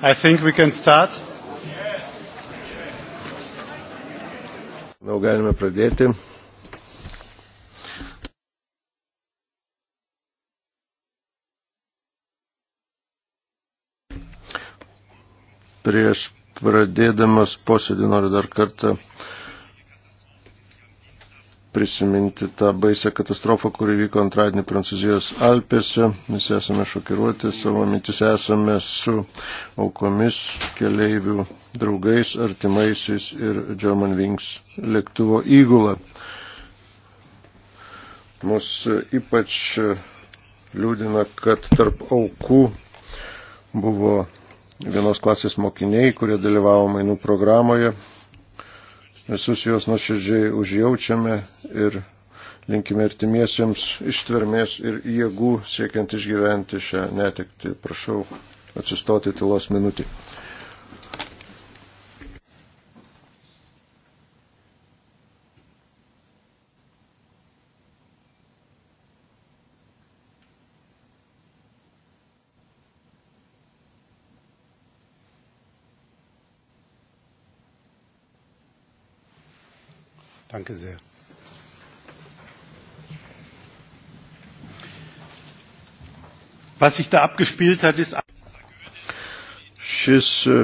I think we can start. Jau galime pradėti. Prieš pradėdamas posėdį noriu dar kartą prisiminti tą baisę katastrofą, kuri vyko antradienį Prancūzijos Alpėse. Mes esame šokiruoti, savo mintis esame su aukomis, keleivių draugais, artimaisiais ir German Wings lėktuvo įgula. Mus ypač liūdina, kad tarp aukų buvo vienos klasės mokiniai, kurie dalyvavo mainų programoje Visus juos nuoširdžiai užjaučiame ir linkime artimiesiems ištvermės ir jėgų siekiant išgyventi šią netikti. Prašau atsistoti tylos minutį. Danke sehr. Was sich da abgespielt hat, ist. Šis e,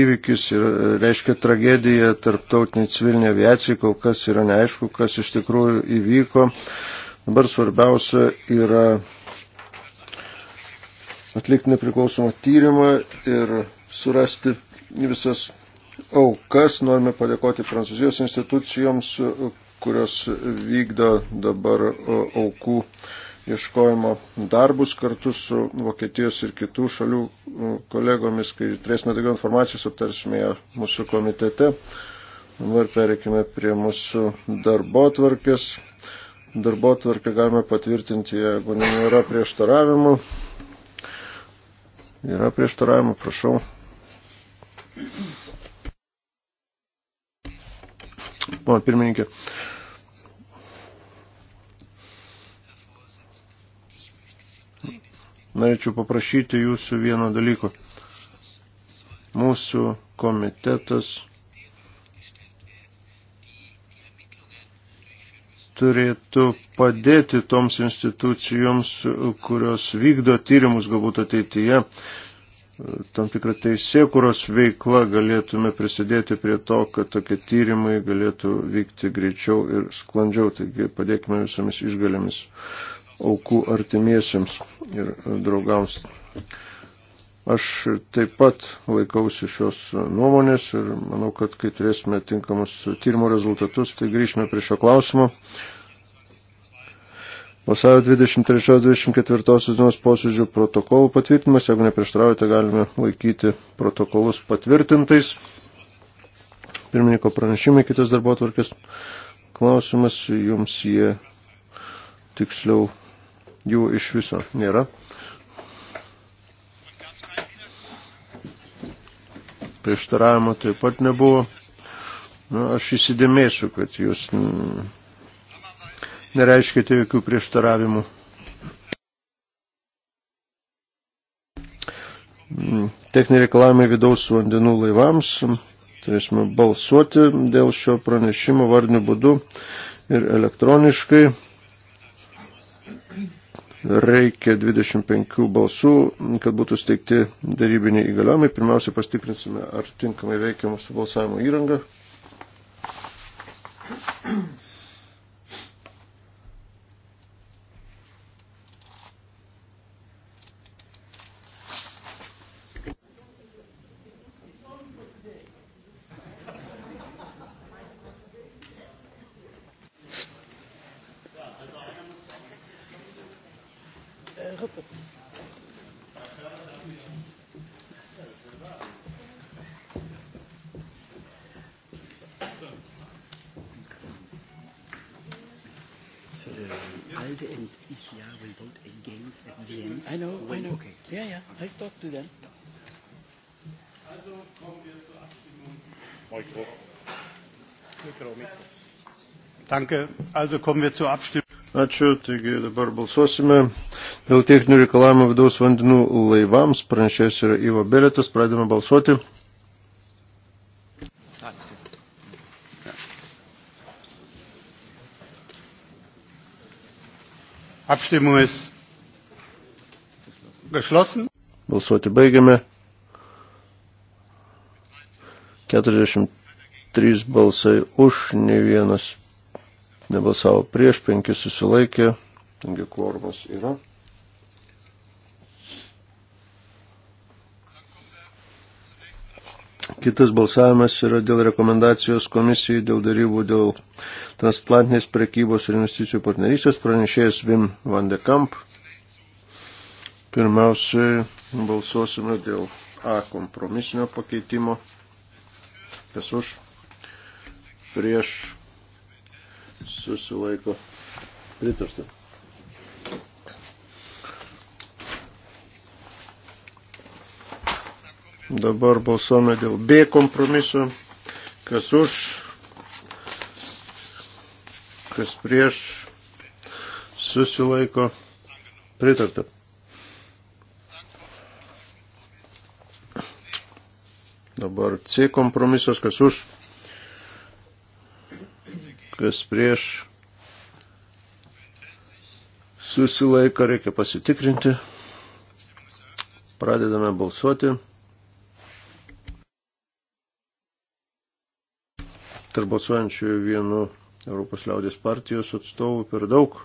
įvykis ir e, reiškia tragediją tarptautinį civilinį aviaciją, kol kas yra neaišku, kas iš tikrųjų įvyko. Dabar svarbiausia yra atlikti nepriklausomą tyrimą ir surasti visas aukas. Norime padėkoti Prancūzijos institucijoms, kurios vykdo dabar aukų ieškojimo darbus kartu su Vokietijos ir kitų šalių kolegomis, kai turėsime daugiau informacijos, aptarsime ją mūsų komitete. Dabar pereikime prie mūsų darbo tvarkės. Darbo tvarkę galime patvirtinti, jeigu nėra prieštaravimų. Yra prieštaravimų, prašau. Thank you. Pana pirmininkė. Norėčiau paprašyti jūsų vieno dalyko. Mūsų komitetas turėtų padėti toms institucijoms, kurios vykdo tyrimus galbūt ateityje tam tikrą teisėkuros veiklą galėtume prisidėti prie to, kad tokie tyrimai galėtų vykti greičiau ir sklandžiau. Taigi padėkime visomis išgalėmis aukų artimiesiems ir draugams. Aš taip pat laikausi šios nuomonės ir manau, kad kai turėsime tinkamus tyrimo rezultatus, tai grįžime prie šio klausimo. Vasario 23-24 dienos posėdžių protokolų patvirtinimas, jeigu neprieštraujate, galime laikyti protokolus patvirtintais. Pirmininko pranešimai, kitas darbo tvarkės klausimas, jums jie tiksliau jų iš viso nėra. Prieštaravimo taip pat nebuvo. Na, aš įsidėmėsiu, kad jūs nereiškite jokių prieštaravimų. Mm, techniniai reikalavimai vidaus vandenų laivams. Turėsime balsuoti dėl šio pranešimo vardiniu būdu ir elektroniškai. Reikia 25 balsų, kad būtų steigti darybiniai įgaliojimai. Pirmiausia, pastikrinsime, ar tinkamai veikia mūsų balsavimo įranga. Thank you. Ačiū, taigi dabar balsuosime dėl techninių reikalavimų vidaus vandenų laivams. Pranešės yra Ivo Beletas, pradėme balsuoti. Abstimmung ist geschlossen. Balsuoti baigiame. 43 balsai už, ne vienas nebalsavo prieš, penki susilaikė, taigi kvormas yra. Kitas balsavimas yra dėl rekomendacijos komisijai dėl darybų dėl transatlantinės prekybos ir investicijų partnerystės pranešėjas Vim van de Kamp. Pirmiausiai balsuosime dėl A kompromisinio pakeitimo. Kas už? Prieš susilaiko pritarta. Dabar balsuome dėl B kompromiso. Kas už, kas prieš, susilaiko, pritarta. Dabar C kompromisas, kas už, kas prieš susilaiko, reikia pasitikrinti. Pradedame balsuoti. Tarp balsuojančių vienu Europos liaudės partijos atstovų per daug.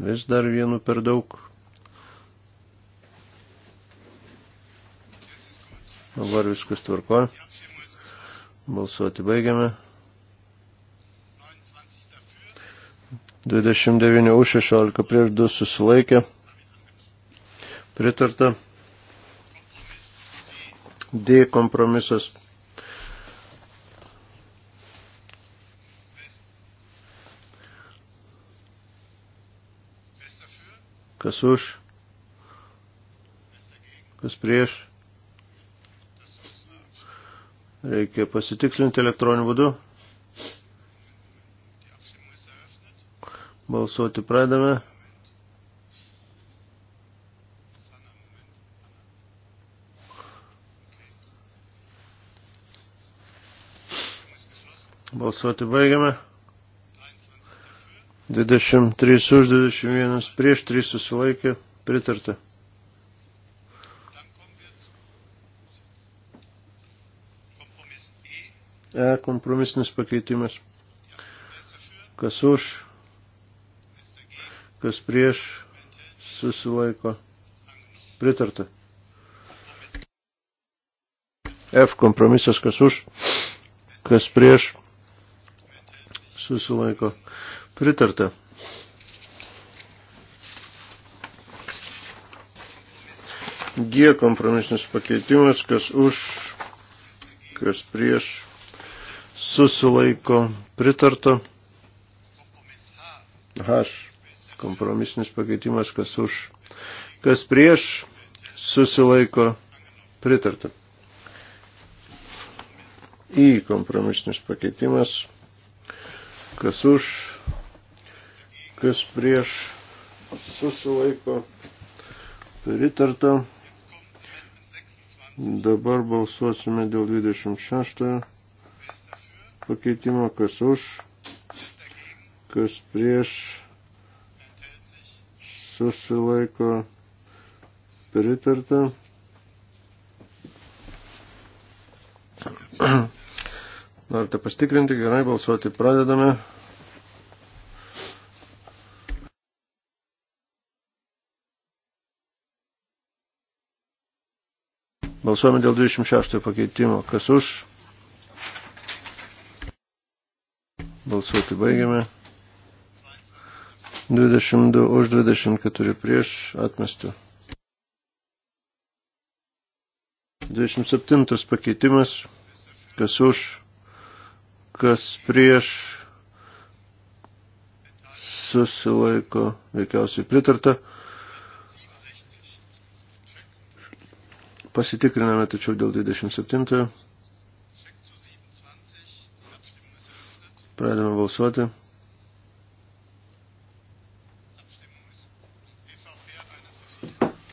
Vis dar vienu per daug. Dabar viskas tvarkoja. Balsuoti baigiame. 29 už 16 prieš 2 susilaikė. Pritarta. D kompromisas. Kas už? Kas prieš? Reikia pasitikslinti elektroniniu būdu. Balsuoti pradame. Balsuoti baigiame. 23 už 21 prieš 3 susilaikė pritarta. E kompromisinis pakeitimas. Kas už, kas prieš, susilaiko. Pritarta. F kompromisas, kas už, kas prieš, susilaiko. Pritarta. G kompromisinis pakeitimas, kas už, kas prieš, susilaiko pritarto. H. Kompromisinis pakeitimas, kas už, kas prieš, susilaiko pritarto. Į kompromisinis pakeitimas, kas už, kas prieš, susilaiko pritarto. Dabar balsuosime dėl 26 pakeitimo, kas už, kas prieš susilaiko pritarta. Norite pastikrinti, gerai balsuoti pradedame. Balsuojame dėl 26 pakeitimo. Kas už? Balsuoti baigiame. 22 už 24 prieš atmestų. 27 pakeitimas. Kas už, kas prieš susilaiko veikiausiai pritarta. Pasitikriname tačiau dėl 27. Pradame balsuoti.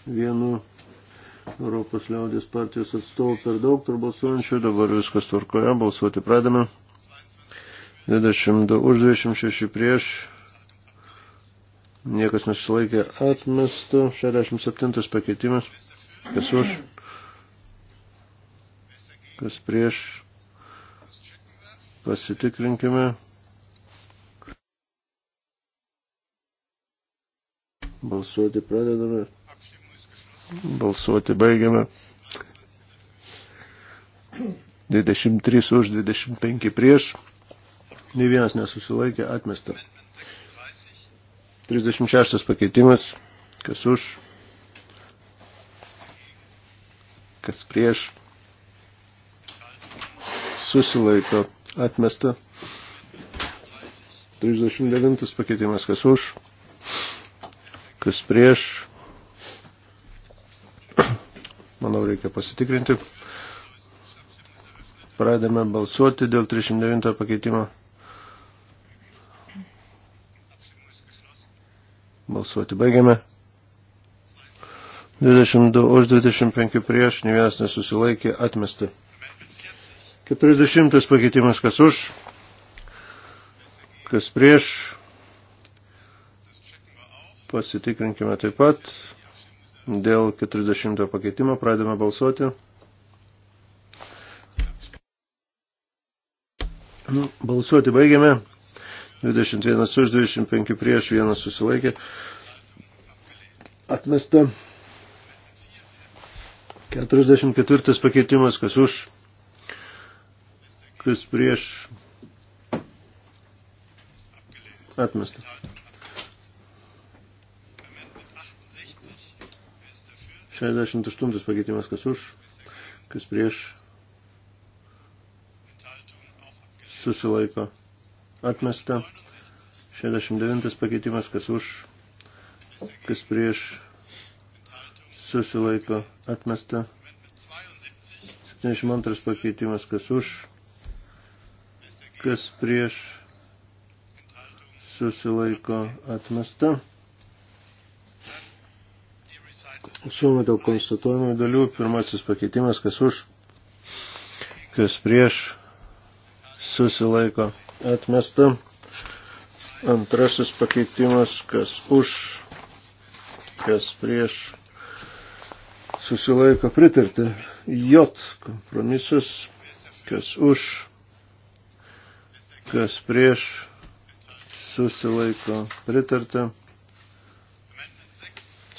Vienu Europos liaudės partijos atstovų per daug per balsuojančių, dabar viskas tvarkoje, balsuoti pradame. 22 už 26 prieš, niekas nesilaikė atmestų, 67 pakeitimas, kas už, kas prieš, Pasitikrinkime. Balsuoti pradedame. Balsuoti baigiame. 23 už 25 prieš. Ne vienas nesusilaikė, atmesta. 36 pakeitimas. Kas už? Kas prieš? Susilaiko atmesta. 39 pakeitimas, kas už, kas prieš. Manau, reikia pasitikrinti. Pradėme balsuoti dėl 39 pakeitimo. Balsuoti baigiame. 22 už 25 prieš, ne vienas nesusilaikė, atmesti. 40 pakeitimas kas už, kas prieš. Pasitikrinkime taip pat. Dėl 40 pakeitimo pradėme balsuoti. Nu, balsuoti baigiame. 21 už 25 prieš, vienas susilaikė. Atmesta. 44 pakeitimas, kas už kas prieš atmestą. Šešdešimt aštuntas pakeitimas, kas už, kas prieš susilaiko atmesta. 69 pakeitimas, kas už, kas prieš susilaiko atmesta. 72 pakeitimas, kas už, kas prieš susilaiko atmesta. Siūloma dėl konstatuojamų dalių. Pirmasis pakeitimas, kas už, kas prieš susilaiko atmesta. Antrasis pakeitimas, kas už, kas prieš susilaiko pritarti. J kompromisas, kas už, kas prieš susilaiko pritarta.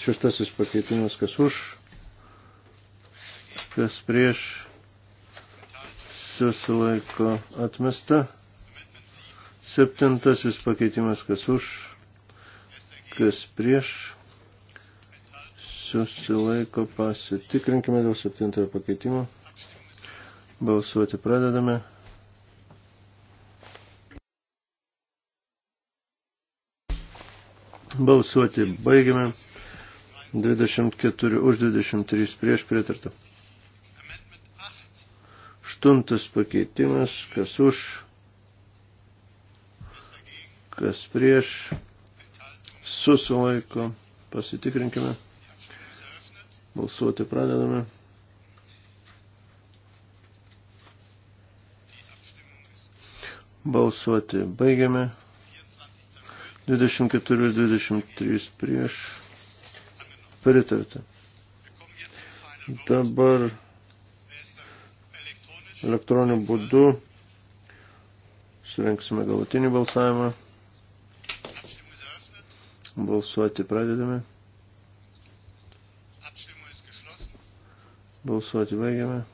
Šeštasis pakeitimas, kas už, kas prieš susilaiko atmesta. Septintasis pakeitimas, kas už, kas prieš susilaiko pasitikrinkime dėl septintojo pakeitimo. Balsuoti pradedame. Balsuoti baigiame. 24 už 23 prieš pritartą. Štuntas pakeitimas, kas už, kas prieš, susilaiko, pasitikrinkime, balsuoti pradedame. Balsuoti baigiame. 24 ir 23 prieš. Pritarta. Dabar elektroniniu būdu surinksime galutinį balsavimą. Balsuoti pradedame. Balsuoti baigiame.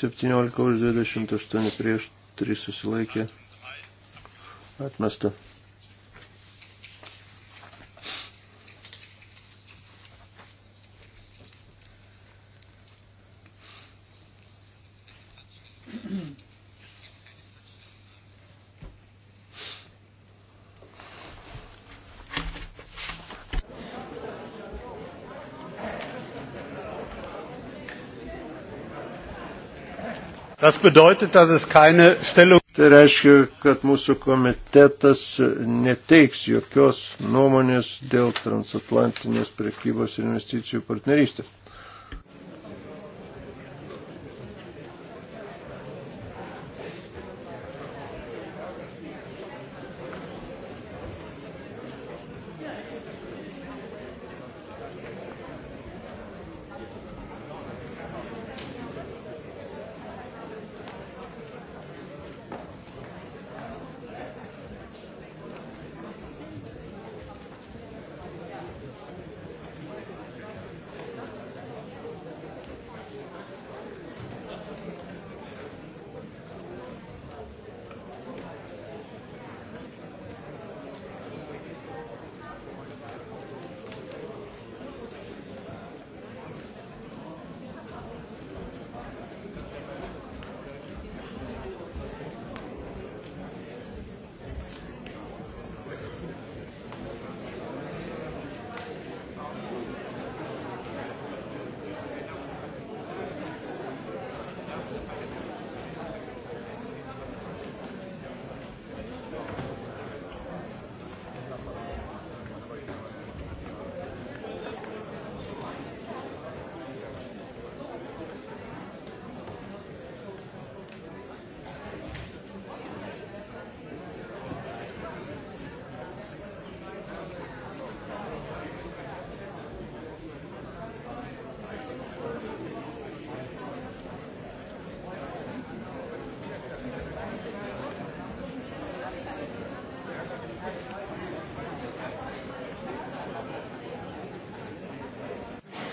17 už 28 prieš 3 susilaikė. Atmesta. Das bedeutet, dass es keine Stellung. Tai reiškia, kad mūsų komitetas neteiks jokios nuomonės dėl transatlantinės prekybos ir investicijų partnerystės.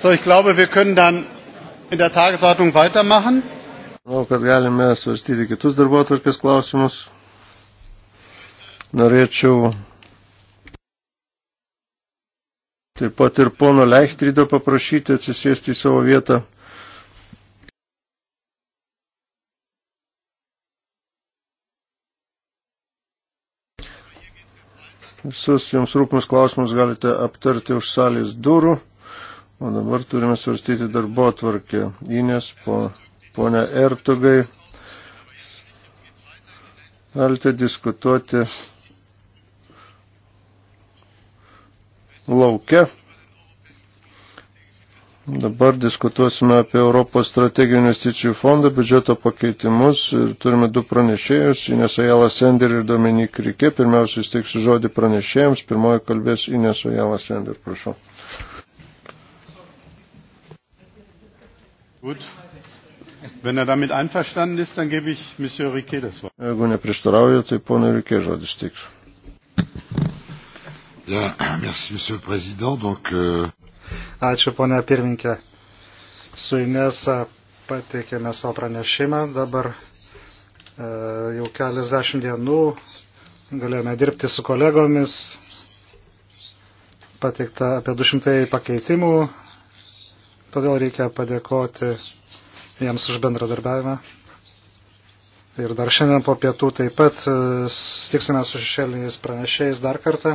So, ich glaube, wir können dann in der Tagesordnung weitermachen. Manau, kad galime svarstyti kitus darbotvarkės klausimus. Norėčiau taip pat ir pono Leichtrydo paprašyti atsisėsti į savo vietą. Visus jums rūpimus klausimus galite aptarti už salės durų dabar turime svarstyti darbo atvarkę. Inės, po, ponia Ertugai, galite diskutuoti laukia. Dabar diskutuosime apie Europos strategijų investicijų fondą, biudžeto pakeitimus ir turime du pranešėjus, Ines Ajala Sender ir Dominik Rikė. Pirmiausia, įsteiksiu žodį pranešėjams, pirmoji kalbės Ines Ajala Sender, prašau. Gut. Wenn er damit einverstanden ist, dann gebe ich Monsieur Riquet das Wort. Jeigu neprieštarauja, tai ponui Riquet žodis tiks. Ja, merci, Monsieur le Président. Donc, euh... Ačiū, ponia pirminkė. Su Inesa pateikėme savo pranešimą. Dabar e, jau keliasdešimt dienų galėjome dirbti su kolegomis. Pateikta apie 200 pakeitimų, Todėl reikia padėkoti jiems už bendradarbiavimą. Ir dar šiandien po pietų taip pat e, stiksime su šešėliniais pranešėjais dar kartą.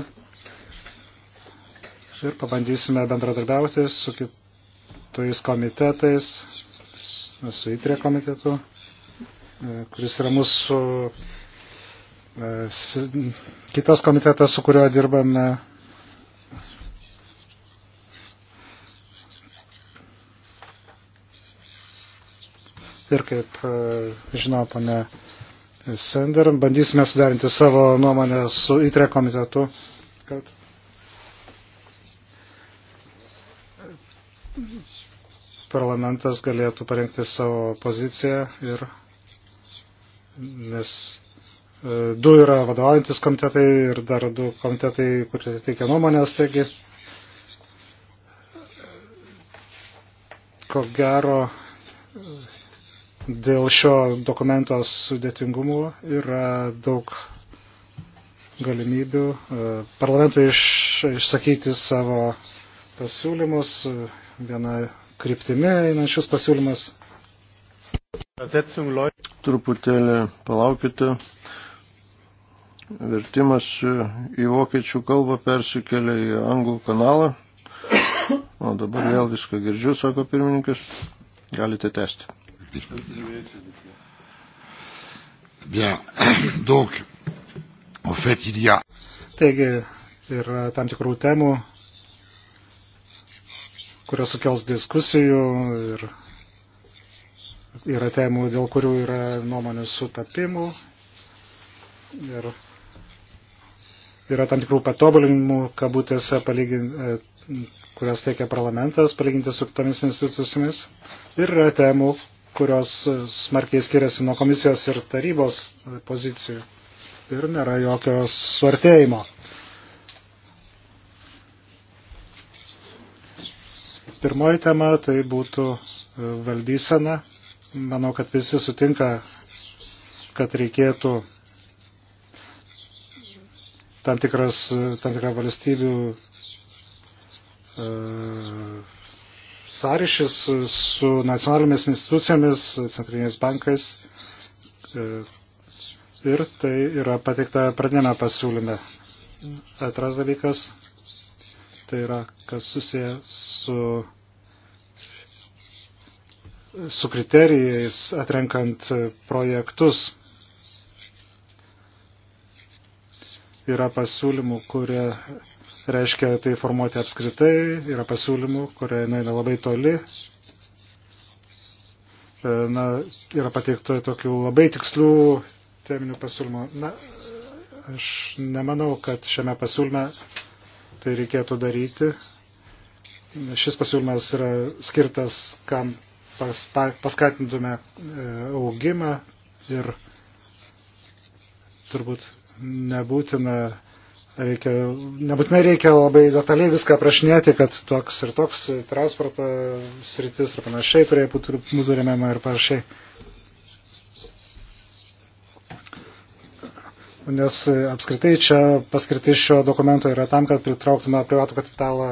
Ir pabandysime bendradarbiauti su kitais komitetais, su įtrė komitetu, e, kuris yra mūsų e, kitas komitetas, su kuriuo dirbame Ir kaip e, žino pane Sender, bandysime sudarinti savo nuomonę su ITRE komitetu, kad parlamentas galėtų parengti savo poziciją ir nes e, du yra vadovaujantis komitetai ir dar du komitetai, kurie teikia nuomonės, taigi ko gero dėl šio dokumento sudėtingumų yra daug galimybių e, parlamentui iš, išsakyti savo pasiūlymus, viena kryptimi einančius pasiūlymus. Truputėlį palaukite. Vertimas į vokiečių kalbą persikelia į anglų kanalą. O dabar vėl viską girdžiu, sako pirmininkas. Galite tęsti je peux le dire. Bien. Donc, en fait, il y a. Taigi, yra tam tikrų temų, kurios sukels diskusijų ir yra temų, dėl kurių yra nuomonių sutapimų ir yra tam tikrų patobulinimų, kabutėse, e, kurias teikia parlamentas, palyginti su kitomis institucijomis. Ir yra temų, kurios e, smarkiai skiriasi nuo komisijos ir tarybos e, pozicijų. Ir nėra jokio suartėjimo. Pirmoji tema tai būtų e, valdysena. Manau, kad visi sutinka, kad reikėtų tam, tikras, tam tikrą valstybių uh, sąryšis su, su nacionalinėmis institucijomis, centriniais bankais e, ir tai yra pateikta pradinėme pasiūlyme. Antras dalykas tai yra, kas susiję su, su kriterijais atrenkant projektus. Yra pasiūlymų, kurie reiškia tai formuoti apskritai, yra pasiūlymų, kurie eina labai toli. E, na, yra pateikta tokių labai tikslių teminių pasiūlymų. Na, aš nemanau, kad šiame pasiūlyme tai reikėtų daryti. Šis pasiūlymas yra skirtas, kam pas, pa, paskatintume e, augimą ir turbūt nebūtina Reikia, nebūtinai reikia labai detaliai viską aprašinėti, kad toks ir toks transporto sritis ir panašiai turėjo būti nuturėmėma ir panašiai. Nes apskritai čia paskirti šio dokumento yra tam, kad pritrauktume privatų kapitalą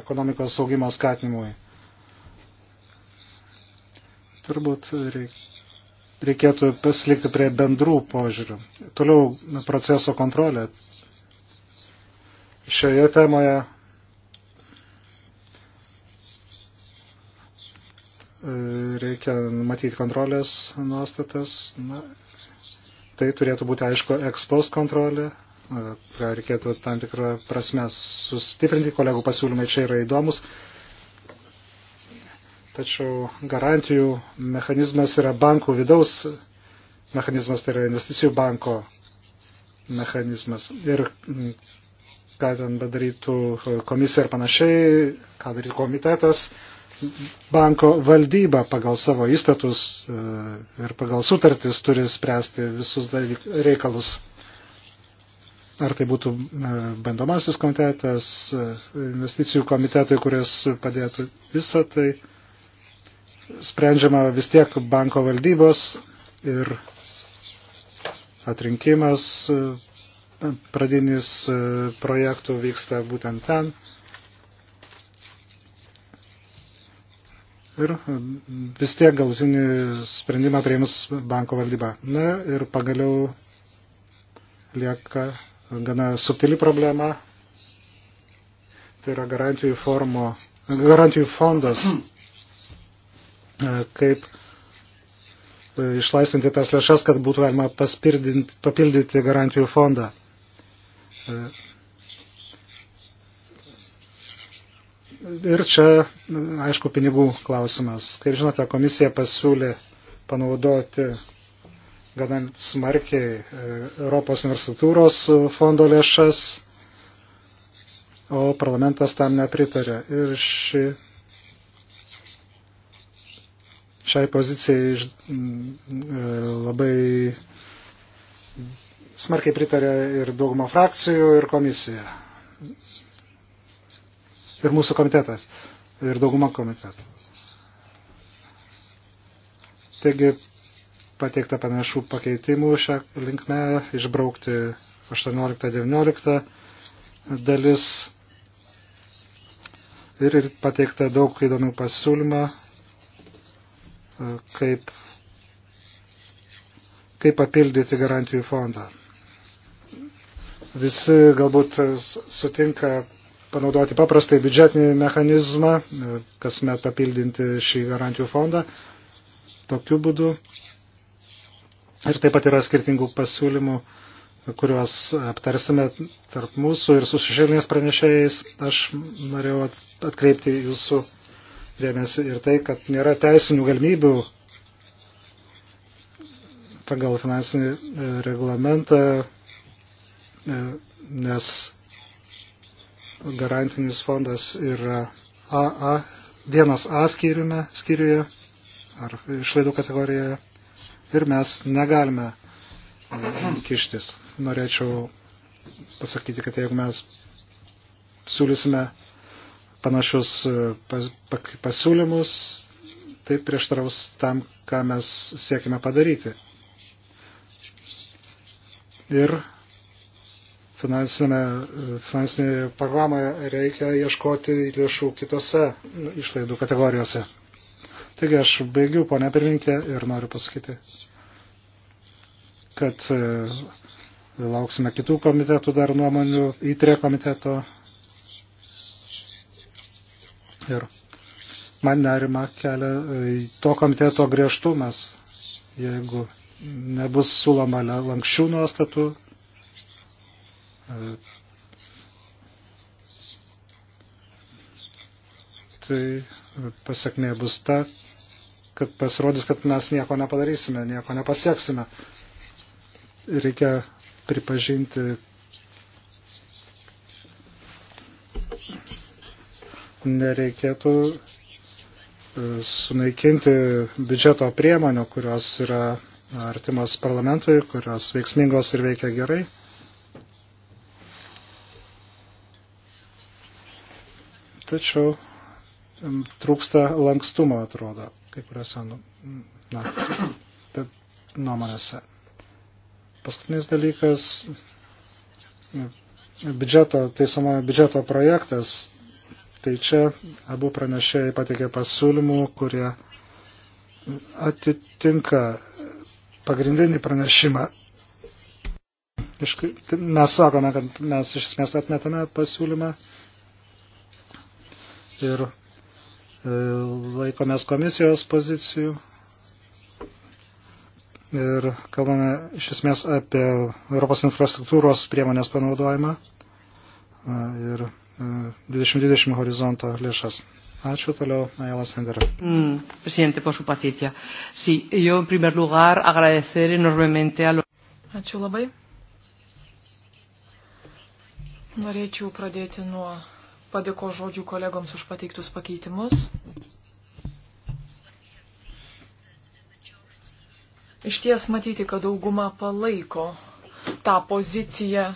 ekonomikos saugimo skatinimui. Turbūt reikėtų pasilikti prie bendrų požiūrių. Toliau proceso kontrolė šioje temoje. Reikia matyti kontrolės nuostatas. Na, tai turėtų būti aišku ekspos kontrolė, ką reikėtų tam tikrą prasme sustiprinti. Kolegų pasiūlymai čia yra įdomus. Tačiau garantijų mechanizmas yra bankų vidaus mechanizmas, tai yra investicijų banko mechanizmas. Ir ką ten bedarytų e, komisija ir panašiai, ką darytų komitetas, banko valdyba pagal savo įstatus e, ir pagal sutartis turi spręsti visus reikalus. Ar tai būtų e, bandomasis komitetas, investicijų komitetui, kuris padėtų visą tai, sprendžiama vis tiek banko valdybos ir atrinkimas pradinis e, projektų vyksta būtent ten. Ir e, vis tiek galutinį sprendimą priims banko valdyba. Na ir pagaliau lieka gana subtili problema. Tai yra garantijų, formo, garantijų fondas. E, kaip išlaisvinti tas lėšas, kad būtų galima papildyti garantijų fondą. Ir čia, aišku, pinigų klausimas. Kaip žinote, komisija pasiūlė panaudoti gana smarkiai e, Europos infrastruktūros fondo lėšas, o parlamentas tam nepritarė. Ir ši, šiai pozicijai mm, e, labai smarkiai pritarė ir dauguma frakcijų, ir komisija, ir mūsų komitetas, ir dauguma komitetų. Taigi pateikta panašių pakeitimų šią linkmę, išbraukti 18-19 dalis ir, ir pateikta daug įdomių pasiūlymą, kaip, kaip papildyti garantijų fondą. Visi galbūt sutinka panaudoti paprastai biudžetinį mechanizmą, kasmet papildinti šį garantijų fondą tokiu būdu. Ir taip pat yra skirtingų pasiūlymų, kuriuos aptarsime tarp mūsų ir su šešėlinės pranešėjais. Aš norėjau atkreipti jūsų dėmesį ir tai, kad nėra teisinių galimybių pagal finansinį e, reglamentą nes garantinis fondas yra AA, vienas A skyriume, skyriuje ar išlaidų kategorijoje ir mes negalime e, kištis. Norėčiau pasakyti, kad jeigu mes siūlysime panašius e, pasiūlymus, tai prieštaraus tam, ką mes siekime padaryti. Ir finansinėje programoje reikia ieškoti lėšų kitose išlaidų kategorijose. Taigi aš baigiu, ponia pirminkė, ir noriu pasakyti, kad e, lauksime kitų komitetų dar nuomonių, įtrė komiteto. Ir man nerima kelia e, to komiteto griežtumas, jeigu nebus sulama lankščių nuostatų, Tai pasakmė bus ta, kad pasirodys, kad mes nieko nepadarysime, nieko nepasieksime. Reikia pripažinti nereikėtų e, sunaikinti biudžeto priemonių, kurios yra artimos parlamentui, kurios veiksmingos ir veikia gerai. tačiau trūksta lankstumo, atrodo, kai kuriuose nu, na, nuomonėse. Paskutinis dalykas - biudžeto, teisamojo biudžeto projektas. Tai čia abu pranešėjai patikė pasiūlymų, kurie atitinka pagrindinį pranešimą. Mes sakome, kad mes iš esmės atmetame pasiūlymą ir e, laikomės komisijos pozicijų ir kalbame iš esmės apie Europos infrastruktūros priemonės panaudojimą e, ir 2020 e, horizonto lėšas. Ačiū toliau, Ayala Sender. Mm, presidente, por su paciencia. Sí, yo en primer lugar agradecer enormemente a los. Ačiū labai. Norėčiau pradėti nuo padėko žodžių kolegoms už pateiktus pakeitimus. Iš ties matyti, kad dauguma palaiko tą poziciją,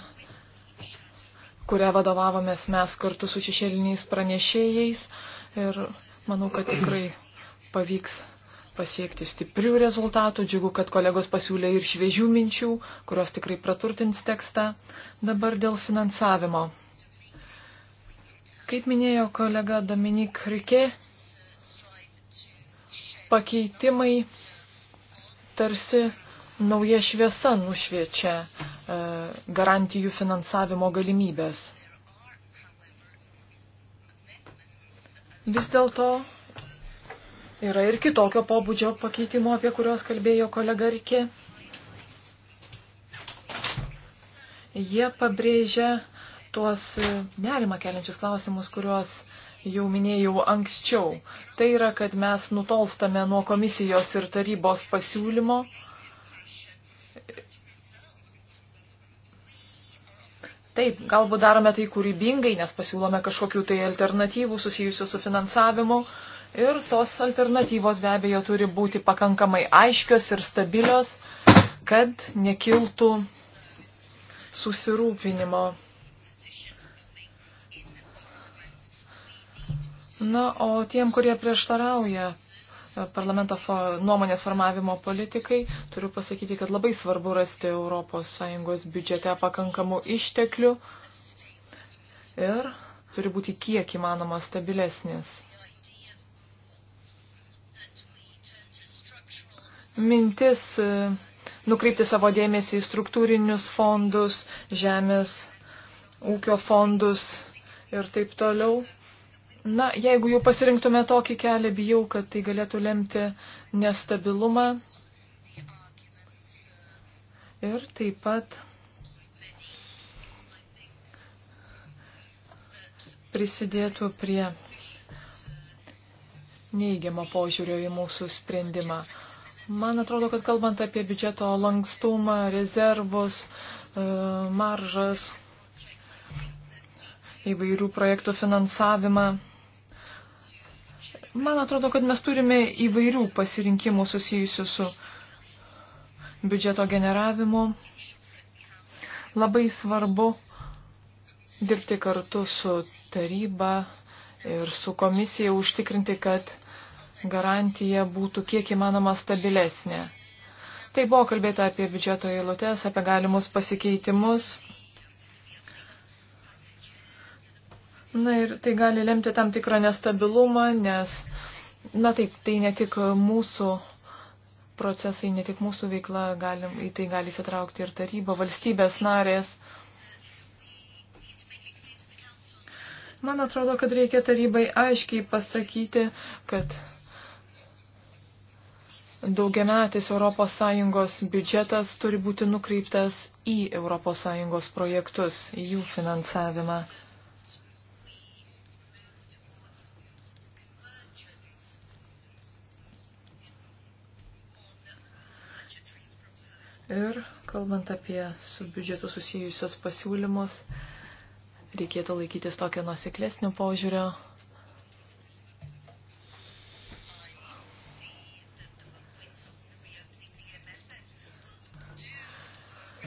kurią vadovavomės mes kartu su šešėliniais pranešėjais ir manau, kad tikrai pavyks pasiekti stiprių rezultatų. Džiugu, kad kolegos pasiūlė ir šviežių minčių, kurios tikrai praturtins tekstą. Dabar dėl finansavimo. Kaip minėjo kolega Dominik Rikė, pakeitimai tarsi nauja šviesa nušviečia e, garantijų finansavimo galimybės. Vis dėlto yra ir kitokio pobūdžio pakeitimo, apie kuriuos kalbėjo kolega Rikė. Jie pabrėžia tuos nerimą keliančius klausimus, kuriuos jau minėjau anksčiau. Tai yra, kad mes nutolstame nuo komisijos ir tarybos pasiūlymo. Taip, galbūt darome tai kūrybingai, nes pasiūlome kažkokių tai alternatyvų susijusių su finansavimu. Ir tos alternatyvos be abejo turi būti pakankamai aiškios ir stabilios, kad nekiltų susirūpinimo Na, o tiem, kurie prieštarauja e, parlamento nuomonės formavimo politikai, turiu pasakyti, kad labai svarbu rasti ES biudžete pakankamų išteklių ir turi būti kiek įmanoma stabilesnis. Mintis e, nukreipti savo dėmesį į struktūrinius fondus, žemės, ūkio fondus ir taip toliau Na, jeigu jau pasirinktume tokį kelią, bijau, kad tai galėtų lemti nestabilumą ir taip pat prisidėtų prie neįgiamo požiūrio į mūsų sprendimą. Man atrodo, kad kalbant apie biudžeto lankstumą, rezervus, e, maržas, įvairių projektų finansavimą, Man atrodo, kad mes turime įvairių pasirinkimų susijusių su biudžeto generavimu. Labai svarbu dirbti kartu su taryba ir su komisija užtikrinti, kad garantija būtų kiek įmanoma stabilesnė. Tai buvo kalbėta apie biudžeto eilutės, apie galimus pasikeitimus. Na ir tai gali lemti tam tikrą nestabilumą, nes, na taip, tai ne tik mūsų procesai, ne tik mūsų veikla, galim, į tai gali įsitraukti ir taryba, valstybės narės. Man atrodo, kad reikia tarybai aiškiai pasakyti, kad daugiametis ES biudžetas turi būti nukreiptas į ES projektus, į jų finansavimą. Ir kalbant apie su biudžetu susijusios pasiūlymus, reikėtų laikytis tokio nusiklesnio požiūrio.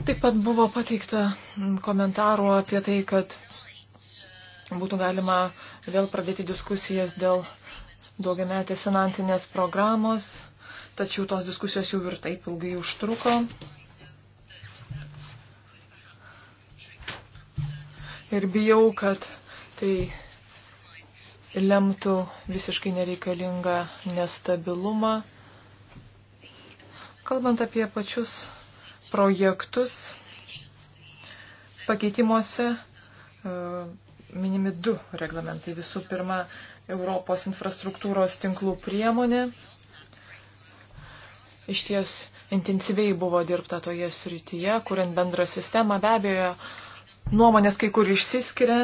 Taip pat buvo pateikta komentarų apie tai, kad būtų galima vėl pradėti diskusijas dėl daugiametės finansinės programos tačiau tos diskusijos jau ir taip ilgai užtruko. Ir bijau, kad tai lemtų visiškai nereikalingą nestabilumą. Kalbant apie pačius projektus, pakeitimuose e, minimi du reglamentai. Visų pirma, Europos infrastruktūros tinklų priemonė Iš ties intensyviai buvo dirbta toje srityje, kuriant bendrą sistemą. Be abejo, nuomonės kai kur išsiskiria.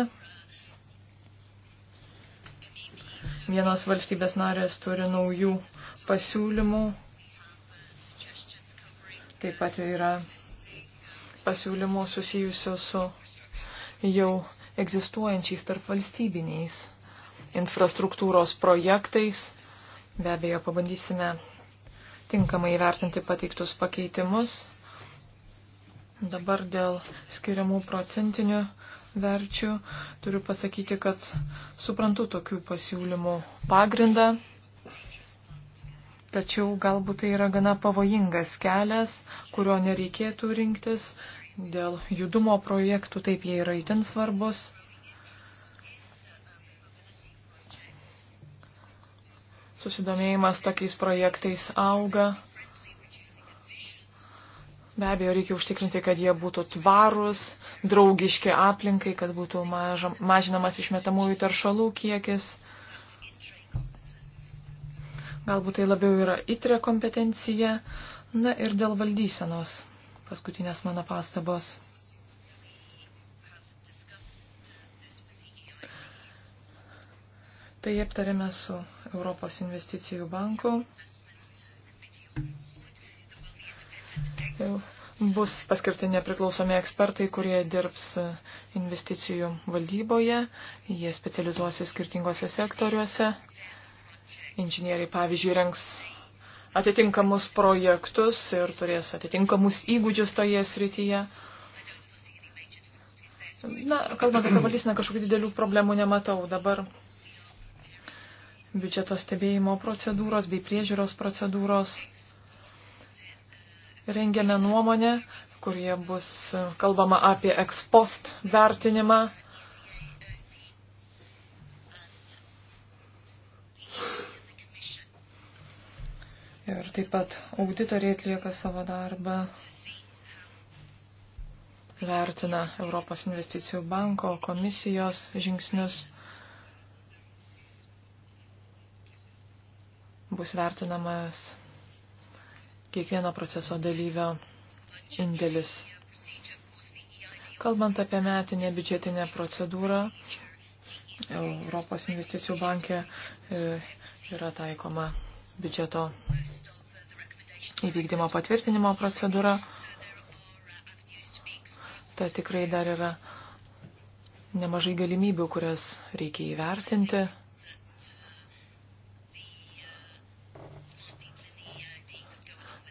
Vienos valstybės narės turi naujų pasiūlymų. Taip pat yra pasiūlymų susijusių su jau egzistuojančiais tarp valstybiniais infrastruktūros projektais. Be abejo, pabandysime tinkamai įvertinti pateiktus pakeitimus. Dabar dėl skiriamų procentinių verčių turiu pasakyti, kad suprantu tokių pasiūlymų pagrindą, tačiau galbūt tai yra gana pavojingas kelias, kurio nereikėtų rinktis. Dėl judumo projektų taip jie yra itin svarbus. Susidomėjimas tokiais projektais auga. Be abejo, reikia užtikrinti, kad jie būtų tvarūs, draugiški aplinkai, kad būtų mažam, mažinamas išmetamųjų taršalų kiekis. Galbūt tai labiau yra itre kompetencija. Na ir dėl valdysenos. Paskutinės mano pastabos. Tai aptarėme su Europos investicijų bankų bus paskirti nepriklausomi ekspertai, kurie dirbs investicijų valdyboje, jie specializuosis skirtingose sektoriuose. Inžinieriai, pavyzdžiui, renks atitinkamus projektus ir turės atitinkamus įgūdžius toje srityje. Na, kalbant apie valdysiną, kažkokių didelių problemų nematau. Dabar biudžeto stebėjimo procedūros bei priežiūros procedūros. Rengiame nuomonę, kurie bus kalbama apie ekspost vertinimą. Ir taip pat auditoriai atlieka savo darbą, vertina Europos investicijų banko komisijos žingsnius bus vertinamas kiekvieno proceso dalyvio indėlis. Kalbant apie metinę biudžetinę procedūrą, Europos investicijų bankė e, yra taikoma biudžeto įvykdymo patvirtinimo procedūra. Ta tikrai dar yra nemažai galimybių, kurias reikia įvertinti.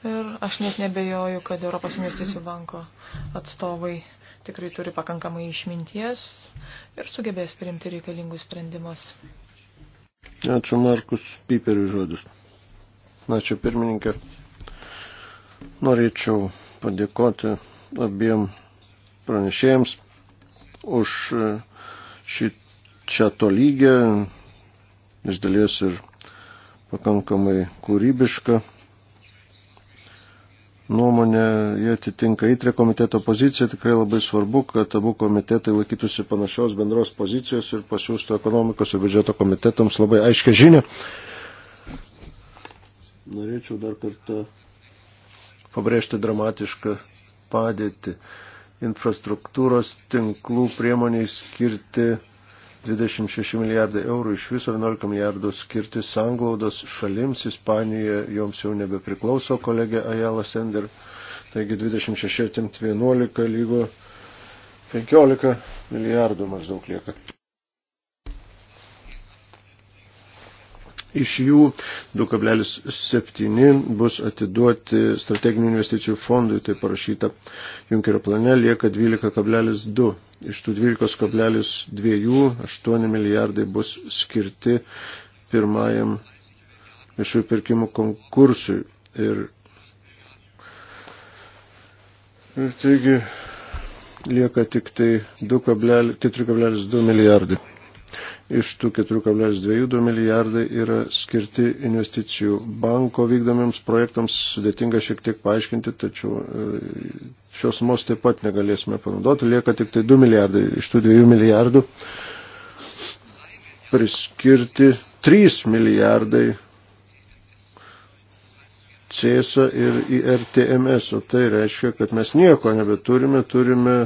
Ir aš net nebejoju, kad Europos investicijų banko atstovai tikrai turi pakankamai išminties ir sugebės priimti reikalingus sprendimus. Ačiū Markus Piperiui žodis. Ačiū pirmininkė. Norėčiau padėkoti abiem pranešėjams už šį čia tolygę, iš dalies ir pakankamai kūrybišką nuomonė, jie atitinka įtrė komiteto poziciją, tikrai labai svarbu, kad abu komitetai laikytųsi panašios bendros pozicijos ir pasiūstų ekonomikos ir biudžeto komitetams labai aiškę žinę. Norėčiau dar kartą pabrėžti dramatišką padėtį infrastruktūros tinklų priemoniai skirti 26 milijardai eurų, iš viso 11 milijardų skirti sanglaudos šalims, Ispanija joms jau nebepriklauso, kolegė Ajala Sender, taigi 26 11 lygo 15 milijardų maždaug lieka. Iš jų 2,7 bus atiduoti strateginių investicijų fondui, tai parašyta Junkerio plane, lieka 12,2. Iš tų 12,2 8 milijardai bus skirti pirmajam viešųjų pirkimų konkursui. Ir, ir taigi lieka tik tai 4,2 milijardai. Iš tų 4,2 milijardai yra skirti investicijų banko vykdomiams projektams. Sudėtinga šiek tiek paaiškinti, tačiau e, šios sumos taip pat negalėsime panaudoti. Lieka tik tai 2 milijardai. Iš tų 2 milijardų priskirti 3 milijardai CESA ir IRTMS, o tai reiškia, kad mes nieko nebeturime, turime,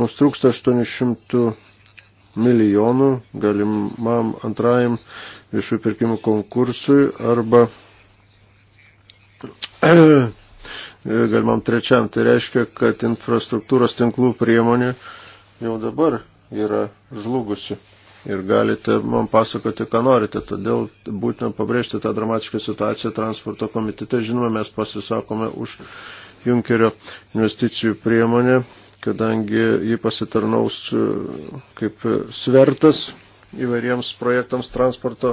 mums trūksta 800 milijonų galimam antrajam viešų pirkimų konkursui arba galimam trečiam. Tai reiškia, kad infrastruktūros tinklų priemonė jau dabar yra žlugusi. Ir galite man pasakoti, ką norite. Todėl būtina pabrėžti tą dramatišką situaciją transporto komitete. Žinoma, mes pasisakome už Junkerio investicijų priemonę kadangi ji pasitarnaus e, kaip svertas įvairiems projektams transporto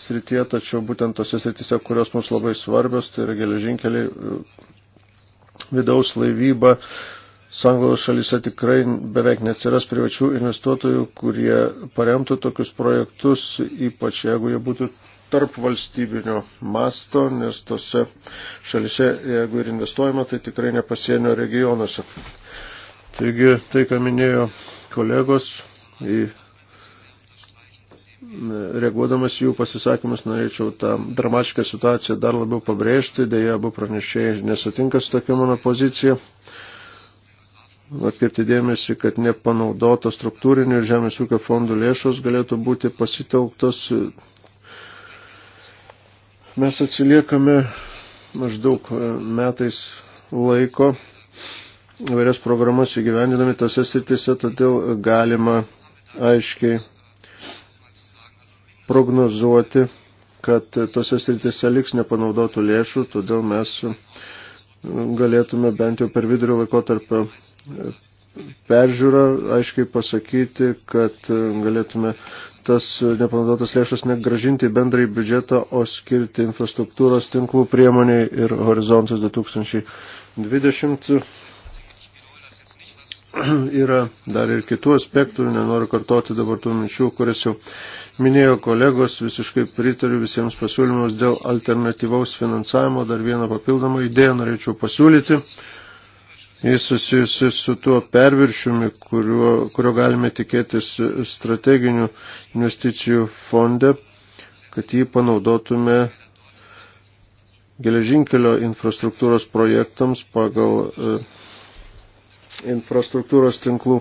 srityje, tačiau būtent tose srityse, kurios mums labai svarbios, tai yra geležinkeliai, e, vidaus laivyba, Sanglaus šalyse tikrai beveik neatsiras privačių investuotojų, kurie paremtų tokius projektus, ypač jeigu jie būtų tarp valstybinio masto, nes tose šalyse, jeigu ir investuojama, tai tikrai nepasienio regionuose. Taigi, tai, ką minėjo kolegos, į, reaguodamas jų pasisakymus, norėčiau tą dramatišką situaciją dar labiau pabrėžti, dėja abu pranešėjai nesutinka su tokia mano pozicija. Atkreipti dėmesį, kad nepanaudotos struktūrinių žemės ūkio fondų lėšos galėtų būti pasitelktos. Mes atsiliekame maždaug metais laiko vairias programas įgyvendinami tose sritise, todėl galima aiškiai prognozuoti, kad tose sritise liks nepanaudotų lėšų, todėl mes galėtume bent jau per vidurio laikotarpio peržiūrą aiškiai pasakyti, kad galėtume tas nepanaudotas lėšas negražinti į bendrąjį biudžetą, o skirti infrastruktūros tinklų priemoniai ir horizontas 2020 yra dar ir kitų aspektų, nenoriu kartoti dabar tų minčių, kurias jau minėjo kolegos, visiškai pritariu visiems pasiūlymus dėl alternatyvaus finansavimo, dar vieną papildomą idėją norėčiau pasiūlyti. Jis susijusi su tuo perviršiumi, kurio, kurio galime tikėtis strateginių investicijų fonde, kad jį panaudotume geležinkelio infrastruktūros projektams pagal e, infrastruktūros tinklų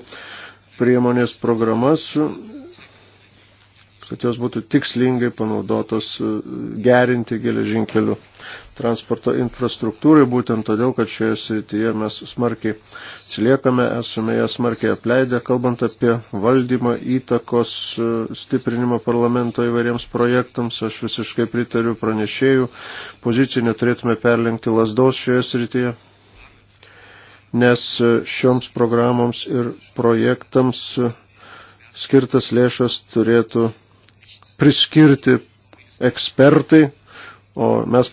priemonės programas, kad jos būtų tikslingai panaudotos gerinti geležinkelių transporto infrastruktūrai, būtent todėl, kad šioje srityje mes smarkiai atsiliekame, esame ją smarkiai apleidę, kalbant apie valdymą įtakos stiprinimą parlamento įvairiems projektams, aš visiškai pritariu pranešėjų, pozicijų neturėtume perlenkti lasdos šioje srityje, nes šioms programoms ir projektams skirtas lėšas turėtų priskirti ekspertai, o mes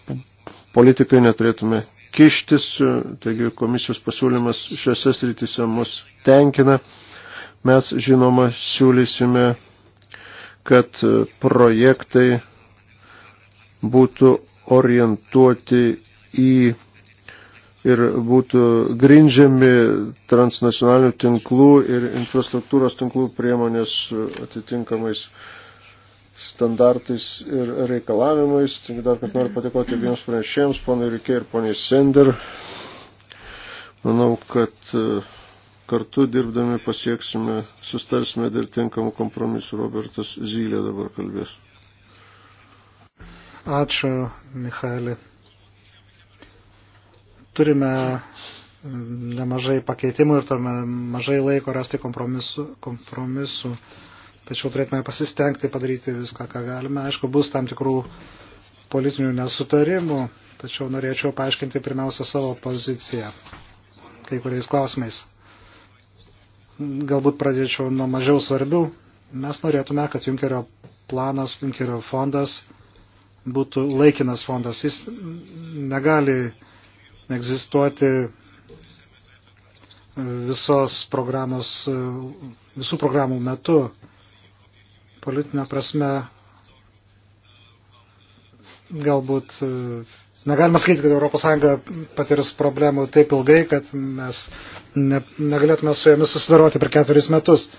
politikai neturėtume kištis, taigi komisijos pasiūlymas šiuose srityse mus tenkina. Mes žinoma siūlysime, kad projektai būtų orientuoti į ir būtų grindžiami transnacionalinių tinklų ir infrastruktūros tinklų priemonės atitinkamais standartais ir reikalavimais. Taigi dar kad noriu padėkoti abiems pranešėjams, ponai Rikė ir poniai Sender. Manau, kad e, kartu dirbdami pasieksime, sustarsime ir tinkamų kompromisų. Robertas Zylė dabar kalbės. Ačiū, Michaelė turime e, nemažai pakeitimų ir turime mažai laiko rasti kompromisų, kompromisų. Tačiau turėtume pasistengti padaryti viską, ką galime. Aišku, bus tam tikrų politinių nesutarimų, tačiau norėčiau paaiškinti pirmiausia savo poziciją kai kuriais klausimais. Galbūt pradėčiau nuo mažiau svarbių. Mes norėtume, kad Junkerio planas, Junkerio fondas būtų laikinas fondas. Jis negali uh, egzistuoti e, visos programos, e, visų programų metu. Politinė prasme galbūt e, negalima sakyti, kad ES patirs problemų taip ilgai, kad mes ne, negalėtume su jomis susidaroti per keturis metus.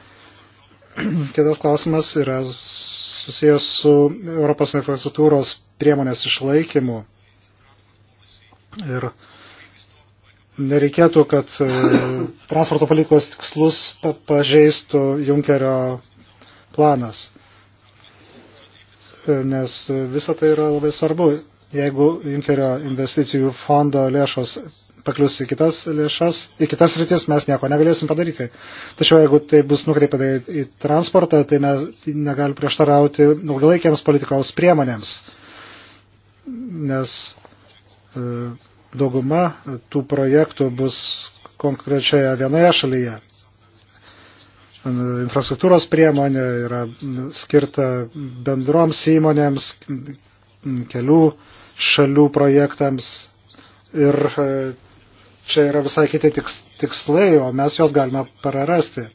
Kitas klausimas yra susijęs su Europos infrastruktūros priemonės išlaikymu ir nereikėtų, kad e, transporto politikos tikslus pažeistų Junkerio planas. E, nes visa tai yra labai svarbu. Jeigu Junkerio investicijų fondo lėšos paklius į kitas lėšas, į kitas rytis, mes nieko negalėsim padaryti. Tačiau jeigu tai bus nukreipta į transportą, tai mes negali prieštarauti ilgalaikiams politikos priemonėms. Nes e, dauguma tų projektų bus konkrečioje vienoje šalyje. Infrastruktūros priemonė yra skirta bendroms įmonėms, kelių šalių projektams ir e, čia yra visai kiti tiks, tikslai, o mes juos galime prarasti.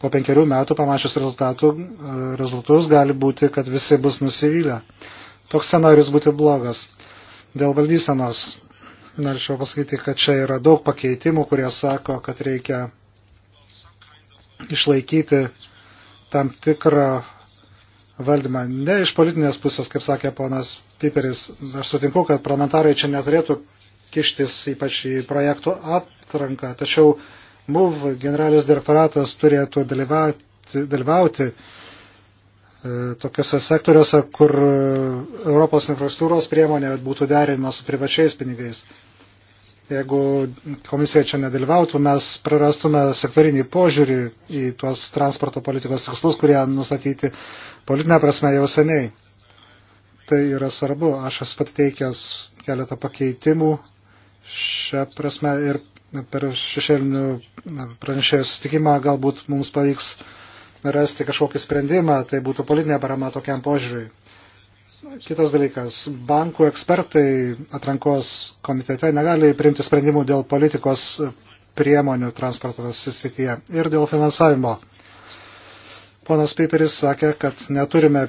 Po penkerių metų pamačius rezultatų, e, rezultatus gali būti, kad visi bus nusivylę. Toks scenarius būtų blogas. Dėl valdysenos norėčiau pasakyti, kad čia yra daug pakeitimų, kurie sako, kad reikia išlaikyti tam tikrą valdymą. Ne iš politinės pusės, kaip sakė ponas Piperis. Aš sutinku, kad parlamentarai čia neturėtų kištis ypač į projektų atranką, tačiau MUV generalinis direktoratas turėtų dalyvauti, dalyvauti E, tokiuose sektoriuose, kur e, Europos infrastruktūros priemonė būtų derinama su privačiais pinigais. Jeigu komisija čia nedalyvautų, mes prarastume sektorinį požiūrį į tuos transporto politikos tikslus, kurie nustatyti politinę prasme jau seniai. Tai yra svarbu. Aš esu pateikęs keletą pakeitimų šią prasme ir per šešėlinių pranešėjų susitikimą galbūt mums pavyks uh, rasti kažkokį sprendimą, tai būtų politinė parama tokiam požiūriui. Kitas dalykas, bankų ekspertai atrankos komitete negali priimti sprendimų dėl politikos priemonių transporto srityje ir dėl finansavimo. Ponas Piperis sakė, kad neturime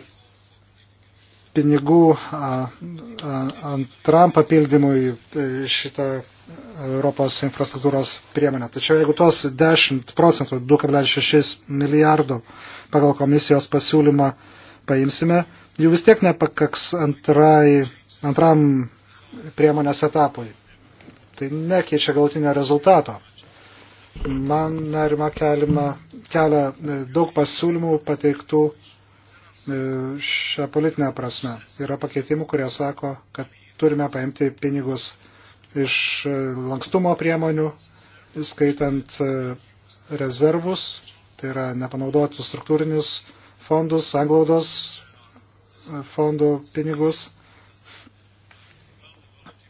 pinigų antram papildymui tai šitą Europos infrastruktūros priemonę. Tačiau jeigu tuos 10 procentų, 2,6 milijardo pagal komisijos pasiūlymą paimsime, jų vis tiek nepakaks antrai, antram priemonės etapui. Tai nekeičia gautinio rezultato. Man nerima kelima, kelia daug pasiūlymų pateiktų E, šią politinę prasme. Yra pakeitimų, kurie sako, kad turime paimti pinigus iš e, lankstumo priemonių, skaitant e, rezervus, tai yra nepanaudotus struktūrinius fondus, anglaudos fondų pinigus.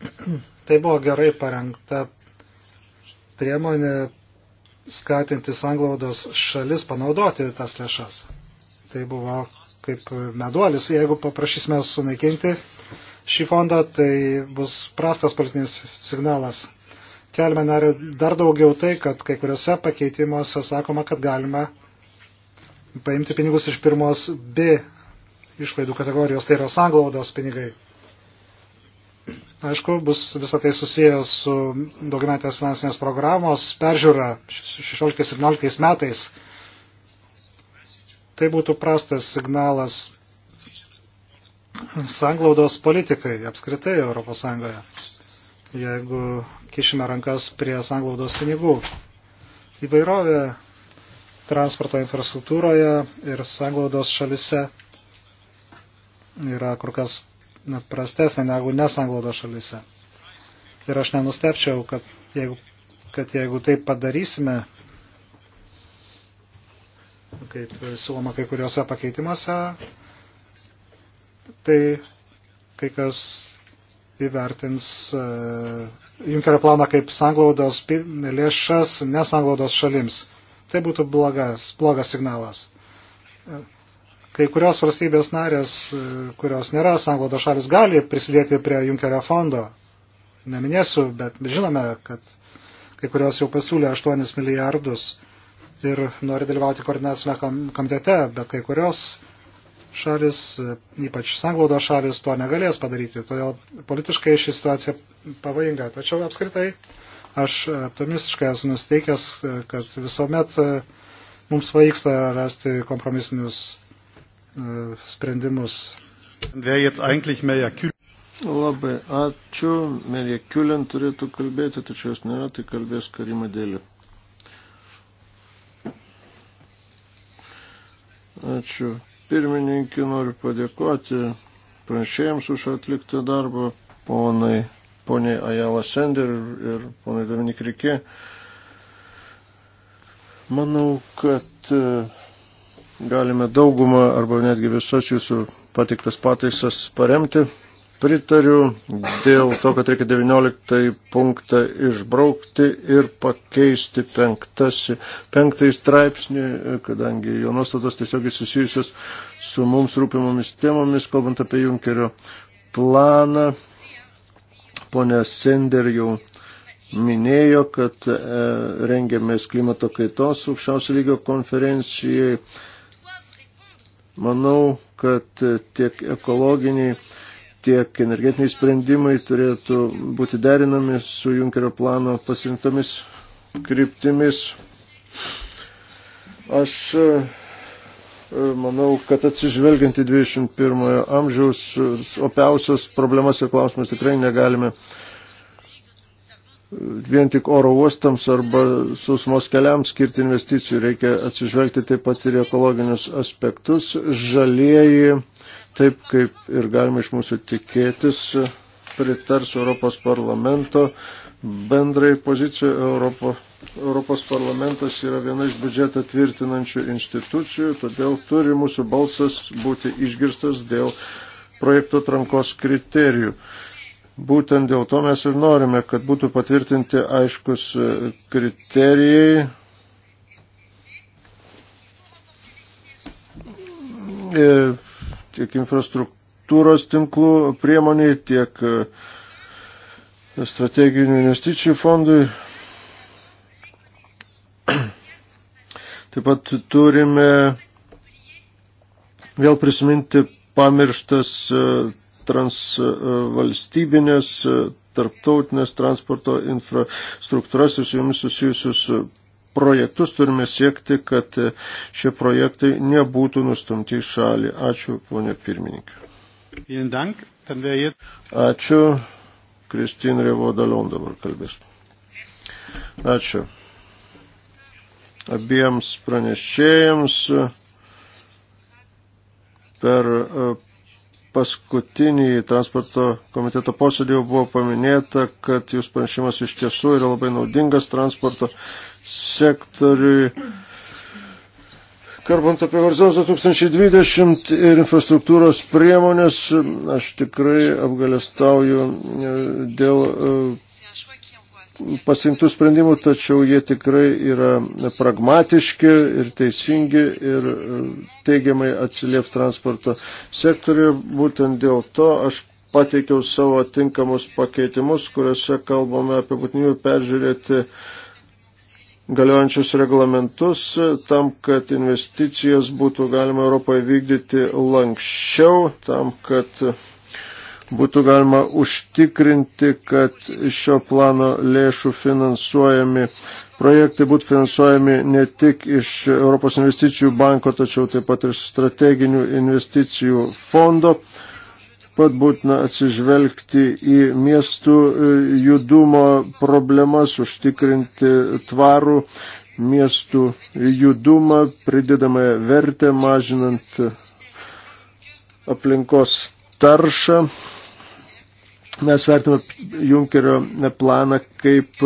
Tai buvo gerai parengta priemonė skatinti sanglaudos šalis panaudoti tas lėšas tai buvo kaip meduolis. Jeigu paprašysime sunaikinti šį fondą, tai bus prastas politinis signalas. Kelme narė dar daugiau tai, kad kai kuriuose pakeitimuose sakoma, kad galima paimti pinigus iš pirmos B išlaidų kategorijos, tai yra sanglaudos pinigai. Aišku, bus visą tai susijęs su daugiametės finansinės programos peržiūra 16-17 metais Tai būtų prastas signalas sanglaudos politikai apskritai ES, jeigu kišime rankas prie sanglaudos pinigų. Įvairovė transporto infrastruktūroje ir sanglaudos šalise yra kur kas prastesnė negu nesanglaudos šalise. Ir aš nenustepčiau, kad jeigu, kad jeigu taip padarysime, kaip siūloma kai kuriuose pakeitimuose, tai kai kas įvertins e, Junkerio planą kaip sanglaudos lėšas nesanglaudos šalims. Tai būtų blogas, blogas signalas. E, kai kurios valstybės narės, e, kurios nėra sanglaudos šalis, gali prisidėti prie Junkerio fondo. Neminėsiu, bet žinome, kad kai kurios jau pasiūlė 8 milijardus ir nori dalyvauti koordinacinėme komitete, bet kai kurios šalis, ypač sanglaudo šalis, to negalės padaryti. Todėl politiškai ši situacija pavojinga. Tačiau apskritai aš optimistiškai esu nusteikęs, kad visuomet e, mums vaiksta rasti kompromisinius e, sprendimus. Labai ačiū. Merija Kiulin turėtų kalbėti, tačiau jos nėra, tai kalbės Karima Dėlė. Ačiū. Pirmininkį noriu padėkoti pranešėjams už atliktą darbą, ponai, poniai Ajala Sender ir ponai Dominik Rikė. Manau, kad e, galime daugumą arba netgi visas jūsų patiktas pataisas paremti pritariu dėl to, kad reikia 19 punktą išbraukti ir pakeisti penktasi, penktąjį straipsnį, kadangi jo nuostatos tiesiogiai susijusios su mums rūpimomis temomis, kalbant apie Junkerio planą. Pone Sender jau minėjo, kad e, rengiamės klimato kaitos aukščiausio lygio konferencijai. Manau, kad e, tiek ekologiniai tiek energetiniai sprendimai turėtų būti derinami su Junkerio plano pasirinktomis kryptimis. Aš e, e, manau, kad atsižvelgiant į 21 amžiaus opiausios problemas ir klausimus tikrai negalime vien tik oro uostams arba sausumos keliams skirti investicijų. Reikia atsižvelgti taip pat ir ekologinius aspektus. Žalieji taip kaip ir galima iš mūsų tikėtis, pritars Europos parlamento bendrai pozicijai. Europo, Europos parlamentas yra viena iš biudžetą tvirtinančių institucijų, todėl turi mūsų balsas būti išgirstas dėl projektų trankos kriterijų. Būtent dėl to mes ir norime, kad būtų patvirtinti aiškus e, kriterijai e, tiek infrastruktūros tinklų priemoniai, tiek e, strateginių investicijų fondui. Taip pat turime vėl prisiminti pamirštas e, transvalstybinės, e, tarptautinės transporto infrastruktūras ir su jomis susijusius projektus, turime siekti, kad šie projektai nebūtų nustumti į šalį. Ačiū, ponė pirmininkė. Ačiū, Kristin Revodalion dabar kalbės. Ačiū. Abiems pranešėjams per paskutinį transporto komiteto posėdį jau buvo paminėta, kad jūs pranešimas iš tiesų yra labai naudingas transporto sektoriui. Kalbant apie Horizontas 2020 ir infrastruktūros priemonės, aš tikrai apgalestauju e, dėl e, pasirinktų sprendimų, tačiau jie tikrai yra pragmatiški ir teisingi ir e, teigiamai atsilieps transporto sektoriuje. Būtent dėl to aš pateikiau savo tinkamus pakeitimus, kuriuose kalbame apie būtinybę peržiūrėti galiojančius reglamentus tam, kad investicijas būtų galima Europoje vykdyti lankščiau, tam, kad būtų galima užtikrinti, kad šio plano lėšų finansuojami projektai būtų finansuojami ne tik iš Europos investicijų banko, tačiau taip pat ir strateginių investicijų fondo. Pat būtina atsižvelgti į miestų e, judumo problemas, užtikrinti tvarų miestų judumą, pridedamąją vertę, mažinant aplinkos taršą Mes vertiname Junkerio planą kaip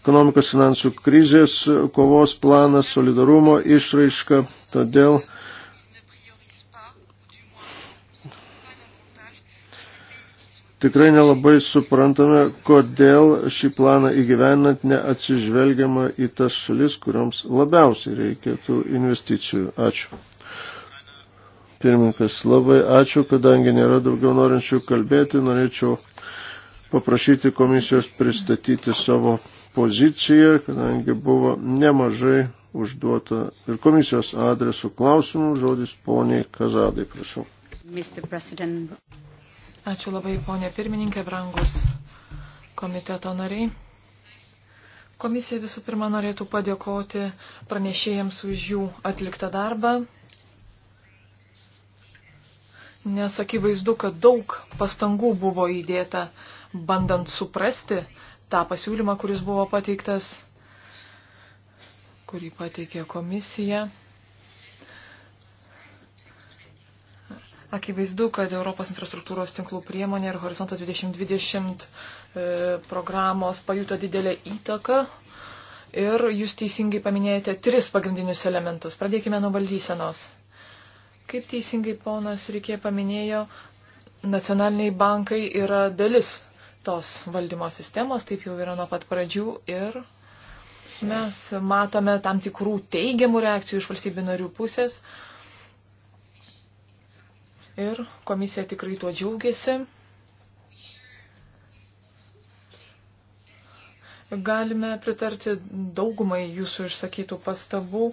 ekonomikos finansų krizės kovos planas, solidarumo išraiška, todėl tikrai nelabai suprantame, kodėl šį planą įgyvenant neatsižvelgiama į tas šalis, kurioms labiausiai reikėtų investicijų. Ačiū. Pirmininkas, labai ačiū, kadangi nėra daugiau norinčių kalbėti, norėčiau paprašyti komisijos pristatyti savo poziciją, kadangi buvo nemažai užduota ir komisijos adresų klausimų. Žodis poniai Kazadai, prašau. Ačiū labai, ponė pirmininkė, brangus komiteto nariai. Komisija visų pirma norėtų padėkoti pranešėjams už jų atliktą darbą, nes akivaizdu, kad daug pastangų buvo įdėta uh, bandant suprasti tą pasiūlymą, kuris buvo pateiktas, kurį pateikė komisija. Akivaizdu, kad Europos infrastruktūros tinklų priemonė ir Horizonto 2020 e, programos pajuto didelę įtaką. Ir jūs teisingai paminėjote tris pagrindinius elementus. Pradėkime nuo valdysenos. Kaip teisingai ponas Rikė paminėjo, nacionaliniai bankai yra dalis tos valdymo sistemos, taip jau yra nuo pat pradžių ir mes matome tam tikrų teigiamų reakcijų iš valstybių narių pusės. Ir komisija tikrai tuo džiaugiasi. Galime pritarti daugumai jūsų išsakytų pastabų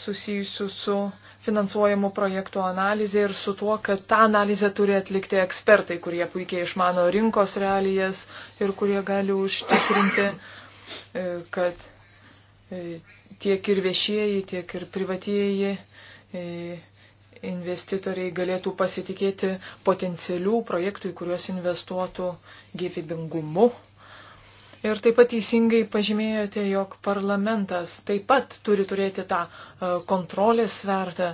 susijusių su finansuojamų projektų analizė ir su tuo, kad tą analizę turi atlikti ekspertai, kurie puikiai išmano rinkos realijas ir kurie gali užtikrinti, e, kad e, tiek ir viešieji, tiek ir privatieji e, investitoriai galėtų pasitikėti potencialių projektų, į kuriuos investuotų gyvybingumu Ir taip pat teisingai pažymėjote, jog parlamentas taip pat turi turėti tą e, kontrolės svertą.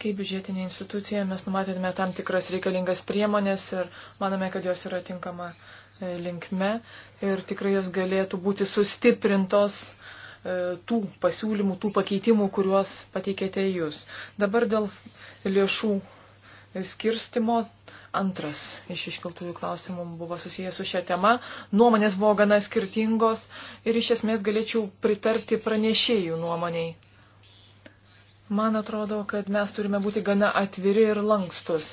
Kaip biudžetinė institucija mes numatėme tam tikras reikalingas priemonės ir manome, kad jos yra tinkama e, linkme ir tikrai jos galėtų būti sustiprintos e, tų pasiūlymų, tų pakeitimų, kuriuos pateikėte jūs. Dabar dėl lėšų skirstimo Antras iš iškeltųjų klausimų buvo susijęs su šia tema. Nuomonės buvo gana skirtingos ir iš esmės galėčiau pritarti pranešėjų nuomoniai. Man atrodo, kad mes turime būti gana atviri ir lankstus.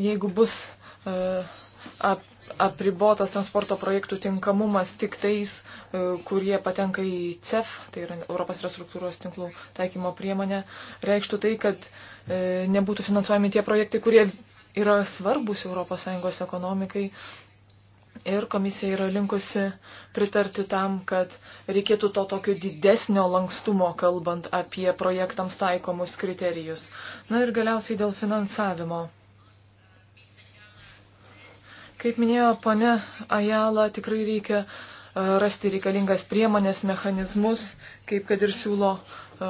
Jeigu bus uh, ap, apribotas transporto projektų tinkamumas tik tais, e, kurie patenka į CEF, tai yra Europos restruktūros tinklų taikymo priemonė, reikštų tai, kad e, nebūtų finansuojami tie projektai, kurie yra svarbus ES ekonomikai. Ir komisija yra linkusi pritarti tam, kad reikėtų to tokio didesnio lankstumo, kalbant apie projektams taikomus kriterijus. Na ir galiausiai dėl finansavimo. Kaip minėjo ponė Ajala, tikrai reikia e, rasti reikalingas priemonės, mechanizmus, kaip kad ir siūlo e,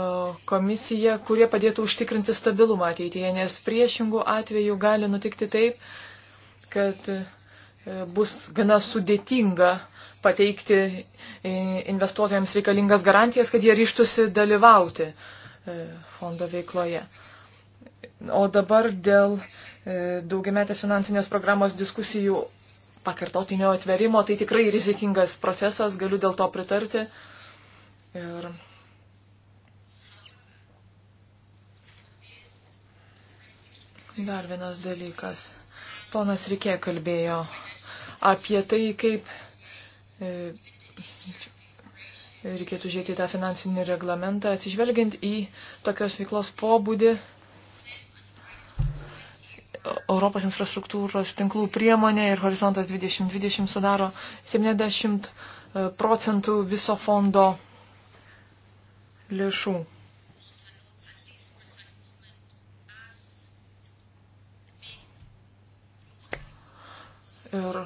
komisija, kurie padėtų užtikrinti stabilumą ateityje, nes priešingų atvejų gali nutikti taip, kad e, bus gana sudėtinga pateikti investuotojams reikalingas garantijas, kad jie ryštusi dalyvauti fondo veikloje. O dabar dėl E, daugiametės finansinės programos diskusijų pakartotinio atverimo, tai tikrai rizikingas procesas, galiu dėl to pritarti. Ir dar vienas dalykas. Ponas Rikė kalbėjo apie tai, kaip e, reikėtų žiūrėti tą finansinį reglamentą, atsižvelgiant į tokios veiklos pobūdį Europos infrastruktūros tinklų priemonė ir Horizontas 2020 sudaro 70 e, procentų viso fondo lėšų. Ir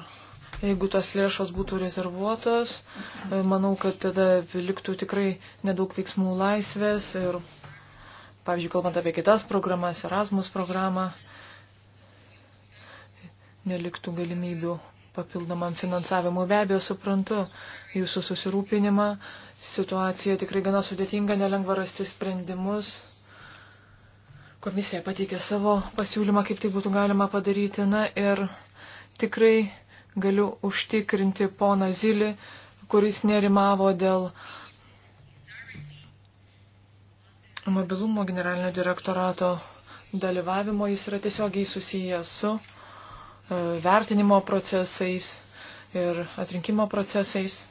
jeigu tos lėšos būtų rezervuotos, e, manau, kad tada liktų tikrai nedaug veiksmų laisvės ir, pavyzdžiui, kalbant apie kitas programas, Erasmus programą, neliktų galimybių papildomam finansavimui. Be abejo, suprantu jūsų susirūpinimą. Situacija tikrai gana sudėtinga, nelengva rasti sprendimus. Komisija pateikė savo pasiūlymą, kaip tai būtų galima padaryti. Na ir tikrai galiu užtikrinti poną Zilį, kuris nerimavo dėl mobilumo generalinio direktorato dalyvavimo. Jis yra tiesiogiai susijęs su E, vertinimo procesais ir atrinkimo procesais.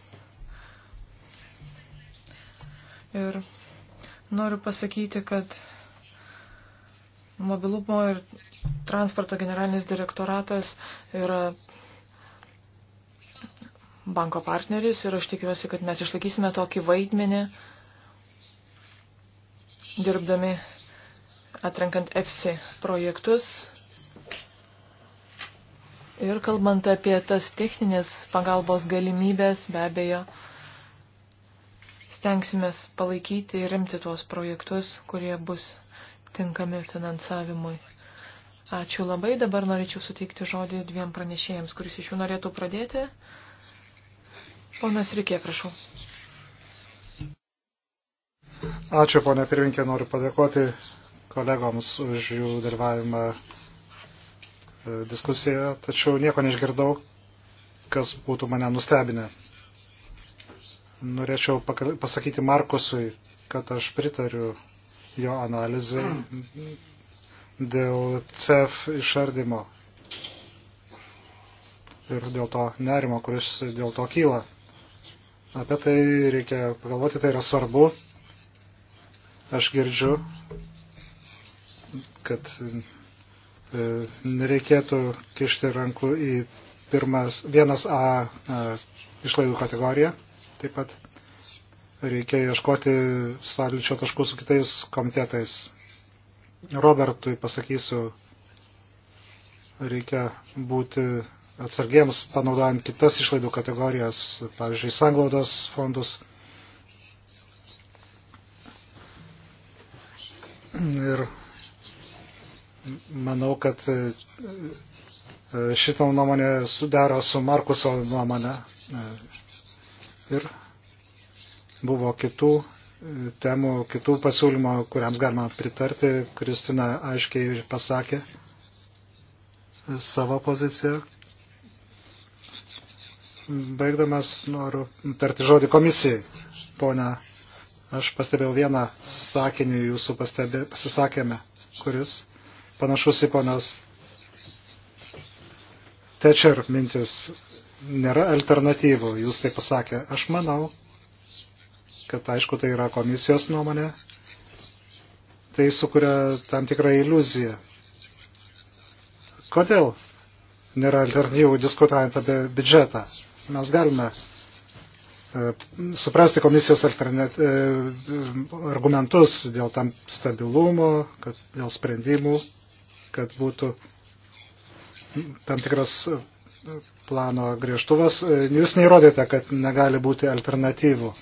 Ir noriu pasakyti, kad mobilumo ir transporto generalinis direktoratas yra banko partneris ir aš tikiuosi, kad mes išlaikysime tokį vaidmenį, dirbdami atrenkant EFSI projektus Ir kalbant apie tas techninės pagalbos galimybės, be abejo, stengsimės palaikyti ir rimti tuos projektus, kurie bus tinkami finansavimui. Ačiū labai, dabar norėčiau suteikti žodį dviem pranešėjams, kuris iš jų norėtų pradėti. Ponas Rikė, prašau. Ačiū, ponė pirminkė, noriu padėkoti kolegoms už jų dalyvavimą E, diskusiją, tačiau nieko neišgirdau, kas būtų mane nustebinę. Norėčiau pasakyti Markusui, kad aš pritariu jo analizai dėl CEF išardymo ir dėl to nerimo, kuris dėl to kyla. Apie tai reikia pagalvoti, tai yra svarbu. Aš girdžiu, kad E, nereikėtų kišti rankų į pirmas, vienas A e, išlaidų kategoriją. Taip pat reikia ieškoti sąlyčio taškų su kitais komitetais. Robertui pasakysiu, reikia būti atsargiems, panaudojant kitas išlaidų kategorijas, pavyzdžiui, sanglaudos fondus. Ir manau, kad e, e, šitą nuomonę sudaro su Markuso nuomonė. E, ir buvo kitų temų, kitų pasiūlymų, kuriams galima pritarti. Kristina aiškiai pasakė savo poziciją. Baigdamas noriu tarti žodį komisijai. Pone, aš pastebėjau vieną sakinį jūsų pastebė, pasisakėme, kuris panašus į ponios Tečer mintis. Nėra alternatyvų, jūs tai pasakė. Aš manau, kad aišku, tai yra komisijos nuomonė. Tai sukuria tam tikrą iliuziją. Kodėl nėra alternatyvų diskutuojant apie biudžetą? Mes galime e, suprasti komisijos e, argumentus dėl tam stabilumo, kad dėl sprendimų kad būtų tam tikras plano griežtuvas. Jūs neįrodėte, kad negali būti alternatyvų.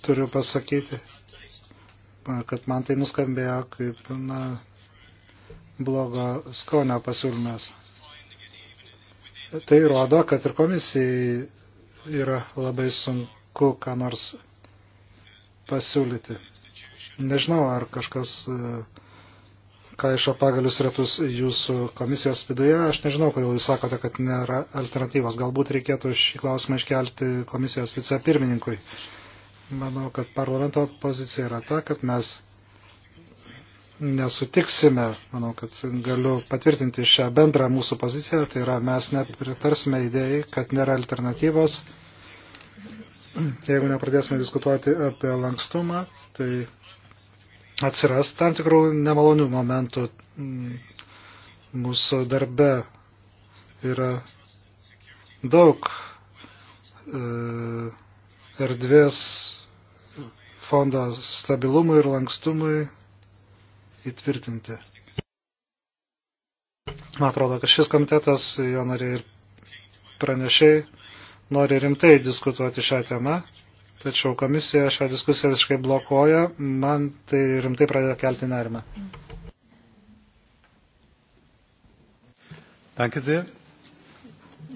Turiu pasakyti, kad man tai nuskambėjo kaip na, blogo skonio pasiūlymas. Tai rodo, kad ir komisijai yra labai sunku ką nors pasiūlyti. Nežinau, ar kažkas e, kaišo pagalius retus jūsų komisijos viduje. Aš nežinau, kodėl jūs sakote, kad nėra alternatyvos. Galbūt reikėtų šį klausimą iškelti komisijos vicepirmininkui. Manau, kad parlamento pozicija yra ta, kad mes nesutiksime. Manau, kad galiu patvirtinti šią bendrą mūsų poziciją. Tai yra, mes nepritarsime idėjai, kad nėra alternatyvos. Jeigu nepradėsime diskutuoti apie lankstumą, tai atsiras tam tikrų nemalonių momentų mūsų darbe. Yra daug e, erdvės fondo stabilumui ir lankstumui įtvirtinti. Man atrodo, kad šis komitetas, jo nariai ir pranešiai, nori rimtai diskutuoti šią temą, tačiau komisija šią diskusiją visiškai blokuoja, man tai rimtai pradeda kelti nerimą. Danke sehr.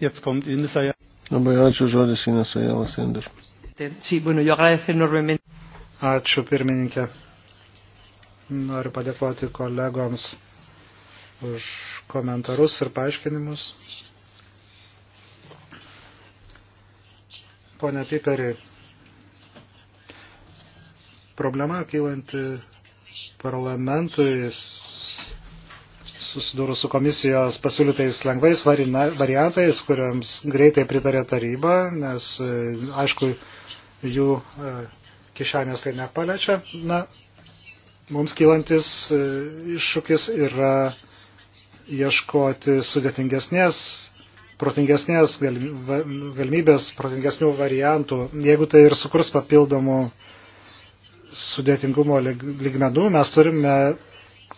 Jetzt kommt Ines Ayala. Labai ačiū žodis Ines Ayala Sender. Sí, bueno, yo agradezco enormemente. Ačiū pirmininkė. Noriu padėkoti kolegoms už komentarus ir paaiškinimus. Pone Piperi, problema kylanti parlamentui susidūrus su komisijos pasiūlytais lengvais variantais, kuriams greitai pritarė taryba, nes e, aišku, jų e, kišenės tai nepalečia. Na, mums kylantis e, iššūkis yra ieškoti sudėtingesnės, protingesnės galimybės, protingesnių variantų. Jeigu tai ir sukurs papildomų sudėtingumo lygmenų, mes turime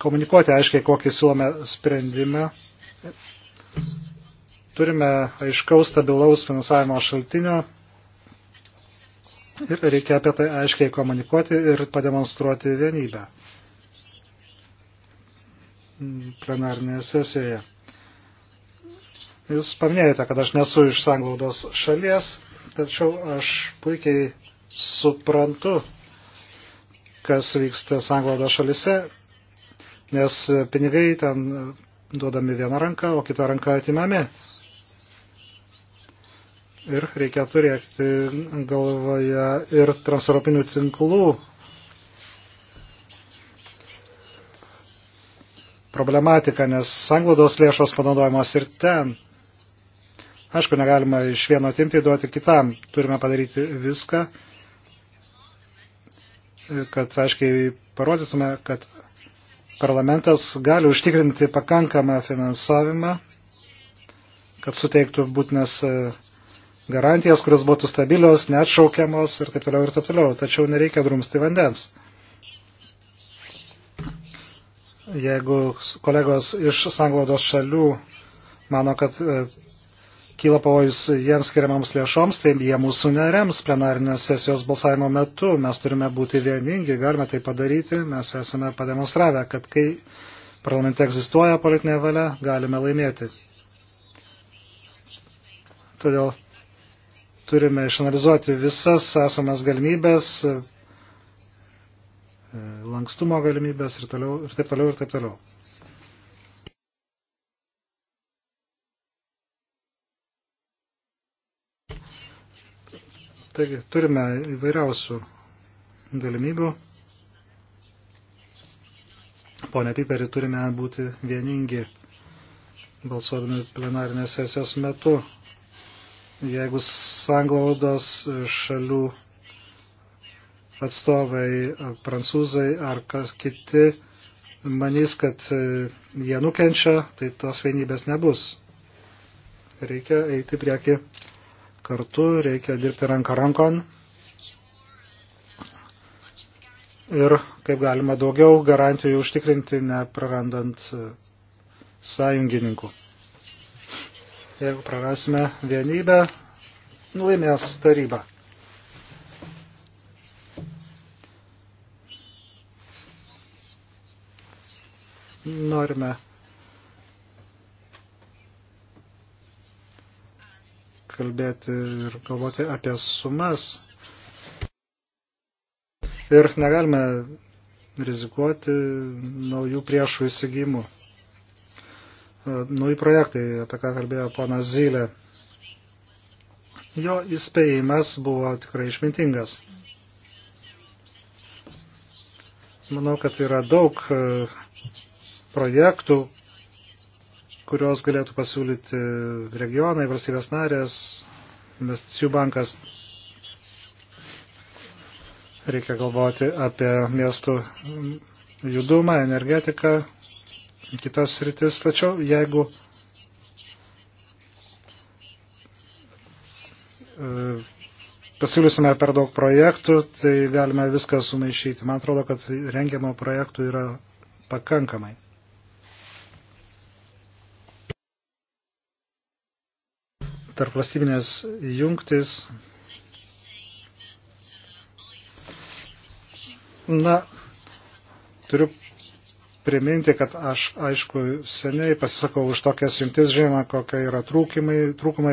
komunikuoti aiškiai, kokį siūlome sprendimą. Turime aiškaus stabilaus finansavimo šaltinio Ir reikia apie tai aiškiai komunikuoti ir pademonstruoti vienybę plenarnėje sesijoje. Jūs paminėjote, kad aš nesu iš sanglaudos šalies, tačiau aš puikiai suprantu, kas vyksta sanglaudos šalise, nes pinigai ten duodami vieną ranką, o kitą ranką atimami ir reikia turėti galvoje ir transeuropinių tinklų problematiką, nes sanglaudos lėšos panaudojamos ir ten. Aišku, negalima iš vieno atimti duoti kitam. Turime padaryti viską, kad aiškiai parodytume, kad parlamentas gali užtikrinti pakankamą finansavimą, kad suteiktų būtinas uh, garantijas, kurios būtų stabilios, neatšaukiamos ir taip toliau ir taip toliau. Tačiau nereikia drumsti vandens. Jeigu kolegos iš sanglaudos šalių mano, kad e, kyla pavojus jiems skiriamams lėšoms, tai jie mūsų nerems plenarinio sesijos balsavimo metu. Mes turime būti vieningi, galime tai padaryti. Mes esame pademonstravę, kad kai parlamente egzistuoja politinė valia, galime laimėti. Todėl turime išanalizuoti visas esamas galimybės, e, lankstumo galimybės ir, toliau, ir taip toliau ir taip toliau. Taigi, turime įvairiausių galimybių. Pone Piperi, turime būti vieningi balsuodami plenarinės sesijos metu jeigu sanglaudos šalių atstovai, prancūzai ar kiti manys, kad e, jie nukenčia, tai tos vienybės nebus. Reikia eiti prieki kartu, reikia dirbti ranką rankon ir kaip galima daugiau garantijų užtikrinti, neprarandant e, sąjungininkų. Jeigu prarasime vienybę, laimės taryba. Norime kalbėti ir galvoti apie sumas. Ir negalime rizikuoti naujų priešų įsigymų. E, nauji projektai, apie ką kalbėjo pona Zylė. Jo įspėjimas buvo tikrai išmintingas. Manau, kad yra daug e, projektų, kurios galėtų pasiūlyti regionai, valstybės narės, investicijų bankas. Reikia galvoti apie miestų judumą, energetiką, į kitas rytis, tačiau jeigu e, pasiūlysime per daug projektų, tai galime viską sumaišyti. Man atrodo, kad rengiamo projektų yra pakankamai. Tarp valstybinės jungtis. Na, turiu priminti, kad aš, aišku, seniai pasisakau už tokias jungtis, žinoma, kokie yra trūkumai, trūkumai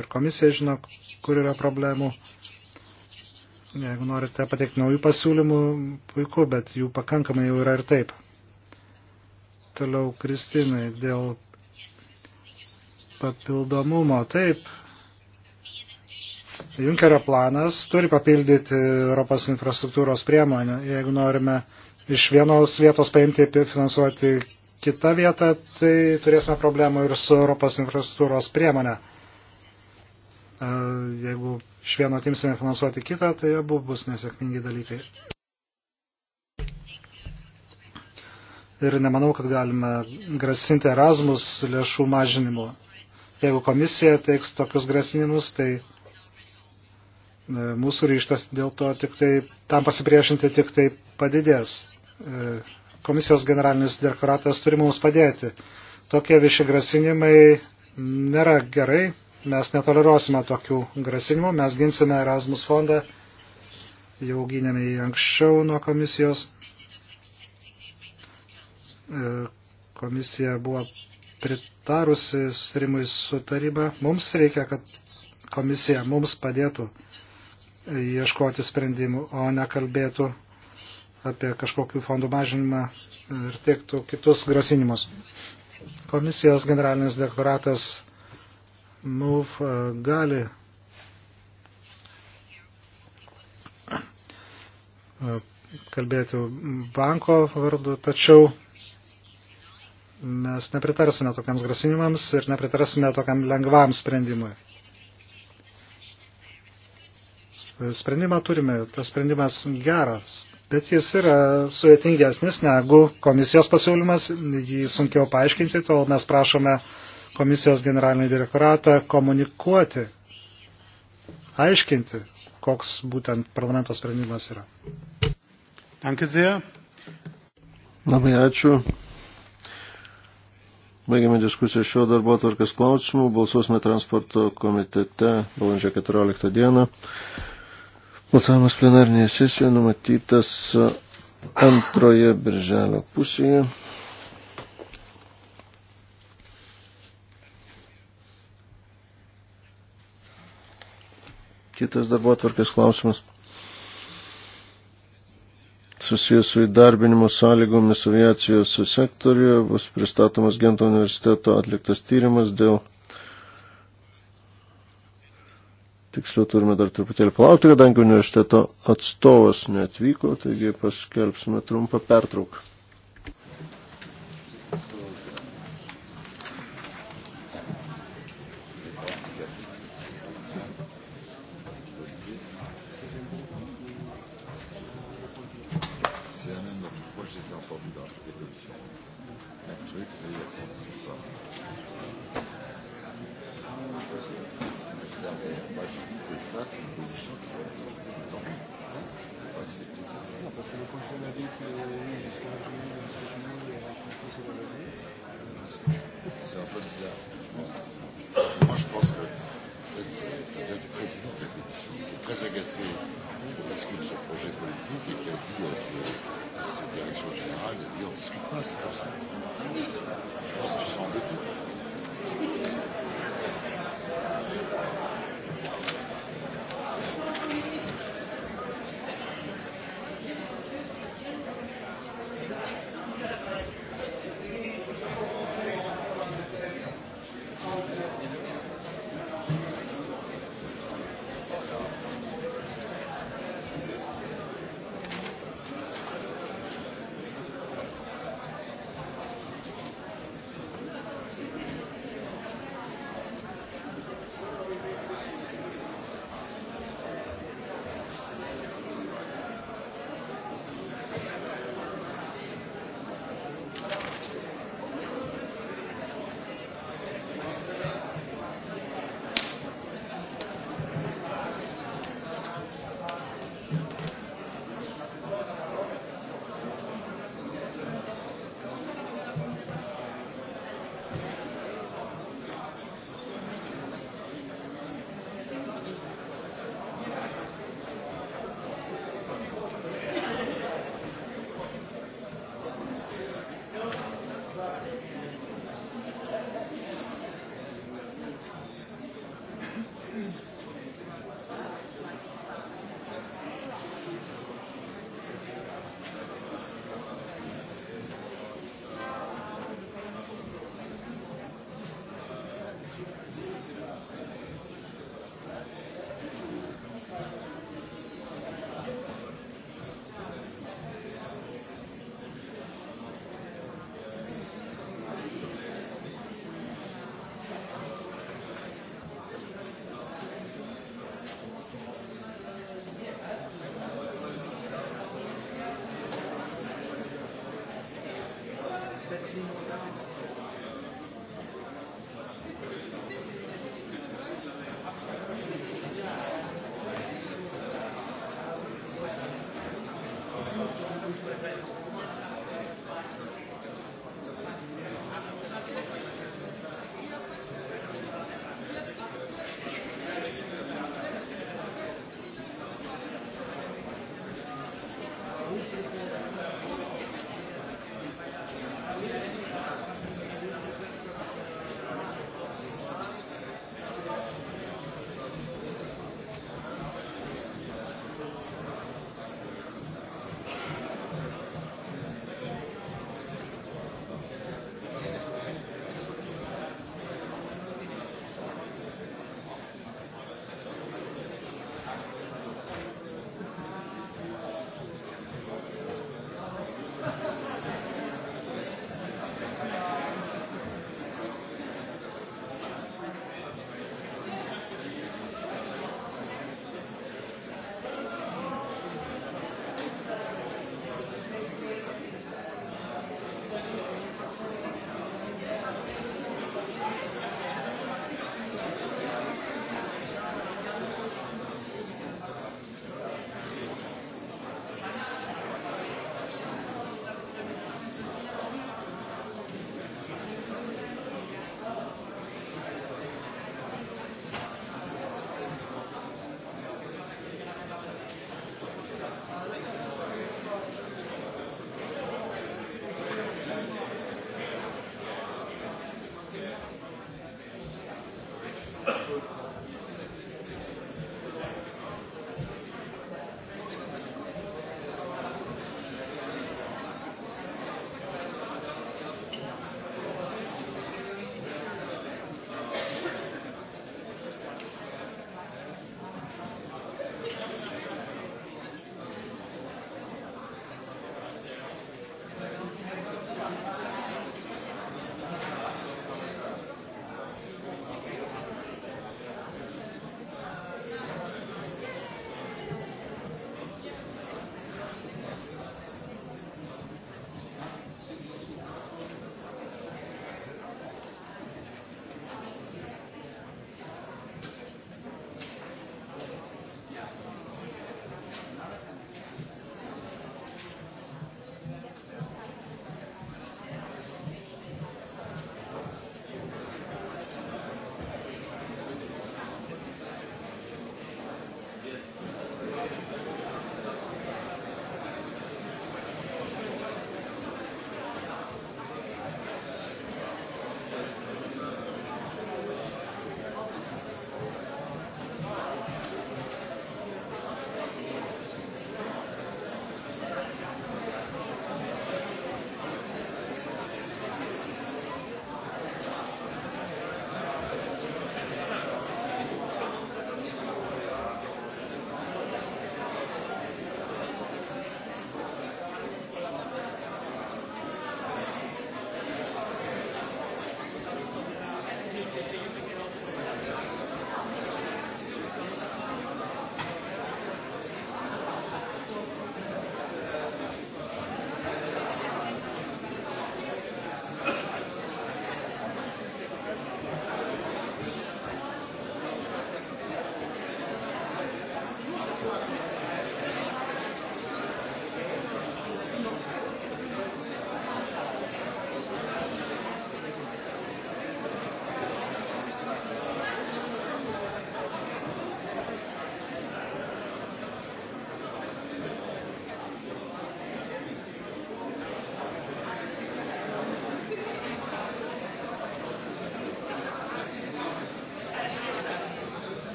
ir komisija žino, kur yra problemų. Jeigu norite pateikti naujų pasiūlymų, puiku, bet jų pakankamai jau yra ir taip. Toliau Kristinai, dėl papildomumo, taip. Junkerio planas turi papildyti Europos infrastruktūros priemonę, jeigu norime uh, iš vienos vietos paimti ir finansuoti kitą vietą, tai turėsime problemų ir su Europos infrastruktūros priemonė. Jeigu iš vieno atimsime finansuoti kitą, tai abu bus nesėkmingi dalykai. Ir nemanau, kad galime grasinti Erasmus lėšų mažinimu. Jeigu komisija teiks tokius grasinimus, tai e, mūsų ryštas dėl to tik tai, tam pasipriešinti tik tai padidės komisijos generalinis direktoratas turi mums padėti. Tokie vieši grasinimai nėra gerai, mes netoleruosime tokių grasinimų, mes ginsime Erasmus fondą, jau gynėme jį anksčiau nuo komisijos. E, komisija buvo pritarusi susirimui su taryba. Mums reikia, kad komisija mums padėtų ieškoti sprendimų, o nekalbėtų apie kažkokių fondų mažinimą ir tiektų kitus grasinimus. Komisijos generalinis dekoratas MUF e, gali e, kalbėti banko vardu, tačiau mes nepritarsime tokiams grasinimams ir nepritarsime tokiam lengvam sprendimui. Sprendimą turime, tas sprendimas geras, bet jis yra sudėtingesnis negu komisijos pasiūlymas, jį sunkiau paaiškinti, tol mes prašome komisijos generalinį direktoratą komunikuoti, aiškinti, koks būtent parlamento sprendimas yra. Danke sehr. Labai ačiū. Baigiame diskusiją šio darbo tvarkės klausimų. Balsuosime transporto komitete balandžio 14 dieną. Balsavimas plenarnėje sesijoje numatytas e, antroje birželio pusėje. Kitas darbo atvarkės klausimas susijęs su įdarbinimo sąlygomis aviacijos sektoriuje bus pristatomas Gento universiteto atliktas tyrimas dėl Tiksliau turime dar truputėlį palaukti, kadangi universiteto atstovas neatvyko, taigi paskelbsime trumpą pertrauką.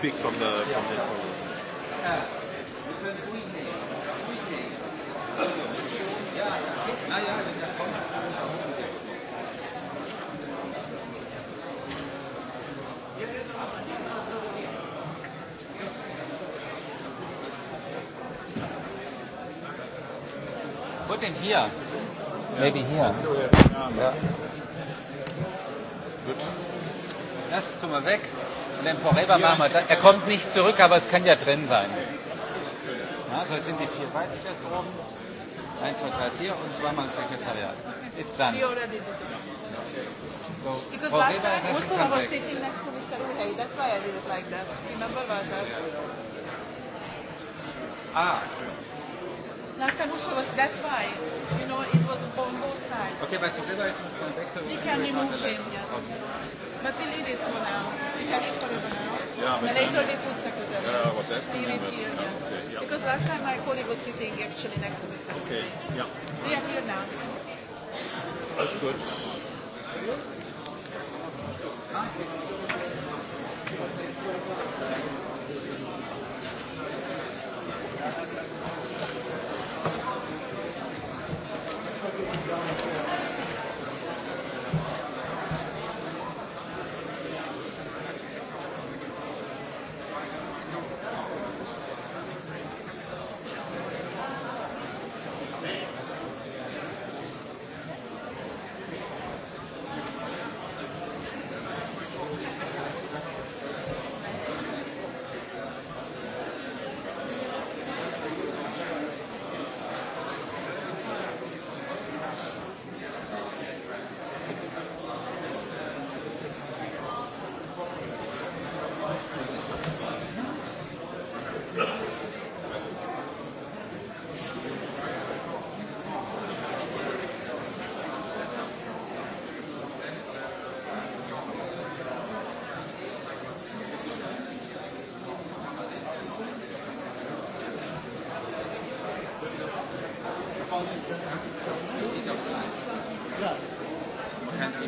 speak from the yeah. from the podium. Yeah. Put him here. Yeah. Maybe here. Let's do it. Yeah. yeah. Gut. Lass es mal weg. Und den Poreba machen wir. Er kommt nicht zurück, aber es kann ja drin sein. Ja, so sind die vier Weibchens oben. Eins, zwei, drei, vier und zweimal das Sekretariat. It's done. So, Because Poreba last time also I was sitting next to Mr. Hey, that's why I did it like that. Remember what I Ah. Last time also was, that's why. You know, it was on both sides. Okay, but Poreba is not going back, so we can remove him, yes. Okay. But we'll leave it for now. We have it forever now. Yeah, but and later the food secretary. Yeah, what else? Leave it here. Yeah. Okay, yeah. Because last time my colleague was sitting actually next to Mr. Okay, yeah. We are here now. That's good. Thank you.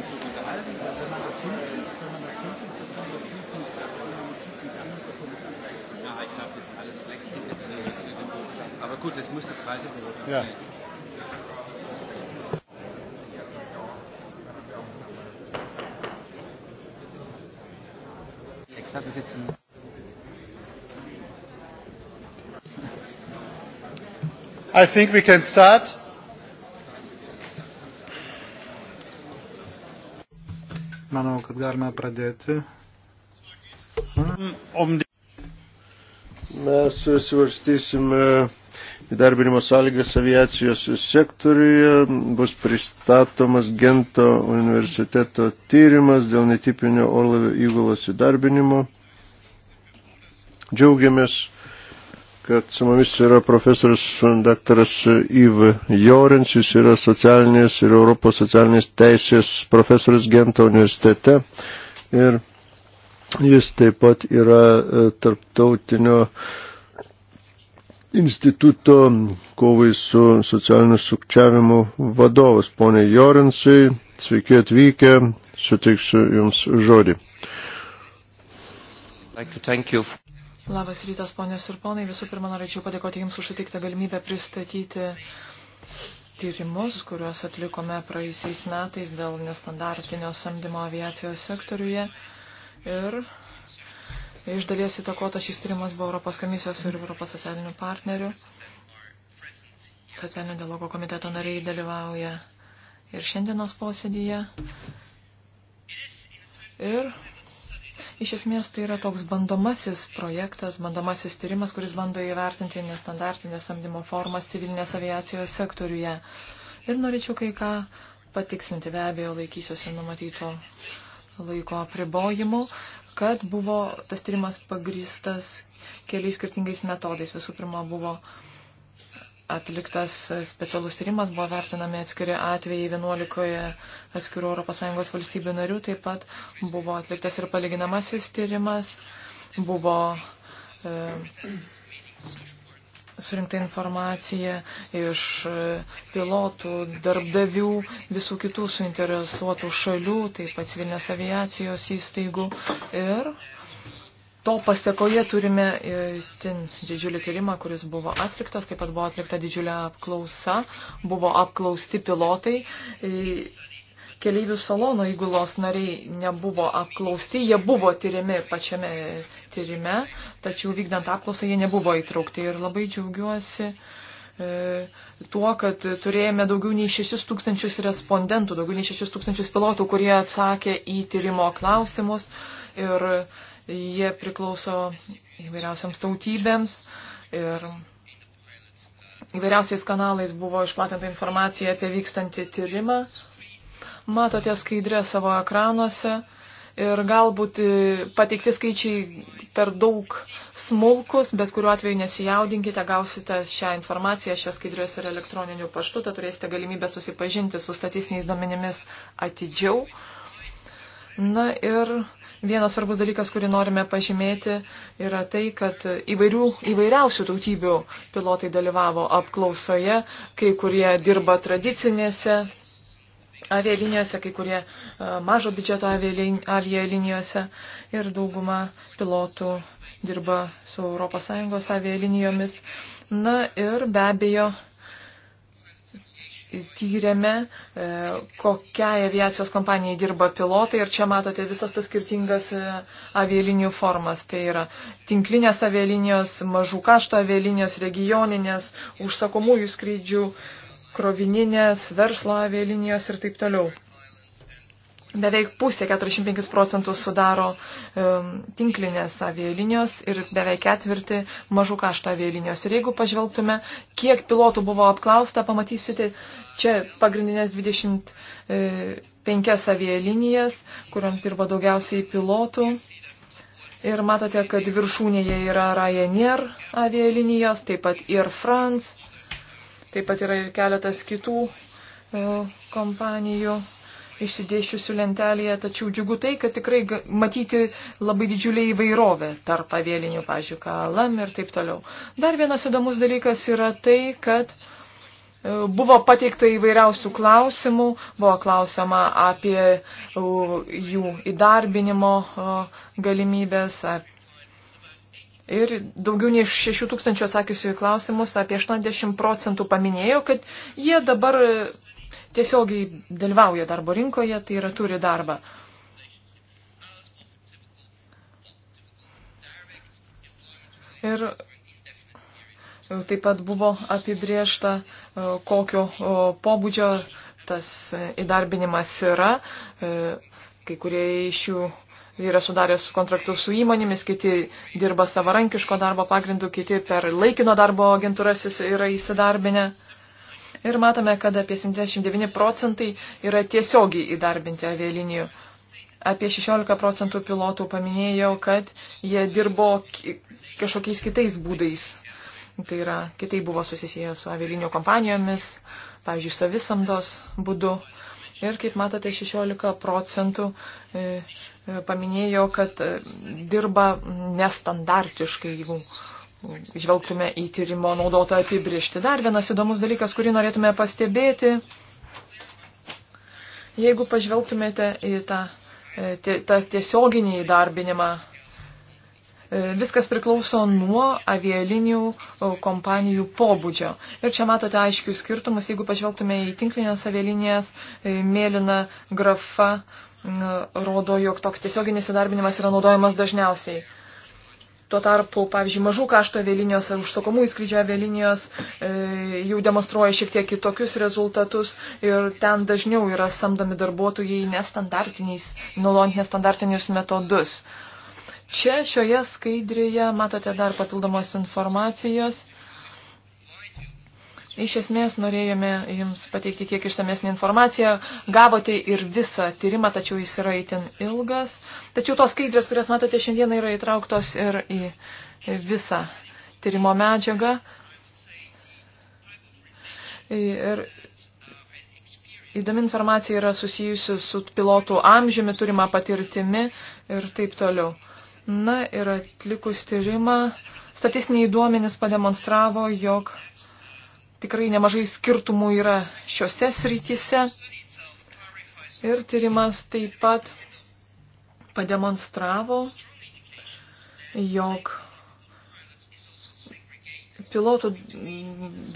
dazu unterhalten. Wenn man das hinkriegt, wenn man das hinkriegt, dass man das Flugdienst, dass man mit Flugdienst anders davon abgleicht. Ja, ich glaube, das ist alles Flex-Tickets, das wird im Buch. Aber gut, das muss das Reisebüro ja. sein. Experten sitzen. I think we can start. manau, kad galime pradėti. Mes svarstysime įdarbinimo sąlygas aviacijos sektoriuje. Bus pristatomas Gento universiteto tyrimas dėl netipinio orlavio įgulos įdarbinimo. Džiaugiamės kad su mumis yra profesorius daktaras Yv Jorins, jis yra socialinės ir Europos socialinės teisės profesorius Gento universitete ir jis taip pat yra e, tarptautinio instituto kovai su socialiniu sukčiavimu vadovas. Pone Jorinsai, sveiki atvykę, suteiksiu Jums žodį. Like Labas rytas, ponės ir ponai. Visų pirma, norėčiau padėkoti Jums už sutiktą galimybę pristatyti tyrimus, kuriuos atlikome praeisiais metais dėl nestandartinio samdymo aviacijos sektoriuje. Ir iš dalies įtakotas šis tyrimas buvo Europos komisijos ir Europos socialinių partnerių. Socialinio dialogo komiteto nariai dalyvauja ir šiandienos posėdyje. Ir Iš esmės tai yra toks bandomasis projektas, bandomasis tyrimas, kuris bando įvertinti nestandartinės samdymo formas civilinės aviacijos sektoriuje. Ir norėčiau kai ką patikslinti, be abejo, laikysiuosi numatyto laiko apribojimų, kad buvo tas tyrimas pagrįstas keliais skirtingais metodais. Visų pirma, buvo uh, atliktas specialus tyrimas, buvo vertinami atskiri atvejai 11 atskirų ES valstybių narių, taip pat buvo atliktas ir palyginamasis tyrimas, buvo e, surinkta informacija iš e, pilotų, darbdavių, visų kitų suinteresuotų šalių, taip pat civilinės aviacijos įstaigų ir e, to pasiekoje turime e, ten didžiulį tyrimą, kuris buvo atliktas, taip pat buvo atlikta didžiulė apklausa, buvo apklausti pilotai. E, keleivių salono įgulos nariai nebuvo apklausti, jie buvo tyrimi pačiame tyrime, tačiau vykdant apklausą jie nebuvo įtraukti ir labai džiaugiuosi e, tuo, kad turėjome daugiau nei 6 tūkstančius respondentų, daugiau nei 6 tūkstančius pilotų, kurie atsakė į tyrimo klausimus ir Jie priklauso įvairiausiams tautybėms ir įvairiausiais kanalais buvo išplatinta informacija apie vykstantį tyrimą. Matote skaidrę savo ekranuose ir galbūt e, pateikti skaičiai per daug smulkus, bet kuriuo atveju nesijaudinkite, gausite šią informaciją, šias skaidrės ir elektroniniu paštu, tad turėsite galimybę susipažinti su statistiniais duomenimis atidžiau. Na ir Vienas svarbus dalykas, kurį norime pažymėti, yra tai, kad įvairių, įvairiausių tautybių pilotai dalyvavo apklausoje, kai kurie dirba tradicinėse avialinijose, kai kurie e, mažo biudžeto avialinijose ir dauguma pilotų dirba su ES avialinijomis. Na ir be abejo, tyrėme, e, kokiai aviacijos kompanijai dirba pilotai ir čia matote visas tas skirtingas e, avialinijų formas. Tai yra tinklinės avialinijos, mažų kašto avialinijos, regioninės, užsakomųjų skrydžių, krovininės, verslo avialinijos ir taip toliau. Beveik pusė 45 procentų sudaro um, tinklinės avialinijos ir beveik ketvirti mažų kaštų avialinijos. Ir jeigu pažvelgtume, kiek pilotų buvo apklausta, pamatysite čia pagrindinės 25 e, avialinijas, kuriams dirba daugiausiai pilotų. Ir matote, kad viršūnėje yra Ryanair avialinijos, taip pat Air France, taip pat yra ir keletas kitų uh, kompanijų išsidėšiusių lentelėje, tačiau džiugu tai, kad tikrai matyti labai didžiulį įvairovę tarp avėlinių, pažiūrėjau, kalam ir taip toliau. Dar vienas įdomus dalykas yra tai, kad e, Buvo pateikta įvairiausių klausimų, buvo klausama apie jų įdarbinimo galimybės, Ir daugiau nei 6 tūkstančių atsakysiu į klausimus, apie 80 procentų paminėjo, kad jie dabar tiesiogiai dalyvauja darbo rinkoje, tai yra turi darbą. Ir taip pat buvo apibriešta, e, kokio pobūdžio tas įdarbinimas yra. E, kai kurie iš jų yra sudaręs kontraktus su įmonėmis, kiti dirba savarankiško darbo pagrindu, kiti per laikino darbo agentūras yra įsidarbinę ir matome, kad apie 79 procentai yra tiesiogiai įdarbinti avialinijų. Apie 16 procentų pilotų paminėjau, kad jie dirbo kažkokiais kitais būdais. Tai yra, kitai buvo susisieję su avialinijų kompanijomis, pavyzdžiui, savisamdos būdu. Ir kaip matote, 16 procentų e, e, paminėjo, kad e, dirba nestandartiškai, jeigu žvelgtume į tyrimo naudotą apibrišti. Dar vienas įdomus dalykas, kurį norėtume pastebėti, jeigu pažvelgtumėte į tą, e, tą tiesioginį įdarbinimą e, Viskas priklauso nuo avialinijų kompanijų pobūdžio. Ir čia matote aiškius skirtumus, jeigu pažvelgtume į tinklinės avialinijas, e, mėlyna grafa rodo, jog toks tiesioginis įdarbinimas yra naudojamas dažniausiai. Tuo tarpu, pavyzdžiui, mažų kašto avialinijos ar užsakomų įskrydžio avialinijos e, jau demonstruoja šiek tiek kitokius rezultatus ir ten dažniau yra samdomi darbuotojai nestandartiniais, naudojant nestandartinius metodus. Čia šioje skaidrėje matote dar papildomos informacijos Iš esmės norėjome Jums pateikti kiek išsamesnį informaciją. Gavote ir visą tyrimą, tačiau jis yra itin ilgas. Tačiau tos skaidrės, kurias matote šiandien, yra įtrauktos ir į visą tyrimo medžiagą. Ir įdomi informacija yra susijusi su pilotų amžiumi, turima patirtimi ir taip toliau. Na ir atlikus tyrimą, statistiniai duomenys pademonstravo, jog tikrai nemažai skirtumų yra šiuose srityse. Ir tyrimas taip pat pademonstravo, jog pilotų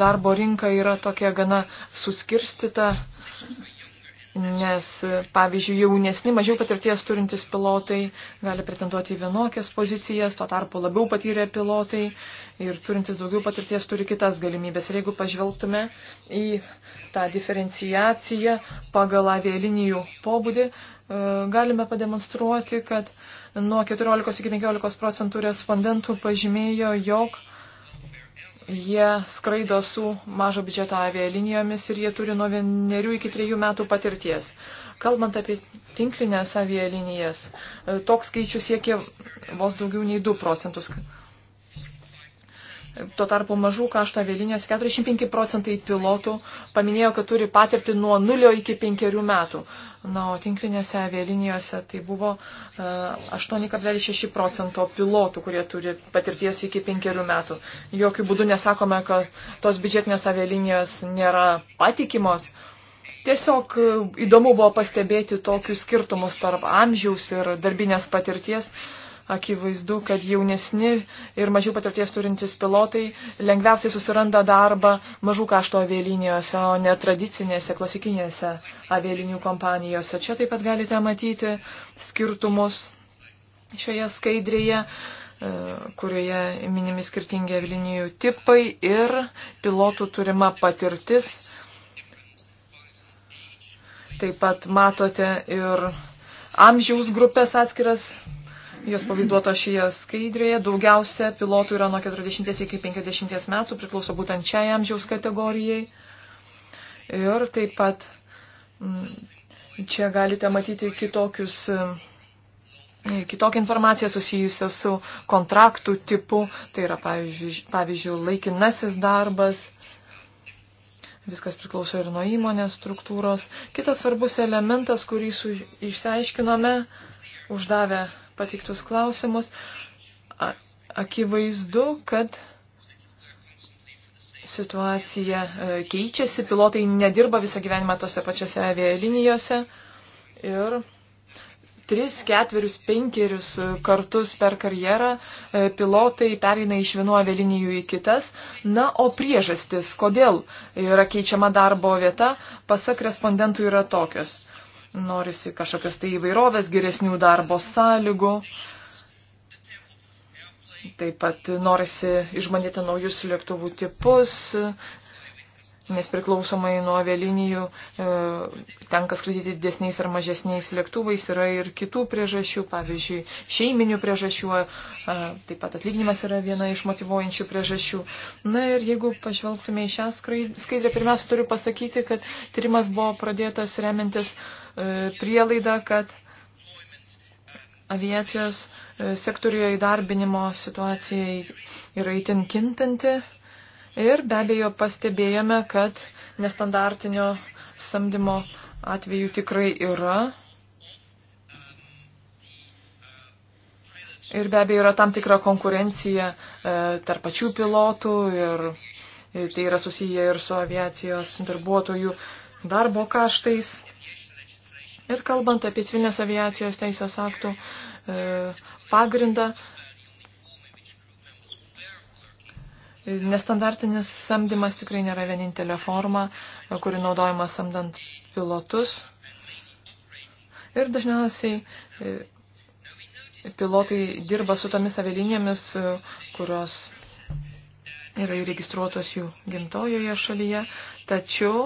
darbo rinka yra tokia gana suskirstita nes, pavyzdžiui, jaunesni, mažiau patirties turintys pilotai gali pretenduoti į vienokias pozicijas, tuo tarpu labiau patyrę pilotai ir turintys daugiau patirties turi kitas galimybės. Ir jeigu pažvelgtume į tą diferenciaciją pagal avialinijų pobūdį, e, galime pademonstruoti, kad nuo 14 iki 15 procentų respondentų pažymėjo, jog Jie skraido su mažo biudžeto avialinijomis ir jie turi nuo vienerių iki trejų metų patirties. Kalbant apie tinklinės avialinijas, toks skaičius siekia vos daugiau nei 2 procentus. Tuo tarpu mažų kašto avialinijos 45 procentai pilotų paminėjo, kad turi patirti nuo 0 iki 5 metų. Na, o tinklinėse avialinijose tai buvo 8,6 e, procento pilotų, kurie turi patirties iki 5 metų. Jokių būdų nesakome, kad tos biudžetinės avialinijos nėra patikimos. Tiesiog e, įdomu buvo pastebėti tokius skirtumus tarp amžiaus ir darbinės patirties. Uh, akivaizdu, kad jaunesni ir mažiau patirties turintys pilotai lengviausiai susiranda darbą mažų kašto avialinijose, o ne tradicinėse, klasikinėse avialinių kompanijose. Čia taip pat galite matyti skirtumus šioje skaidrėje e, kurioje minimi skirtingi avialinijų tipai ir pilotų turima patirtis. Taip pat matote ir amžiaus grupės atskiras jos pavaizduoto šioje skaidrėje. Daugiausia pilotų yra nuo 40 iki 50 metų, priklauso būtent šiai amžiaus kategorijai. Ir taip pat mm, čia galite matyti kitokius, mm, kitokią informaciją susijusią su kontraktų tipu. Tai yra, pavyzdžiui, pavyzdžiui laikinasis darbas. Viskas priklauso ir nuo įmonės struktūros. Kitas svarbus elementas, kurį su, išsiaiškinome, uždavę pateiktus klausimus. Akivaizdu, kad situacija e, keičiasi, pilotai nedirba visą gyvenimą tose pačiose avialinijose ir tris, ketverius, penkerius kartus per karjerą e, pilotai pereina iš vienu avialinijų į kitas. Na, o priežastis, kodėl yra keičiama darbo vieta, pasak respondentų yra tokios norisi kažkokios tai įvairovės, geresnių darbo sąlygų. Taip pat norisi išmanyti naujus lėktuvų tipus, nes priklausomai nuo avialinijų e, tenka skraidyti didesniais ar mažesniais lėktuvais, yra ir kitų priežasčių, pavyzdžiui, šeiminių priežasčių, e, taip pat atlyginimas yra viena iš motivuojančių priežasčių. Na ir jeigu pažvelgtume į šią skaidrę, pirmiausia turiu pasakyti, kad tyrimas buvo pradėtas remintis e, prielaida, kad aviacijos sektorijoje įdarbinimo situacija yra įtin kintanti Ir be abejo pastebėjome, kad nestandartinio samdymo atveju tikrai yra. Ir be abejo yra tam tikra konkurencija e, tarp pačių pilotų ir, ir e, tai yra susiję ir su aviacijos darbuotojų darbo kaštais. Ir kalbant apie civilinės aviacijos teisės aktų e, pagrindą, Nestandartinis samdymas tikrai nėra vienintelė forma, kuri naudojama samdant pilotus. Ir dažniausiai e, pilotai dirba su tomis avialinėmis, e, kurios yra įregistruotos jų gimtojoje šalyje, tačiau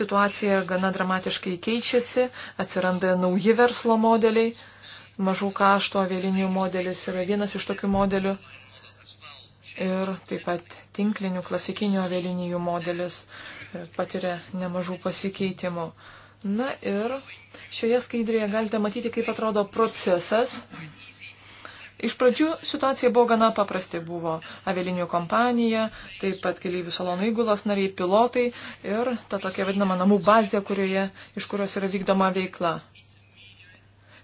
situacija gana dramatiškai keičiasi, atsiranda nauji verslo modeliai, mažų kašto avialinių modelis yra vienas iš tokių modelių ir taip pat tinklinių klasikinių avialinijų modelis e, patiria nemažų pasikeitimų. Na ir šioje skaidrėje galite matyti, kaip atrodo procesas. Iš pradžių situacija buvo gana paprasti. Buvo avialinių kompanija, taip pat keliaivių salonų įgulos nariai, pilotai ir ta tokia vadinama namų bazė, kurioje, iš kurios yra vykdoma veikla.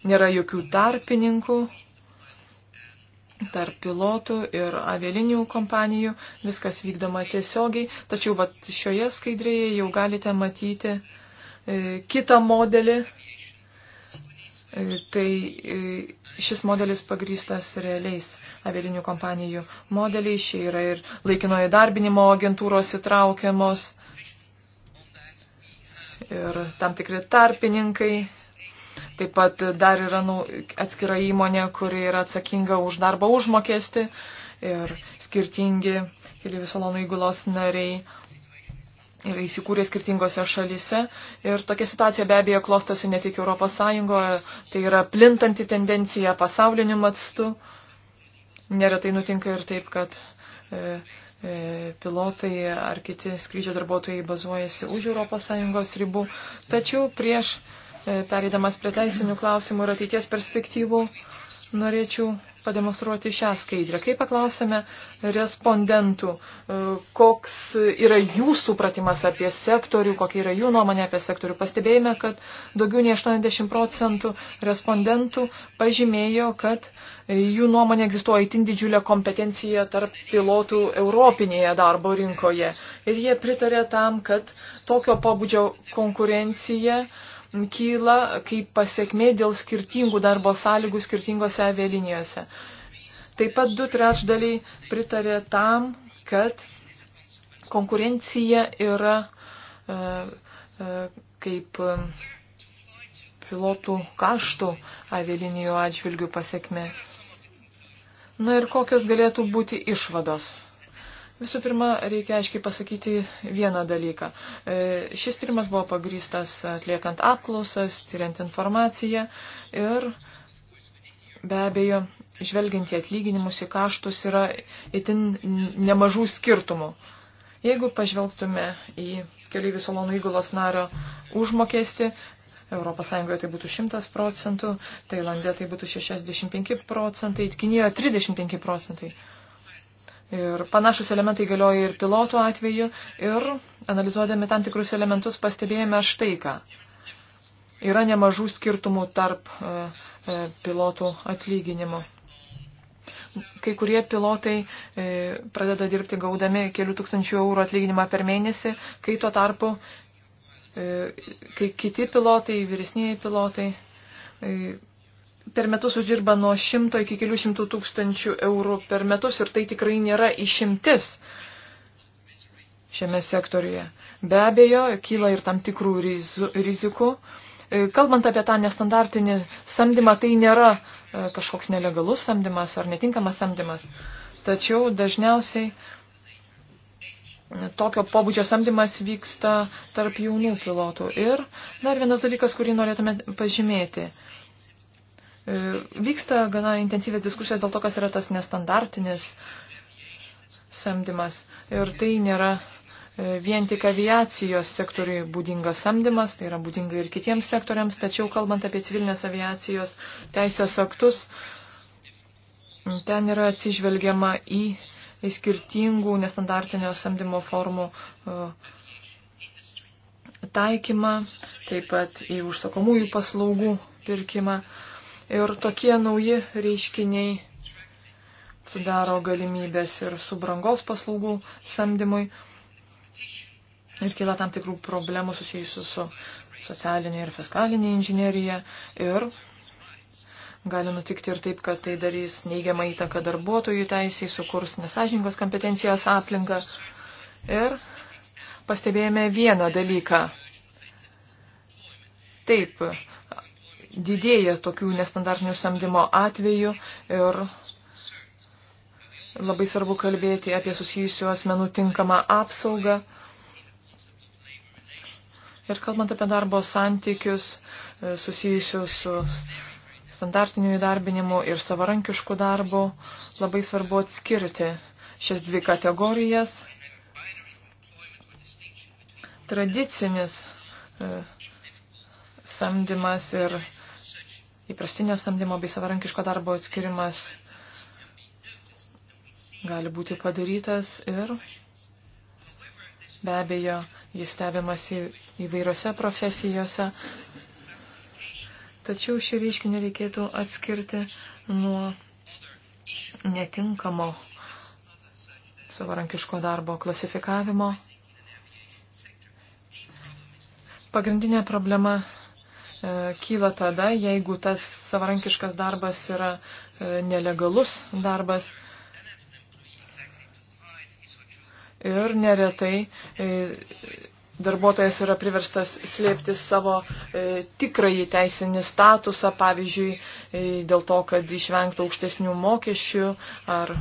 Nėra jokių tarpininkų, tarp pilotų ir avialinijų kompanijų, viskas vykdoma tiesiogiai, tačiau vat, šioje skaidrėje jau galite matyti e, kitą modelį. E, tai e, šis modelis pagrystas realiais avialinių kompanijų modeliais, čia yra ir laikinojo darbinimo agentūros įtraukiamos ir tam tikri tarpininkai Taip pat dar yra nu, atskira įmonė, kuri yra atsakinga už darbo užmokesti ir skirtingi keliaivių salonų įgulos nariai yra įsikūrę skirtingose šalyse. Ir tokia situacija be abejo klostosi ne tik ES, tai yra plintanti tendencija pasauliniu matstu. Neretai nutinka ir taip, kad e, e, pilotai ar kiti skrydžio darbuotojai bazuojasi už ES ribų. Tačiau prieš E, pereidamas prie teisinių klausimų ir ateities perspektyvų, norėčiau pademonstruoti šią skaidrę. Kai paklausėme respondentų, e, koks yra jų supratimas apie sektorių, kokia yra jų nuomonė apie sektorių, pastebėjome, kad daugiau nei 80 procentų respondentų pažymėjo, kad jų nuomonė egzistuoja itin didžiulė kompetencija tarp pilotų europinėje darbo rinkoje. Ir jie pritarė tam, kad tokio pobūdžio konkurencija kyla kaip pasiekmė dėl skirtingų darbo sąlygų skirtingose avialinijose. Taip pat du trečdaliai pritarė tam, kad konkurencija yra e, e, kaip e, pilotų kaštų avialinijų atžvilgių pasiekmė. Na ir kokios galėtų būti išvados? Visų pirma, reikia aiškiai pasakyti vieną dalyką. E, šis tyrimas buvo pagrystas atliekant apklausas, tyriant informaciją ir be abejo, žvelgiant į atlyginimus, į kaštus yra itin nemažų skirtumų. Jeigu pažvelgtume į keliaivių salonų įgulos nario užmokesti, Europos Sąjungoje tai būtų 100 procentų, Tailandė tai būtų 65 procentai, Kinijoje 35 procentai. Ir panašus elementai galioja ir pilotų atveju. Ir analizuodami tam tikrus elementus pastebėjome štai ką. Yra nemažų skirtumų tarp e, e, pilotų atlyginimų. Kai kurie pilotai e, pradeda dirbti gaudami kelių tūkstančių eurų atlyginimą per mėnesį, kai tuo tarpu, e, kai kiti pilotai, vyresnieji pilotai, e, per metus uždirba nuo 100 iki kelių šimtų tūkstančių eurų per metus ir tai tikrai nėra išimtis šiame sektoriuje. Be abejo, kyla ir tam tikrų rizikų. E, kalbant apie tą nestandartinį samdymą, tai nėra e, kažkoks nelegalus samdymas ar netinkamas samdymas. Tačiau dažniausiai e, tokio pobūdžio samdymas vyksta tarp jaunų pilotų. Ir dar vienas dalykas, kurį norėtume pažymėti. E, vyksta gana intensyvės diskusijos dėl to, kas yra tas nestandartinis samdymas. Ir tai nėra e, vien tik aviacijos sektoriui būdingas samdymas, tai yra būdinga ir kitiems sektoriams, tačiau kalbant apie civilinės aviacijos teisės aktus, ten yra atsižvelgiama į, į skirtingų nestandartinio samdymo formų e, taikymą, taip pat į užsakomųjų paslaugų pirkimą. Ir tokie nauji reiškiniai sudaro galimybės ir subrangos paslaugų samdymui. Ir kyla tam tikrų problemų susijusių su socialinė ir fiskalinė inžinierija. Ir gali nutikti ir taip, kad tai darys neigiamą įtaką darbuotojų teisiai, sukurs nesažingos kompetencijos aplinką. Ir pastebėjome vieną dalyką. Taip, didėja tokių nestandartinių samdymo atvejų ir labai svarbu kalbėti apie susijusių asmenų tinkamą apsaugą. Ir kalbant apie darbo santykius e, susijusius su standartiniu įdarbinimu ir savarankišku darbu, labai svarbu atskirti šias dvi kategorijas. Tradicinis e, samdymas ir įprastinio samdymo bei savarankiško darbo atskirimas gali būti padarytas ir be abejo jis stebimas į, įvairiose profesijose. Tačiau šį reiškinį reikėtų atskirti nuo netinkamo savarankiško darbo klasifikavimo. Pagrindinė problema E, kyla tada, jeigu tas savarankiškas darbas yra e, nelegalus darbas. Ir neretai e, darbuotojas yra priverstas slėpti savo e, tikrąjį teisinį statusą, pavyzdžiui, e, dėl to, kad išvengtų aukštesnių mokesčių ar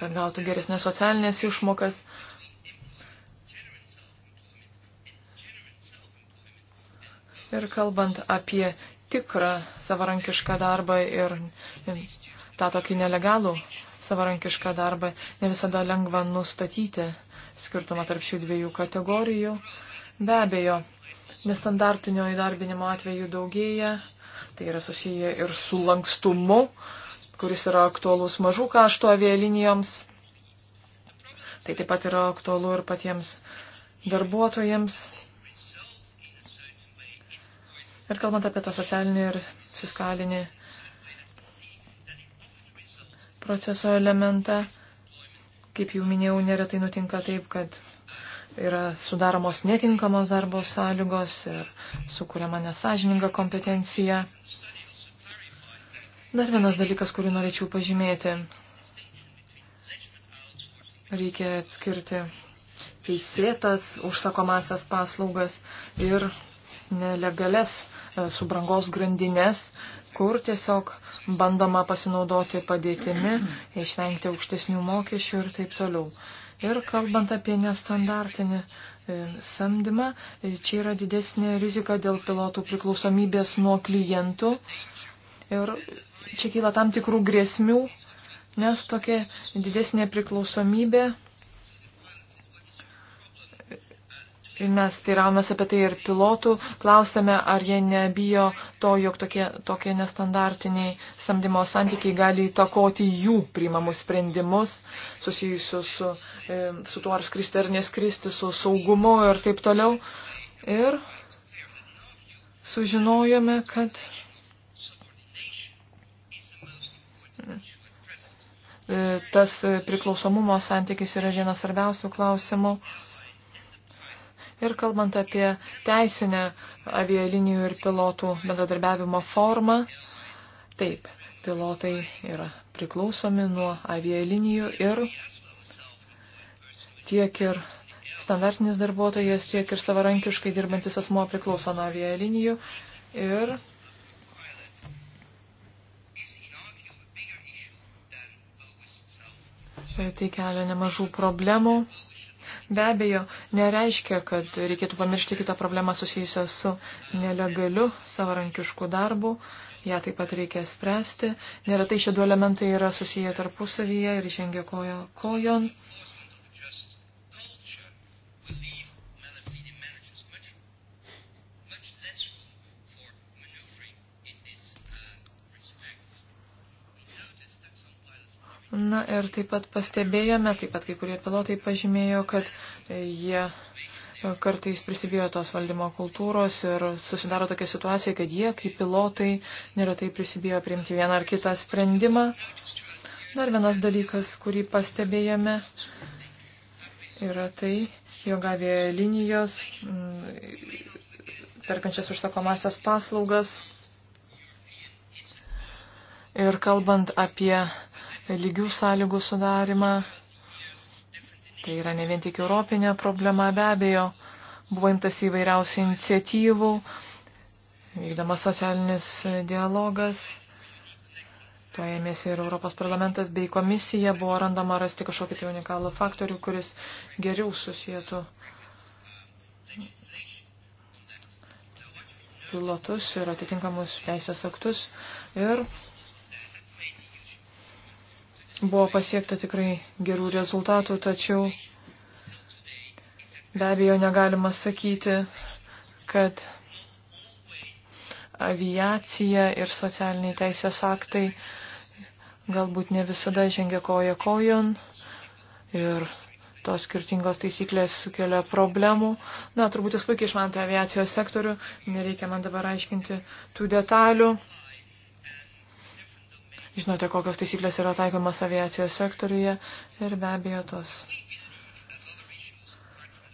kad gautų geresnės socialinės išmokas. E, Ir kalbant apie tikrą savarankišką darbą ir tą tokį nelegalų savarankišką darbą, ne visada lengva nustatyti skirtumą tarp šių dviejų kategorijų. Be abejo, nestandartinio įdarbinimo atveju daugėja, tai yra susiję ir su lankstumu, kuris yra aktualus mažų kaštų avialinijoms. Tai taip pat yra aktualu ir patiems darbuotojams. Ir kalbant apie tą socialinį ir fiskalinį proceso elementą, kaip jau minėjau, neretai nutinka taip, kad yra sudaromos netinkamos darbo sąlygos ir sukūriama nesažininga kompetencija. Dar vienas dalykas, kurį norėčiau pažymėti. Reikia atskirti teisėtas užsakomasias paslaugas ir nelegales E, subrangos grandinės, kur tiesiog bandoma pasinaudoti padėtimi, išvengti aukštesnių mokesčių ir taip toliau. Ir kalbant apie nestandartinį e, samdymą, e, čia yra didesnė rizika dėl pilotų priklausomybės nuo klientų. Ir čia kyla tam tikrų grėsmių, nes tokia didesnė priklausomybė Mes teiravomės apie tai ir pilotų, klausėme, ar jie nebijo to, jog tokie, tokie nestandartiniai samdymo santykiai gali įtakoti jų priimamus sprendimus susijusius su, e, su tuo, ar skristi ar neskristi, su saugumu ir taip toliau. Ir sužinojome, kad tas priklausomumo santykis yra vienas svarbiausių klausimų. Ir kalbant apie teisinę avialinijų ir pilotų bendradarbiavimo formą, taip, pilotai yra priklausomi nuo avialinijų ir tiek ir standartinis darbuotojas, tiek ir savarankiškai dirbantis asmuo priklauso nuo avialinijų. Ir tai kelia nemažų problemų. Be abejo, nereiškia, kad reikėtų pamiršti kitą problemą susijusią su nelegaliu savarankišku darbu. Ja taip pat reikia spręsti. Neretai šie du elementai yra susiję tarpusavyje ir žengia kojo kojon. Na ir taip pat pastebėjome, taip pat kai kurie pilotai pažymėjo, kad jie kartais prisibijo tos valdymo kultūros ir susidaro tokia situacija, kad jie kaip pilotai neretai prisibijo priimti vieną ar kitą sprendimą. Dar vienas dalykas, kurį pastebėjome, yra tai, jo gavė linijos, mm, perkančias užsakomasias paslaugas. Ir kalbant apie lygių sąlygų sudarimą. Tai yra ne vien tik europinė problema, be abejo, buvo imtas įvairiausių iniciatyvų, vykdamas socialinis dialogas. To ėmėsi ir Europos parlamentas bei komisija, buvo randama rasti kažkokį tai unikalų faktorių, kuris geriau susijėtų pilotus ir atitinkamus teisės aktus. Ir Buvo pasiekta tikrai gerų rezultatų, tačiau be abejo negalima sakyti, kad aviacija ir socialiniai teisės aktai galbūt ne visada žengia koja kojon ir tos skirtingos taisyklės sukelia problemų. Na, turbūt jūs puikiai išmanote aviacijos sektorių, nereikia man dabar aiškinti tų detalių. Žinote, kokios taisyklės yra taikomas aviacijos sektoriuje ir be abejo tos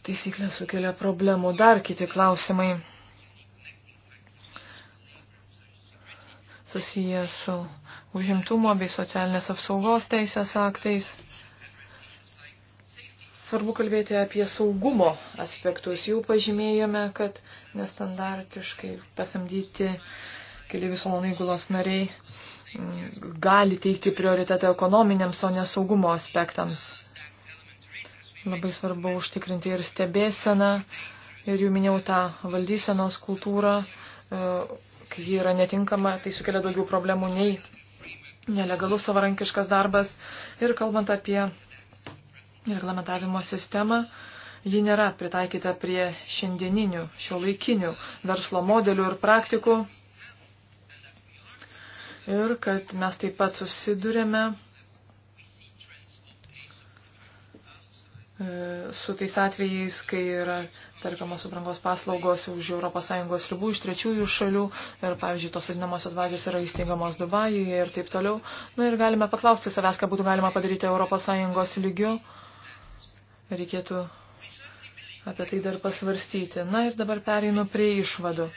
taisyklės sukelia problemų. Dar kiti klausimai susiję su užimtumo bei socialinės apsaugos teisės aktais. Svarbu kalbėti apie saugumo aspektus. Jau pažymėjome, kad nestandartiškai pasamdyti keliaivių salonų įgulos nariai gali teikti prioritetą ekonominiams, o nesaugumo aspektams. Labai svarbu užtikrinti ir stebėseną, ir jau minėjau tą valdysenos kultūrą, e, kai ji yra netinkama, tai sukelia daugiau problemų nei nelegalus savarankiškas darbas. Ir kalbant apie reglamentavimo sistemą, ji nėra pritaikyta prie šiandieninių, šio laikinių verslo modelių ir praktikų ir kad mes taip pat susidurėme e, su tais atvejais, kai yra perkamos aprangos paslaugos už ES ribų iš trečiųjų šalių ir, pavyzdžiui, tos vadinamosios bazės yra įsteigamos Dubajuje ir taip toliau. Na ir galime paklausti savęs, ką būtų galima padaryti ES lygiu. Reikėtų apie tai dar pasvarstyti. Na ir dabar pereinu prie išvadų.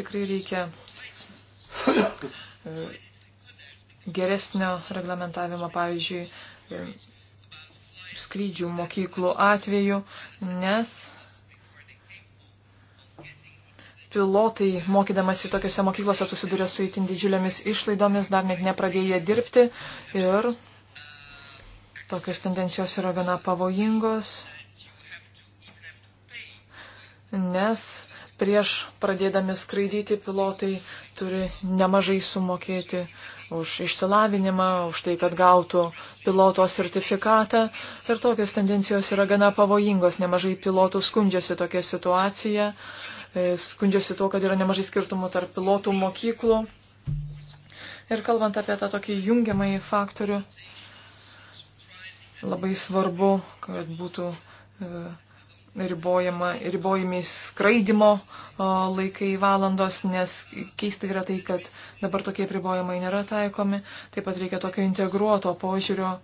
Tikrai reikia geresnio reglamentavimo, pavyzdžiui, skrydžių mokyklų atveju, nes pilotai, mokydamasi tokiuose mokyklose, susiduria su itin didžiulėmis išlaidomis, dar net nepradėję dirbti ir tokios tendencijos yra gana pavojingos, nes prieš pradėdami skraidyti pilotai turi nemažai sumokėti už išsilavinimą, už tai, kad gautų piloto sertifikatą. Ir tokios tendencijos yra gana pavojingos. Nemažai pilotų skundžiasi tokia situacija, e, skundžiasi tuo, kad yra nemažai skirtumų tarp pilotų mokyklų. Ir kalbant apie tą tokį jungiamąjį faktorių, labai svarbu, kad būtų. E, ribojami skraidimo laikai valandos, nes keista yra tai, kad dabar tokie pribojimai nėra taikomi. Taip pat reikia tokio integruoto požiūrio.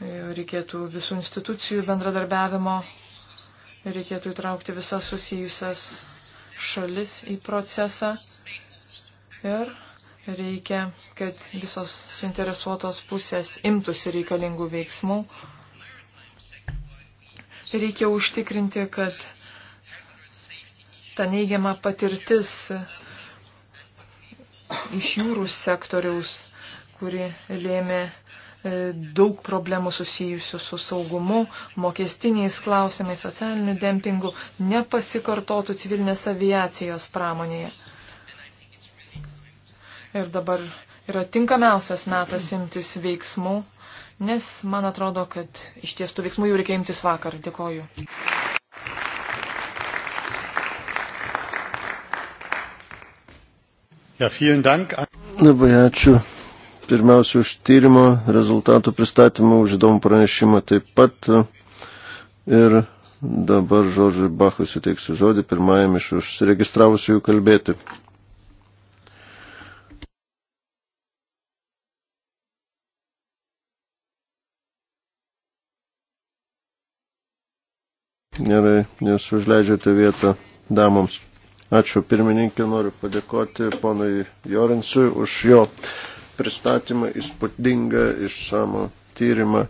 E, reikėtų visų institucijų bendradarbiavimo, reikėtų įtraukti visas susijusias šalis į procesą ir reikia, kad visos suinteresuotos pusės imtųsi reikalingų veiksmų reikia užtikrinti, kad ta neigiama patirtis iš jūrų sektoriaus, kuri lėmė e, daug problemų susijusių su saugumu, mokestiniais klausimais, socialiniu dempingu, nepasikartotų civilinės aviacijos pramonėje. Ir dabar yra tinkamiausias metas imtis veiksmų, nes man atrodo, kad iš ties tų veiksmų jau reikia imtis vakar. Dėkoju. Ja, Labai ačiū. Pirmiausia, už tyrimo rezultatų pristatymą, už įdomų pranešimą taip pat. Ir dabar Žodžiui Bachui suteiksiu žodį pirmajam iš užsiregistravusiųjų kalbėti. gerai, nes užleidžiate vietą damoms. Ačiū pirmininkė, noriu padėkoti ponui Jorinsui už jo pristatymą įspūdingą išsamų tyrimą.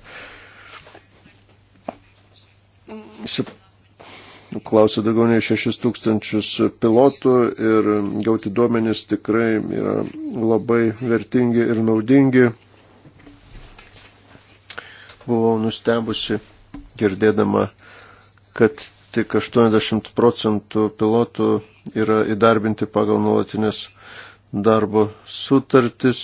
Klausiu daugiau nei 6 tūkstančius pilotų ir gauti duomenys tikrai yra labai vertingi ir naudingi. Buvau nustebusi girdėdama uh, kad tik 80 procentų pilotų yra įdarbinti pagal nuolatinės darbo sutartis.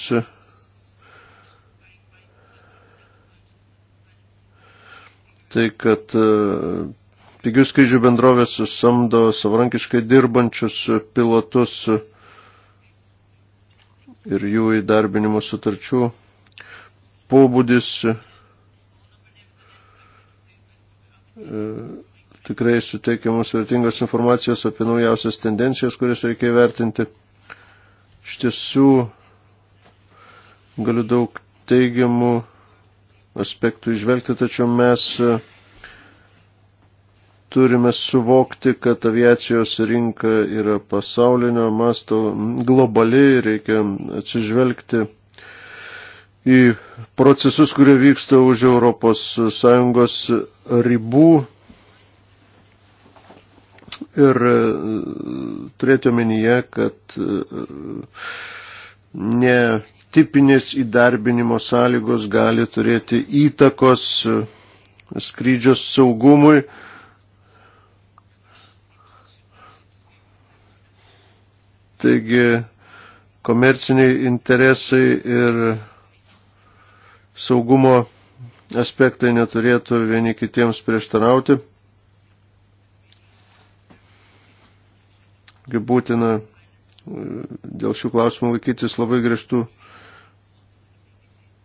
Tai, kad e, pigių skrydžių bendrovės samdo savarankiškai dirbančius pilotus ir jų įdarbinimo sutarčių pobūdis e, tikrai suteikiamus vertingos informacijos apie naujausias tendencijas, kurias reikia vertinti. Iš tiesų galiu daug teigiamų aspektų išvelgti, tačiau mes e, turime suvokti, kad aviacijos rinka yra pasaulinio masto globali, reikia atsižvelgti į procesus, kurie vyksta už Europos Sąjungos ribų Ir e, turėti omenyje, kad e, netipinės įdarbinimo sąlygos gali turėti įtakos e, skrydžios saugumui. Taigi komerciniai interesai ir saugumo aspektai neturėtų vieni kitiems prieštarauti. būtina e, dėl šių klausimų laikytis labai griežtų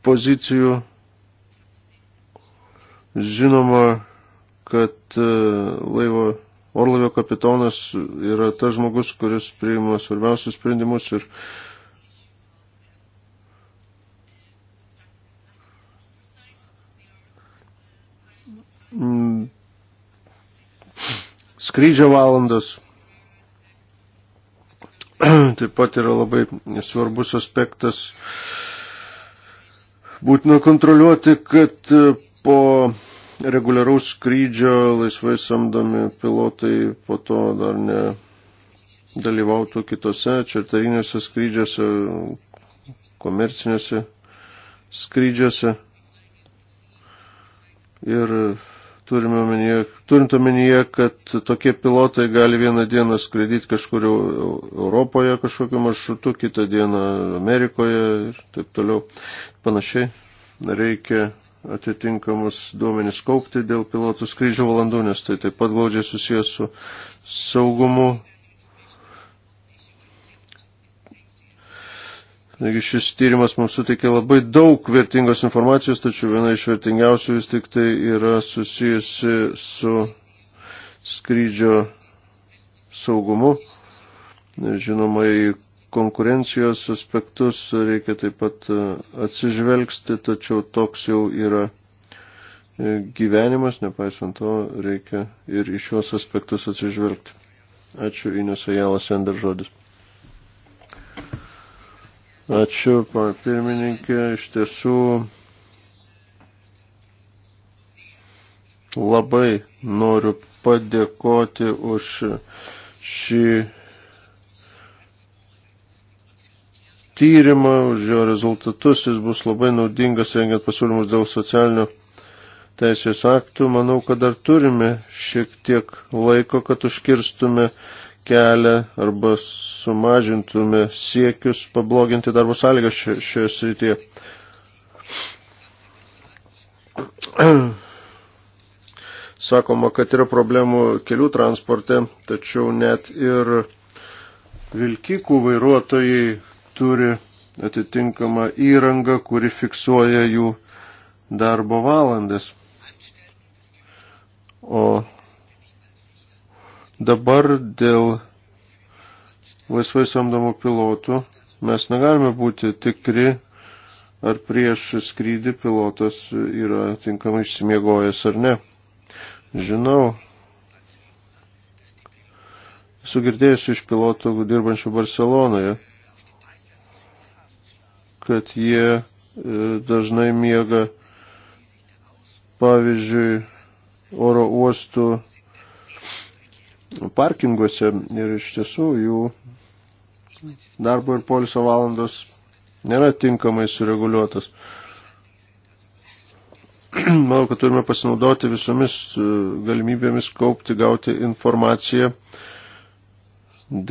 pozicijų. Žinoma, kad e, laivo orlavio kapitonas yra tas žmogus, kuris priima svarbiausius sprendimus ir mm. skrydžio valandas Taip pat yra labai svarbus aspektas būtina kontroliuoti, kad e, po reguliaraus skrydžio laisvai samdomi pilotai po to dar ne dalyvautų kitose čartarinėse skrydžiuose, komercinėse skrydžiuose. Ir Turime omenyje, turint omenyje, kad tokie pilotai gali vieną dieną skraidyti kažkur Europoje kažkokiu maršrutu, kitą dieną Amerikoje ir taip toliau. Panašiai reikia atitinkamus duomenis kaupti dėl pilotų skrydžio valandų, nes tai taip pat glaudžiai susijęs su saugumu Taigi šis tyrimas mums suteikė labai daug vertingos informacijos, tačiau viena iš vertingiausių vis tik tai yra susijusi su skrydžio saugumu. Žinoma, į konkurencijos aspektus reikia taip pat e, atsižvelgsti, tačiau toks jau yra e, gyvenimas, nepaisant to reikia ir į šios aspektus atsižvelgti. Ačiū Inės Ajalas Ender žodis. Ačiū, pana pirmininkė. Iš tiesų labai noriu padėkoti už šį tyrimą, už jo rezultatus. Jis bus labai naudingas rengiant pasiūlymus dėl socialinio teisės aktų. Manau, kad dar turime šiek tiek laiko, kad užkirstume kelią arba sumažintume siekius pabloginti darbo sąlygas šioje srityje. Sakoma, kad yra problemų kelių transporte, tačiau net ir vilkikų vairuotojai turi atitinkamą įrangą, kuri fiksuoja jų darbo valandas. O Dabar dėl laisvai samdomų pilotų mes negalime būti tikri, ar prieš skrydį pilotas yra tinkamai išsimiegojęs ar ne. Žinau, esu girdėjęs iš pilotų dirbančių Barcelonoje, kad jie e, dažnai miega, pavyzdžiui, oro uostų parkinguose ir iš tiesų jų darbo ir poliso valandos nėra tinkamai sureguliuotas. Manau, kad turime pasinaudoti visomis e, galimybėmis kaupti, gauti informaciją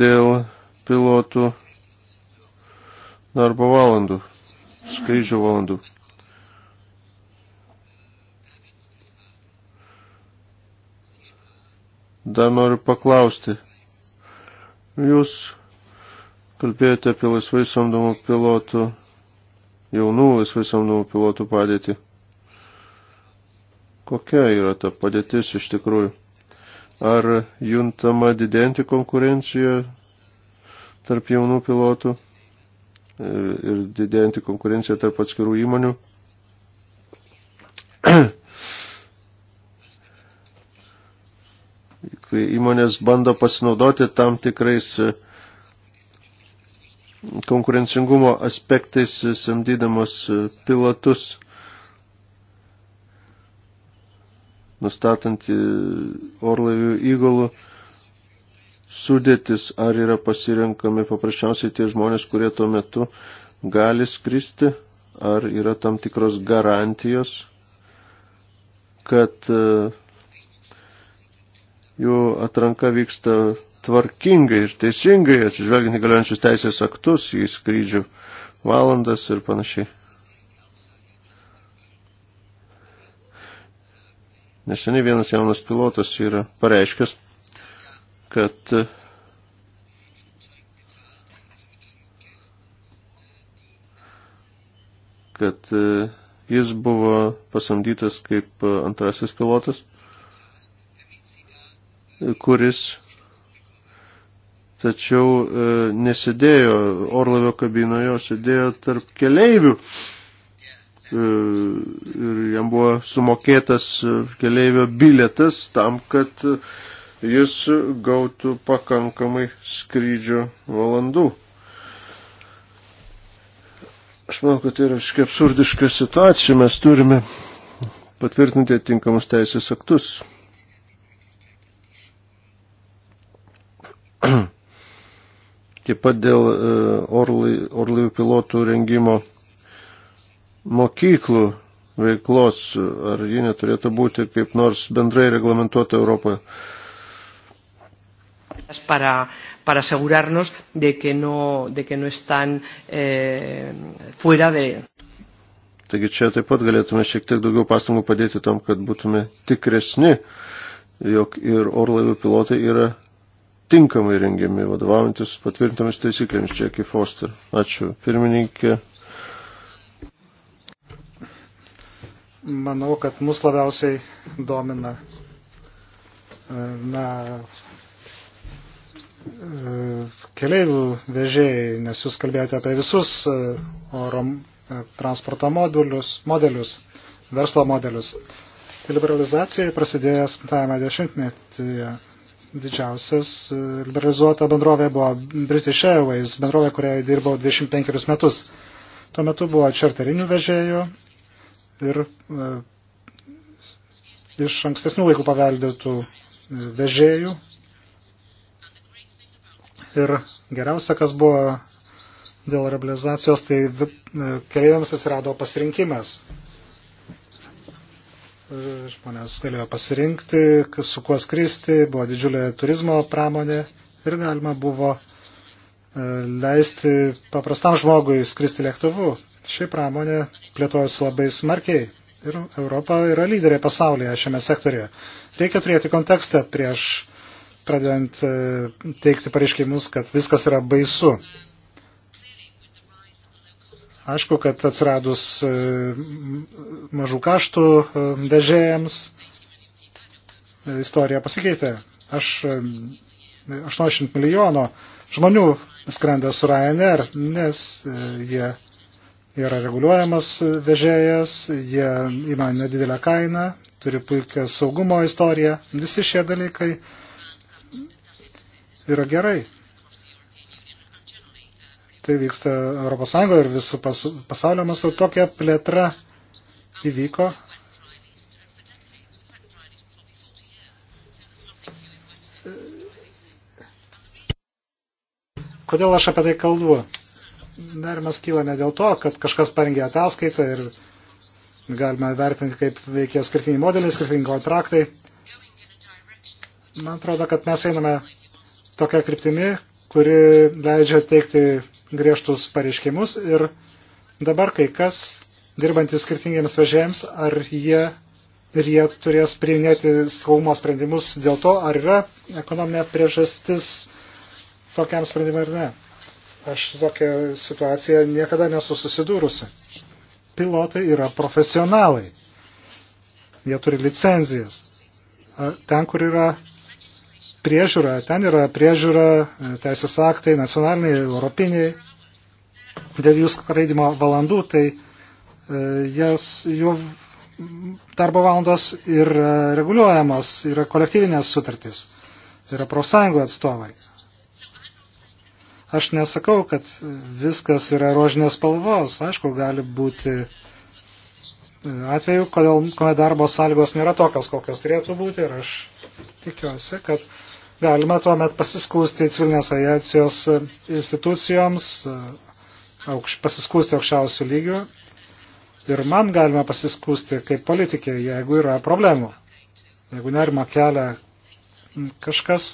dėl pilotų darbo valandų, skrydžio valandų. Dar noriu paklausti. Jūs kalbėjote apie laisvai samdomų pilotų, jaunų laisvai samdomų pilotų padėtį. Kokia yra ta padėtis iš tikrųjų? Ar juntama didenti konkurencija tarp jaunų pilotų ir, ir didenti konkurencija tarp atskirų įmonių? kai įmonės bando pasinaudoti tam tikrais e, konkurencingumo aspektais, e, samdydamos e, pilotus, nustatant orlaivių įgalų sudėtis, ar yra pasirenkami paprasčiausiai tie žmonės, kurie tuo metu gali skristi, ar yra tam tikros garantijos, kad uh, jų atranka vyksta tvarkingai ir teisingai, atsižvelgiant į galiojančius teisės aktus, į skrydžių valandas ir panašiai. Neseniai vienas jaunas pilotas yra pareiškęs, kad kad e, jis buvo pasamdytas kaip e, antrasis pilotas kuris tačiau e, nesidėjo orlavio kabinoje, o sėdėjo tarp keleivių. E, ir jam buvo sumokėtas e, keleivio biletas tam, kad jis gautų pakankamai skrydžio valandų. Aš manau, kad tai yra kažkiek absurdiška situacija. Mes turime patvirtinti atinkamus teisės aktus. Taip pat dėl e, orlaivių pilotų rengimo mokyklų veiklos, ar ji neturėtų būti kaip nors bendrai reglamentuota Europoje. Para, para asegurarnos de que no, de que no están eh, fuera de. Taigi čia taip pat galėtume šiek tiek daugiau pastangų padėti tam, kad būtume tikresni, jog ir orlaivių pilotai yra tinkamai rengiami, vadovaujantis patvirtintomis taisyklėmis. Jackie Foster. Ačiū. Pirmininkė. Manau, kad mus labiausiai domina e, na, e, keliaivių vežėjai, nes jūs kalbėjote apie visus e, oro transporto modulius, modelius, verslo modelius. Tai liberalizacija prasidėjo 70-ame dešimtmetyje didžiausias liberalizuota bendrovė buvo British Airways, bendrovė, kurioje dirbau 25 metus. Tuo metu buvo čarterinių vežėjų ir e, iš ankstesnių laikų paveldėtų e, vežėjų. Ir geriausia, kas buvo dėl reabilizacijos, tai e, keleiviams atsirado pasirinkimas žmonės galėjo pasirinkti, su kuo skristi, buvo didžiulė turizmo pramonė ir galima buvo e, leisti paprastam žmogui skristi lėktuvu. Ši pramonė plėtojasi labai smarkiai ir Europa yra lyderė pasaulyje šiame sektorėje. Reikia turėti kontekstą prieš pradedant e, teikti pareiškimus, kad viskas yra baisu. Aišku, kad atsiradus e, mažų kaštų dėžėjams e, e, istorija pasikeitė. Aš 80 milijono žmonių skrenda su Ryanair, nes jie yra reguliuojamas vežėjas, jie ima nedidelę kainą, turi puikią saugumo istoriją. Visi šie dalykai yra gerai tai vyksta ES ir visų pas, pasaulio mastu. Tokia plėtra įvyko. Kodėl aš apie tai kalbu? Nerimas kyla ne dėl to, kad kažkas parengė ataskaitą ir galima vertinti, kaip veikia skirtingi modeliai, skirtingi kontraktai. Man atrodo, kad mes einame tokia kryptimi, kuri leidžia teikti griežtus pareiškimus ir dabar kai kas dirbantys skirtingiems vežėjams, ar jie, ir jie turės priiminėti saugumo sprendimus dėl to, ar yra ekonominė priežastis tokiam sprendimui ar ne. Aš tokią situaciją niekada nesu susidūrusi. Pilotai yra profesionalai. Jie turi licenzijas. Ten, kur yra priežiūra. Ten yra priežiūra, e, teisės aktai, nacionaliniai, europiniai. Dėl jų skraidimo valandų, tai e, jas, jų darbo valandos ir e, reguliuojamos, yra kolektyvinės sutartys, yra profsąjungų atstovai. Aš nesakau, kad viskas yra rožinės spalvos, aišku, gali būti atveju, kodėl, kodėl darbo sąlygos nėra tokios, kokios turėtų būti ir aš tikiuosi, kad Galima tuomet pasiskūsti civilinės aviacijos institucijoms, aukš, pasiskūsti aukščiausių lygių ir man galima pasiskūsti kaip politikė, jeigu yra problemų. Jeigu nerima kelia kažkas,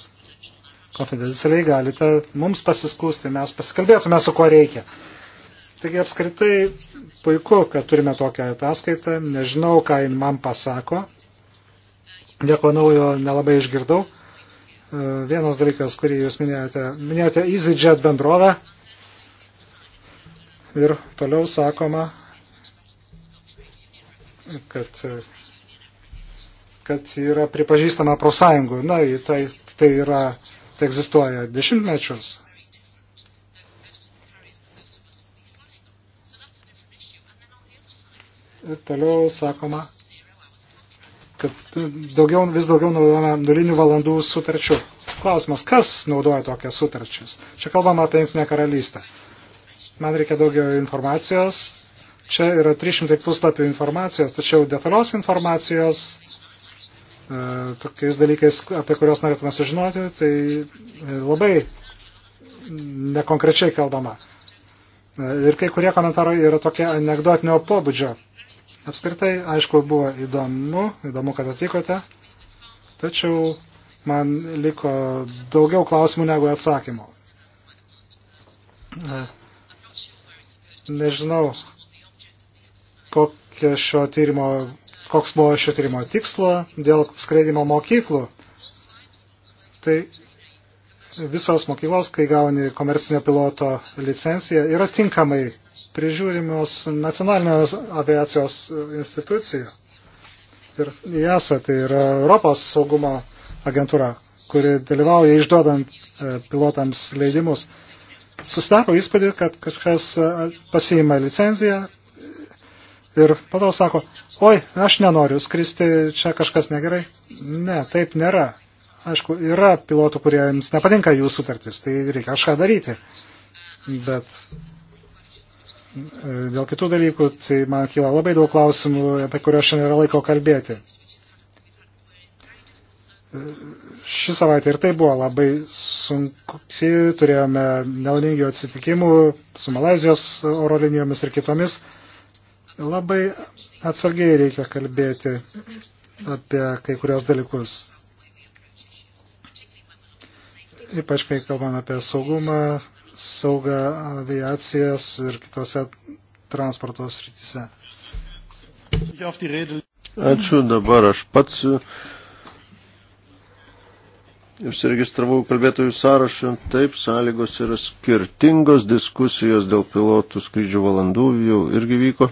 konfidencialiai galite mums pasiskūsti, mes pasikalbėtume su kuo reikia. Taigi apskritai puiku, kad turime tokią ataskaitą, nežinau, ką jin man pasako, nieko naujo nelabai išgirdau. E, vienas dalykas, kurį jūs minėjote. Minėjote EasyJet bendrovę ir toliau sakoma, kad, kad yra pripažįstama profsąjungų. Na, tai, tai, yra, tai egzistuoja dešimtmečius. Ir toliau sakoma, kad daugiau, vis daugiau naudojame nulinių valandų sutarčių. Klausimas, kas naudoja tokias sutarčius? Čia kalbama apie Junktinę karalystę. Man reikia daugiau informacijos. Čia yra 300 puslapių informacijos, tačiau detalios informacijos e, tokiais dalykais, apie kuriuos norėtume sužinoti, tai e, labai nekonkrečiai kalbama. E, ir kai kurie komentarai yra tokie anegdotinio pobūdžio. Apskritai, aišku, buvo įdomu, įdomu, kad atvykote, tačiau man liko daugiau klausimų negu atsakymų. E, nežinau, kokia šio tyrimo, koks buvo šio tyrimo tikslo dėl skraidimo mokyklų. Tai visos mokyklos, kai gauni komercinio piloto licenciją, yra tinkamai prižiūrimos nacionalinės aviacijos institucijų. Ir JASA tai yra Europos saugumo agentūra, kuri dalyvauja išduodant e, pilotams leidimus. Susidaro įspūdį, kad kažkas e, pasiima licenciją ir po to sako, oi, aš nenoriu skristi, čia kažkas negerai. Ne, taip nėra Aišku, yra pilotų, kuriems nepatinka jų sutartis, tai reikia kažką daryti. Bet e, dėl kitų dalykų, tai man kyla labai daug klausimų, apie kuriuos šiandien yra laiko kalbėti. E, ši savaitė ir tai buvo labai sunku, turėjome nelaimingių atsitikimų su Malazijos oro linijomis ir kitomis. Labai atsargiai reikia kalbėti apie kai kurios dalykus ypač kai kalbame apie saugumą, saugą aviacijos ir kitose transporto srityse. Ačiū, dabar aš pats užsiregistravau kalbėtojų sąrašą. Taip, sąlygos yra skirtingos, diskusijos dėl pilotų skrydžių valandų jau irgi vyko.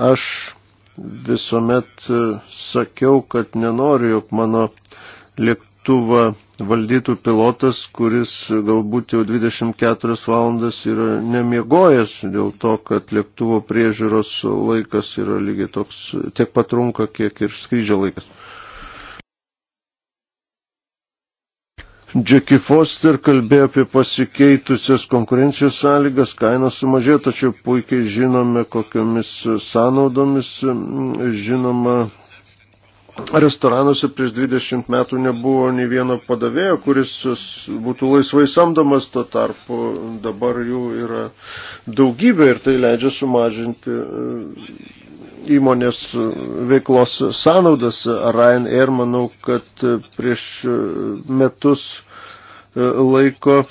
Aš visuomet e, sakiau, kad nenoriu, jog mano lėktuvą valdytų pilotas, kuris galbūt jau 24 valandas yra nemiegojęs dėl to, kad lėktuvo priežiūros laikas yra lygiai toks, tiek patrunka, kiek ir skrydžio laikas. Jackie Foster kalbėjo apie pasikeitusias konkurencijos sąlygas, kainos sumažėjo, tačiau puikiai žinome, kokiamis sąnaudomis, žinoma, restoranuose prieš 20 metų nebuvo nei vieno padavėjo, kuris būtų laisvai samdomas, tuo tarpu dabar jų yra daugybė ir tai leidžia sumažinti įmonės veiklos sąnaudas Ryanair, manau, kad prieš metus e, laiko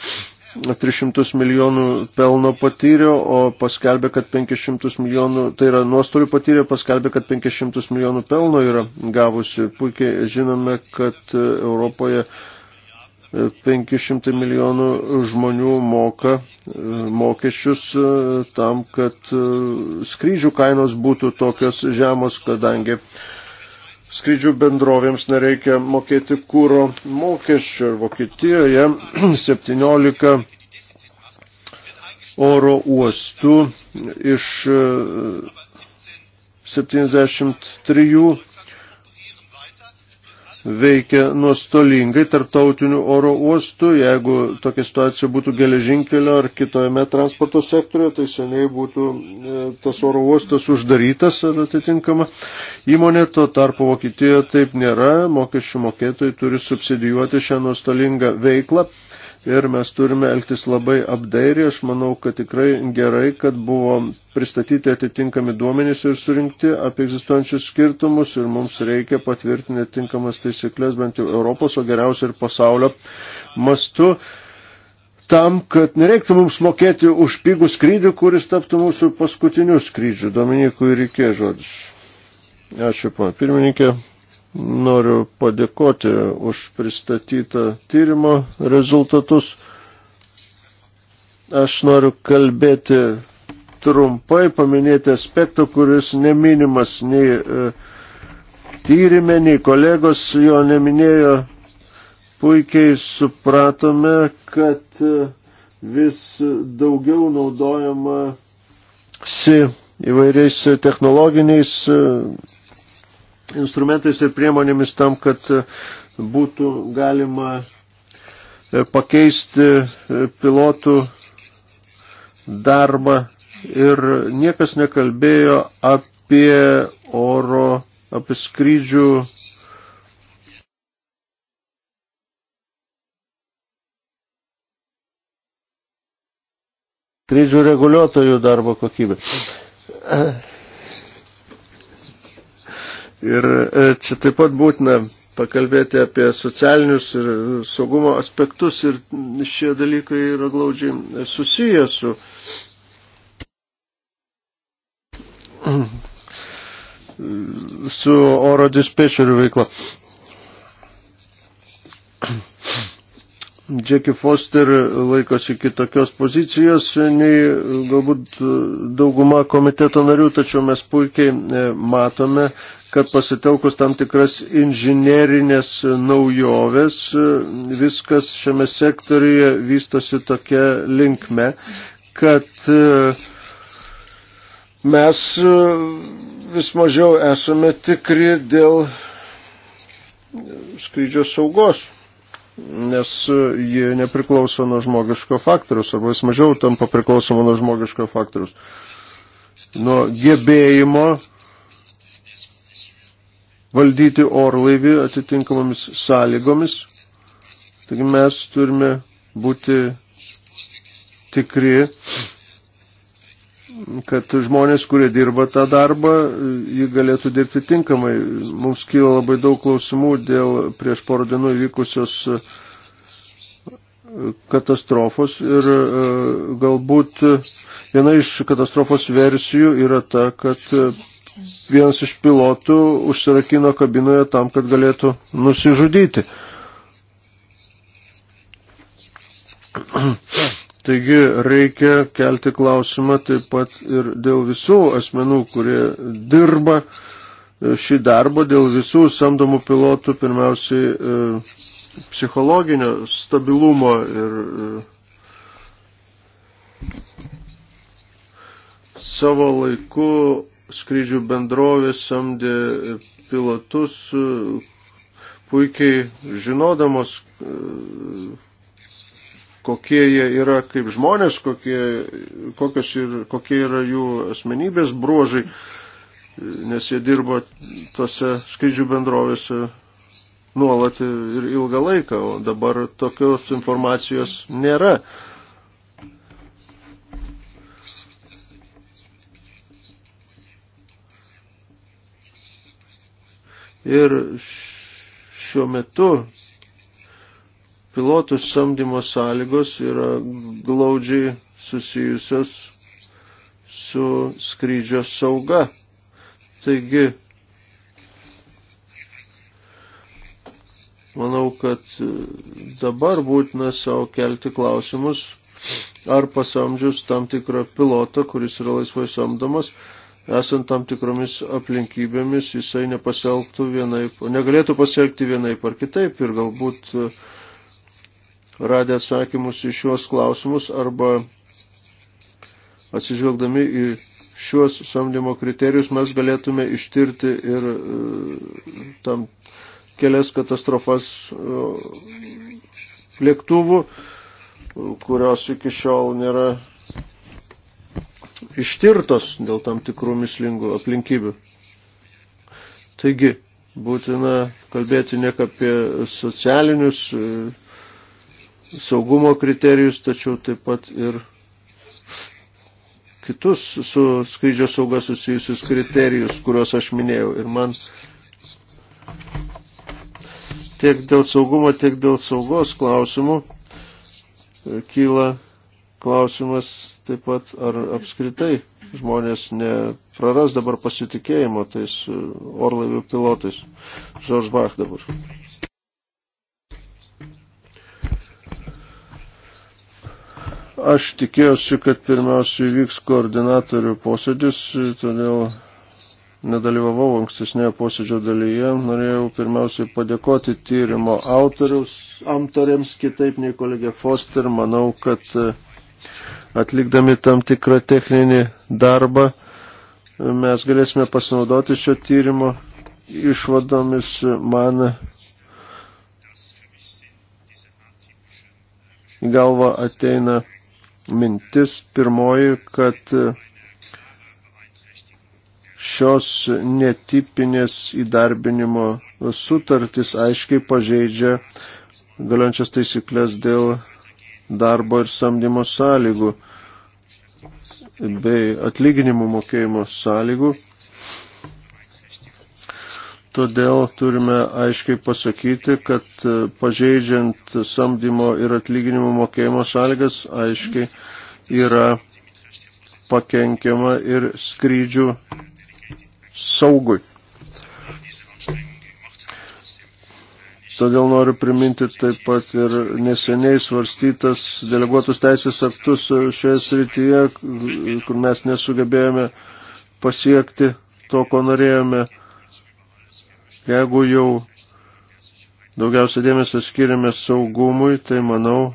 300 milijonų pelno patyrė, o paskelbė, kad 500 milijonų, tai yra nuostolių patyrė, paskelbė, kad 500 milijonų pelno yra gavusi. Puikiai žinome, kad e, Europoje uh, 500 milijonų žmonių moka e, mokesčius e, tam, kad e, skrydžių kainos būtų tokios žemos, kadangi skrydžių bendrovėms nereikia mokėti kūro mokesčių. Ir Vokietijoje 17 oro uostų iš 73 veikia nuostolingai tarptautinių oro uostų. Jeigu tokia situacija būtų geležinkelio ar kitojame transporto sektoriuje, tai seniai būtų e, tas oro uostas uždarytas ar atitinkama įmonė. Tuo tarpu Vokietijoje taip nėra. Mokesčių mokėtojai turi subsidijuoti šią nuostolingą veiklą ir mes turime elgtis labai apdairiai. Aš manau, kad tikrai gerai, kad buvo pristatyti atitinkami duomenys ir surinkti apie egzistuojančius skirtumus ir mums reikia patvirtinti atitinkamas taisyklės bent jau Europos, o geriausia ir pasaulio mastu tam, kad nereiktų mums mokėti už pigų skrydį, kuris taptų mūsų paskutiniu skrydžiu. Dominikui reikėjo žodis. Ačiū, pana pirmininkė. Noriu padėkoti už pristatytą tyrimo rezultatus. Aš noriu kalbėti trumpai, paminėti aspektą, kuris neminimas nei e, tyrimė, nei kolegos jo neminėjo. Puikiai supratome, kad e, vis daugiau naudojama si įvairiais technologiniais e, instrumentais ir priemonėmis tam, kad e, būtų galima e, pakeisti e, pilotų darbą ir niekas nekalbėjo apie oro, apie skrydžių skrydžių reguliuotojų darbo kokybę. Ir e, čia taip pat būtina pakalbėti apie socialinius ir saugumo aspektus ir šie dalykai yra glaudžiai susiję su su oro dispečerių veikla. Jackie Foster laikosi kitokios pozicijos nei galbūt dauguma komiteto narių, tačiau mes puikiai e, matome, kad pasitelkus tam tikras inžinerinės naujoves, viskas šiame sektoriuje vystosi tokia linkme, kad e, mes e, vis mažiau esame tikri dėl e, skrydžio saugos, nes ji nepriklauso nuo žmogiško faktoriaus, arba vis mažiau tampa priklausoma nuo žmogiško faktoriaus, nuo gebėjimo valdyti orlaivį atitinkamomis sąlygomis. Taigi mes turime būti tikri, kad žmonės, kurie dirba tą darbą, jį galėtų dirbti tinkamai. Mums kyla labai daug klausimų dėl prieš porą dienų įvykusios e, katastrofos ir e, galbūt e, viena iš katastrofos versijų yra ta, kad vienas iš pilotų užsirakino kabinoje tam, kad galėtų nusižudyti. Taigi reikia kelti klausimą taip pat ir dėl visų asmenų, kurie dirba šį darbą, dėl visų samdomų pilotų, pirmiausiai e, psichologinio stabilumo ir e, savo laiku skrydžių bendrovės samdė pilotus, e, puikiai žinodamos, e, kokie jie yra kaip žmonės, kokie, kokios ir, kokie yra jų asmenybės bruožai, e, nes jie dirbo tose skrydžių bendrovėse nuolat ir ilgą laiką, o dabar tokios informacijos nėra. Ir šiuo metu pilotų samdymo sąlygos yra glaudžiai susijusios su skrydžio sauga. Taigi, manau, kad dabar būtina savo kelti klausimus, ar pasamdžius tam tikrą pilotą, kuris yra laisvai samdomas, esant tam tikromis aplinkybėmis, jisai nepasielgtų vienaip, negalėtų pasielgti vienaip ar kitaip ir galbūt e, radę atsakymus į šiuos klausimus arba atsižvelgdami į šiuos samdymo kriterijus mes galėtume ištirti ir e, tam kelias katastrofas e, lėktuvų, kurios iki šiol nėra ištirtos dėl tam tikrų mislingų aplinkybių. Taigi, būtina kalbėti ne apie socialinius e, saugumo kriterijus, tačiau taip pat ir kitus su skrydžio sauga susijusius kriterijus, kuriuos aš minėjau. Ir man tiek dėl saugumo, tiek dėl saugos klausimų e, kyla klausimas taip pat, ar apskritai žmonės nepraras dabar pasitikėjimo tais e, orlaivių pilotais. Žorž Bach dabar. Aš tikėjausi, kad pirmiausiai vyks koordinatorių posėdis, e, todėl nedalyvavau ankstesnėje posėdžio dalyje. Norėjau pirmiausiai padėkoti tyrimo autoriaus, amtoriams, kitaip nei kolegė Foster. Manau, kad uh, atlikdami tam tikrą techninį darbą, mes galėsime pasinaudoti šio tyrimo išvadomis. Man į galvą ateina mintis pirmoji, kad šios netipinės įdarbinimo sutartys aiškiai pažeidžia galiojančias taisyklės dėl darbo ir samdymo sąlygų bei atlyginimų mokėjimo sąlygų. Todėl turime aiškiai pasakyti, kad pažeidžiant samdymo ir atlyginimų mokėjimo sąlygas aiškiai yra pakenkiama ir skrydžių saugui. Todėl noriu priminti taip pat ir neseniai svarstytas deleguotus teisės aktus šioje srityje, kur mes nesugebėjome pasiekti to, ko norėjome. Jeigu jau daugiausia dėmesio skiriame saugumui, tai manau,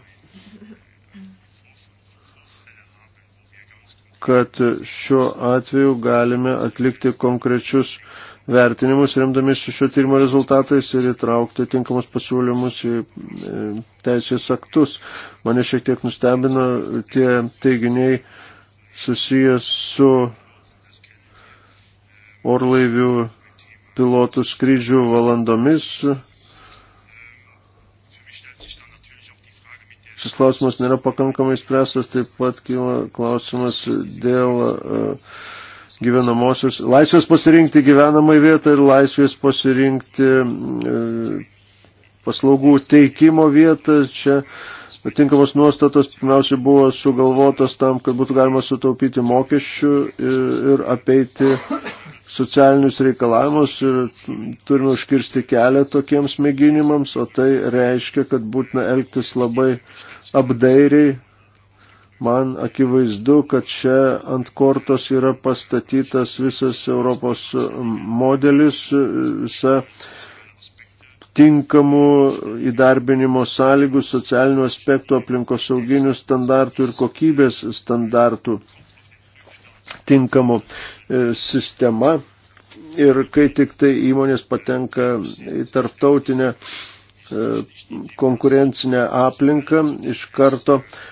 kad šiuo atveju galime atlikti konkrečius vertinimus remdamiesi šio tyrimo rezultatais ir įtraukti tinkamus pasiūlymus į e, teisės aktus. Mane šiek tiek nustebino tie teiginiai susijęs su orlaivių pilotų skrydžių valandomis. Šis klausimas nėra pakankamai spręstas, taip pat kyla klausimas dėl uh, gyvenamosios, laisvės pasirinkti gyvenamą vietą ir laisvės pasirinkti e, paslaugų teikimo vietą. Čia atinkamos nuostatos pirmiausia buvo sugalvotos tam, kad būtų galima sutaupyti mokesčių ir, ir apeiti socialinius reikalavimus ir turime užkirsti kelią tokiems mėginimams, o tai reiškia, kad būtina elgtis labai apdairiai, Man akivaizdu, kad čia ant kortos yra pastatytas visas Europos modelis, visa tinkamų įdarbinimo sąlygų, socialinių aspektų, aplinkosauginių standartų ir kokybės standartų tinkamo e, sistema. Ir kai tik tai įmonės patenka į tarptautinę e, konkurencinę aplinką, iš karto uh,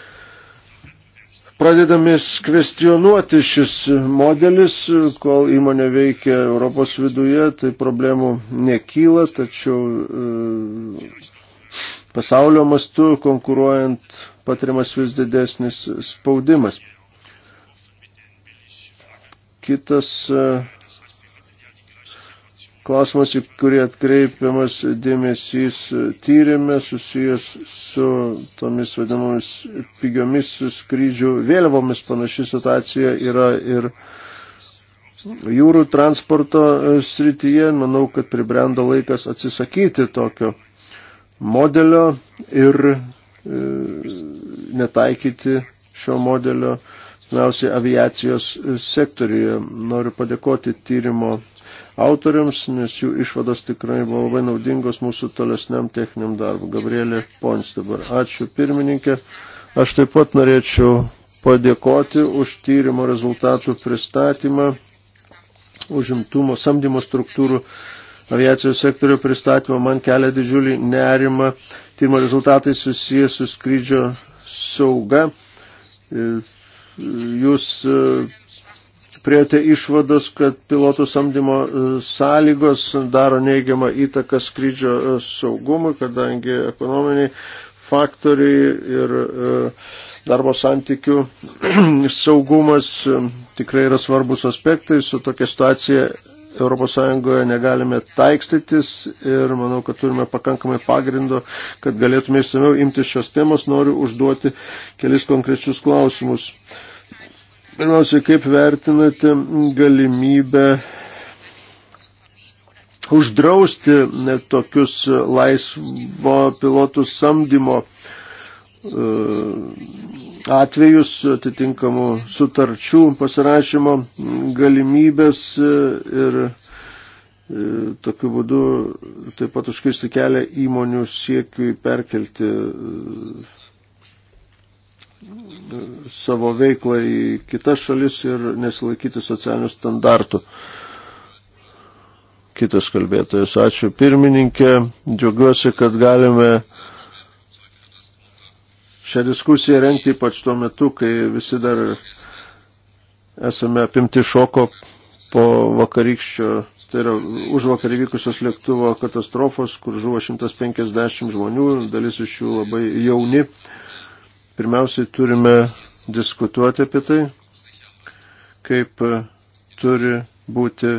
pradedamis kvestionuoti šis modelis, kol įmonė veikia Europos viduje, tai problemų nekyla, tačiau e, pasaulio mastu konkuruojant patiriamas vis didesnis spaudimas. Kitas e, Klausimas, į kurį atkreipiamas dėmesys tyrimė susijęs su tomis vadinamomis pigiomis skrydžių vėliavomis. Panaši situacija yra ir jūrų transporto srityje. Manau, kad pribrendo laikas atsisakyti tokio modelio ir e, netaikyti šio modelio, pirmiausiai, aviacijos sektoriuje. Noriu padėkoti tyrimo autoriams, nes jų išvados tikrai buvo labai naudingos mūsų tolesniam techniniam darbui. Gabrielė Pons dabar. Ačiū pirmininkė. Aš taip pat norėčiau padėkoti už tyrimo rezultatų pristatymą, užimtumo samdymo struktūrų aviacijos sektorio pristatymą. Man kelia didžiulį nerimą. Tyrimo rezultatai susijęs su skrydžio sauga. Jūs priejote išvados, kad pilotų samdymo e, sąlygos daro neigiamą įtaką skrydžio e, saugumui, kadangi ekonominiai faktoriai ir e, darbo santykių saugumas tikrai yra svarbus aspektai. Su tokia situacija ES negalime taikstytis ir manau, kad turime pakankamai pagrindo, kad galėtume išsameu imti šios temos. Noriu užduoti kelis konkrečius klausimus. Pirmiausia, kaip vertinate galimybę uždrausti tokius laisvo pilotų samdymo e, atvejus atitinkamų sutarčių pasirašymo galimybės e, ir e, tokiu būdu taip pat užkirsti kelią įmonių siekiui perkelti savo veiklą į kitas šalis ir nesilaikyti socialinių standartų. Kitas kalbėtojas, ačiū pirmininkė, džiaugiuosi, kad galime šią diskusiją renkti ypač tuo metu, kai visi dar esame apimti šoko po vakarykščio tai yra už vakar įvykusios lėktuvo katastrofos, kur žuvo 150 žmonių, dalis iš jų labai jauni. Pirmiausiai turime diskutuoti apie tai, kaip turi būti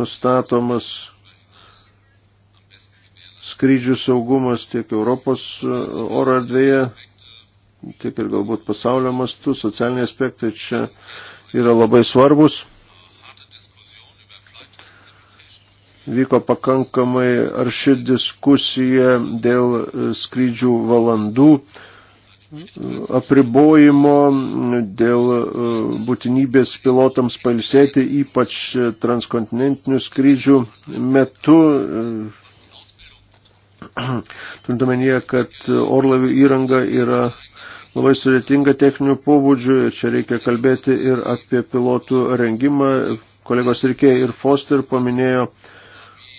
nustatomas skrydžių saugumas tiek Europos uh, oro erdvėje, tiek ir galbūt pasaulio mastu. Socialiniai aspektai čia yra labai svarbus. Vyko pakankamai arši diskusija dėl uh, skrydžių valandų apribojimo, dėl e, būtinybės pilotams palsėti, ypač transkontinentinių skrydžių metu. E, turint omenyje, kad orlavių įranga yra labai sudėtinga techninių pobūdžių, čia reikia kalbėti ir apie pilotų rengimą. Kolegos Rikė ir Foster paminėjo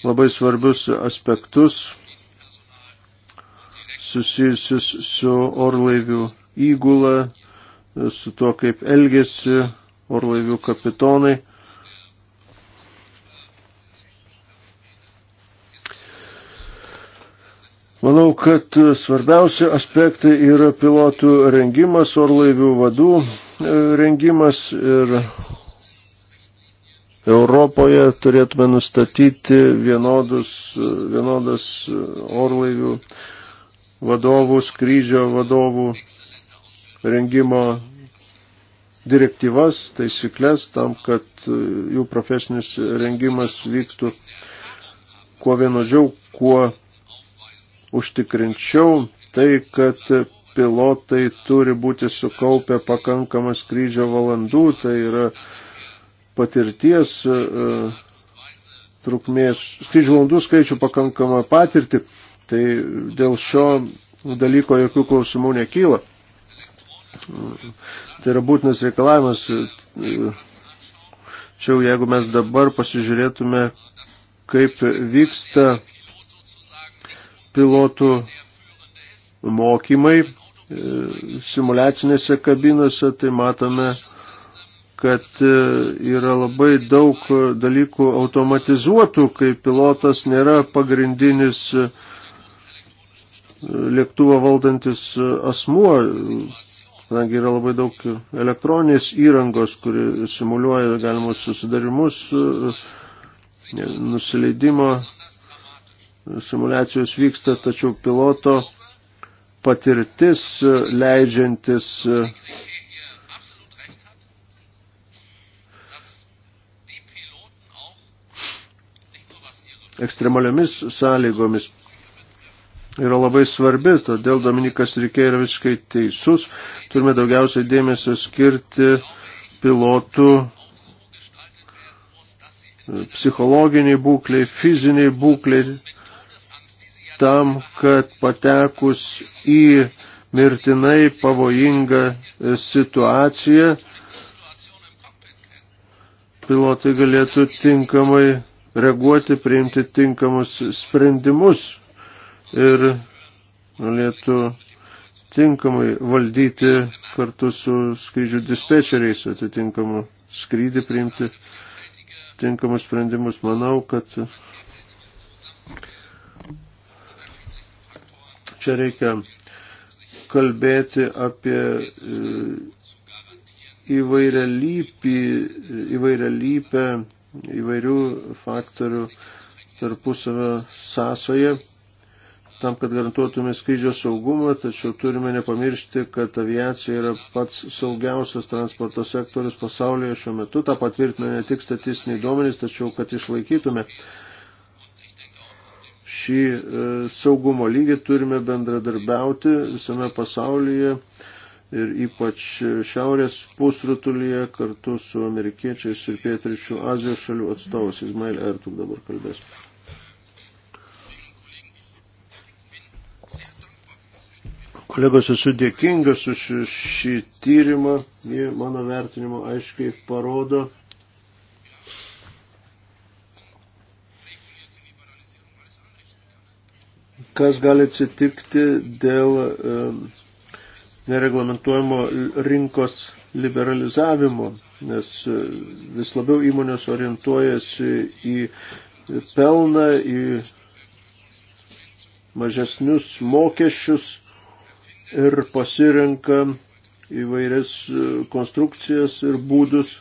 labai svarbius aspektus susijusius su orlaivių įgula, su tuo, kaip elgesi orlaivių kapitonai. Manau, kad svarbiausi aspektai yra pilotų rengimas, orlaivių vadų e, rengimas ir Europoje turėtume nustatyti vienodus, e, vienodas e, orlaivių vadovų, skrydžio vadovų rengimo direktyvas, taisyklės tam, kad e, jų profesinis rengimas vyktų kuo vienodžiau, kuo užtikrinčiau. Tai, kad pilotai turi būti sukaupę pakankamą skrydžio valandų, tai yra patirties e, trukmės, skrydžio valandų skaičių pakankamą patirtį Tai dėl šio dalyko jokių klausimų nekyla. Tai yra būtinas reikalavimas. Čia jeigu mes dabar pasižiūrėtume, kaip vyksta pilotų mokymai simulacinėse kabinose, tai matome, kad yra labai daug dalykų automatizuotų, kai pilotas nėra pagrindinis uh, lėktuvą valdantis asmuo, kadangi yra labai daug elektroninės įrangos, kuri simuliuoja galimus susidarimus, nusileidimo simulacijos vyksta, tačiau piloto patirtis leidžiantis ekstremaliomis sąlygomis yra labai svarbi, todėl Dominikas Rikė yra visiškai teisus. Turime daugiausiai dėmesio skirti pilotų e, psichologiniai būkliai, fiziniai būkliai, tam, kad patekus į mirtinai pavojingą e, situaciją, pilotai galėtų tinkamai reaguoti, priimti tinkamus sprendimus ir galėtų tinkamai valdyti kartu su skrydžių dispečeriais atitinkamų skrydį priimti tinkamus sprendimus. Manau, kad čia reikia kalbėti apie e, įvairialypį, įvairialypę, įvairių faktorių tarpusavio sąsoje tam, kad garantuotume skrydžio saugumą, tačiau turime nepamiršti, kad aviacija yra pats saugiausias transporto sektorius pasaulyje šiuo metu. Ta patvirtina ne tik statistiniai duomenys, tačiau kad išlaikytume šį e, saugumo lygį, turime bendradarbiauti visame pasaulyje ir ypač šiaurės pusrutulyje kartu su amerikiečiais ir pietričių Azijos šalių atstovais. Izmail Ertuk dabar kalbės. Kolegos, esu dėkingas už šį tyrimą. Jie mano vertinimu aiškiai parodo, kas gali atsitikti dėl e, nereglamentuojamo rinkos liberalizavimo, nes e, vis labiau įmonės orientuojasi į pelną, į mažesnius mokesčius ir pasirenka įvairias e, konstrukcijas ir būdus,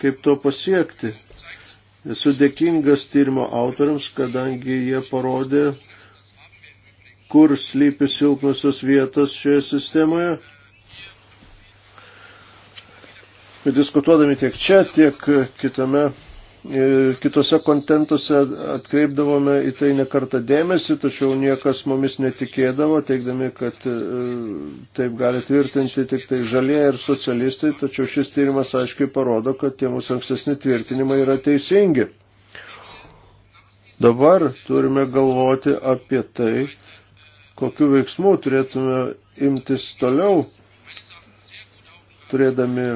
kaip to pasiekti. Esu dėkingas tyrimo autoriams, kadangi jie parodė, kur slypi silpnusios vietos šioje sistemoje. Diskutuodami tiek čia, tiek kitame Kitose kontentuose atkreipdavome į tai nekartą dėmesį, tačiau niekas mumis netikėdavo, teikdami, kad e, taip gali tvirtinti tik tai žalie ir socialistai, tačiau šis tyrimas aiškiai parodo, kad tie mūsų ankstesni tvirtinimai yra teisingi. Dabar turime galvoti apie tai, kokiu veiksmu turėtume imtis toliau, turėdami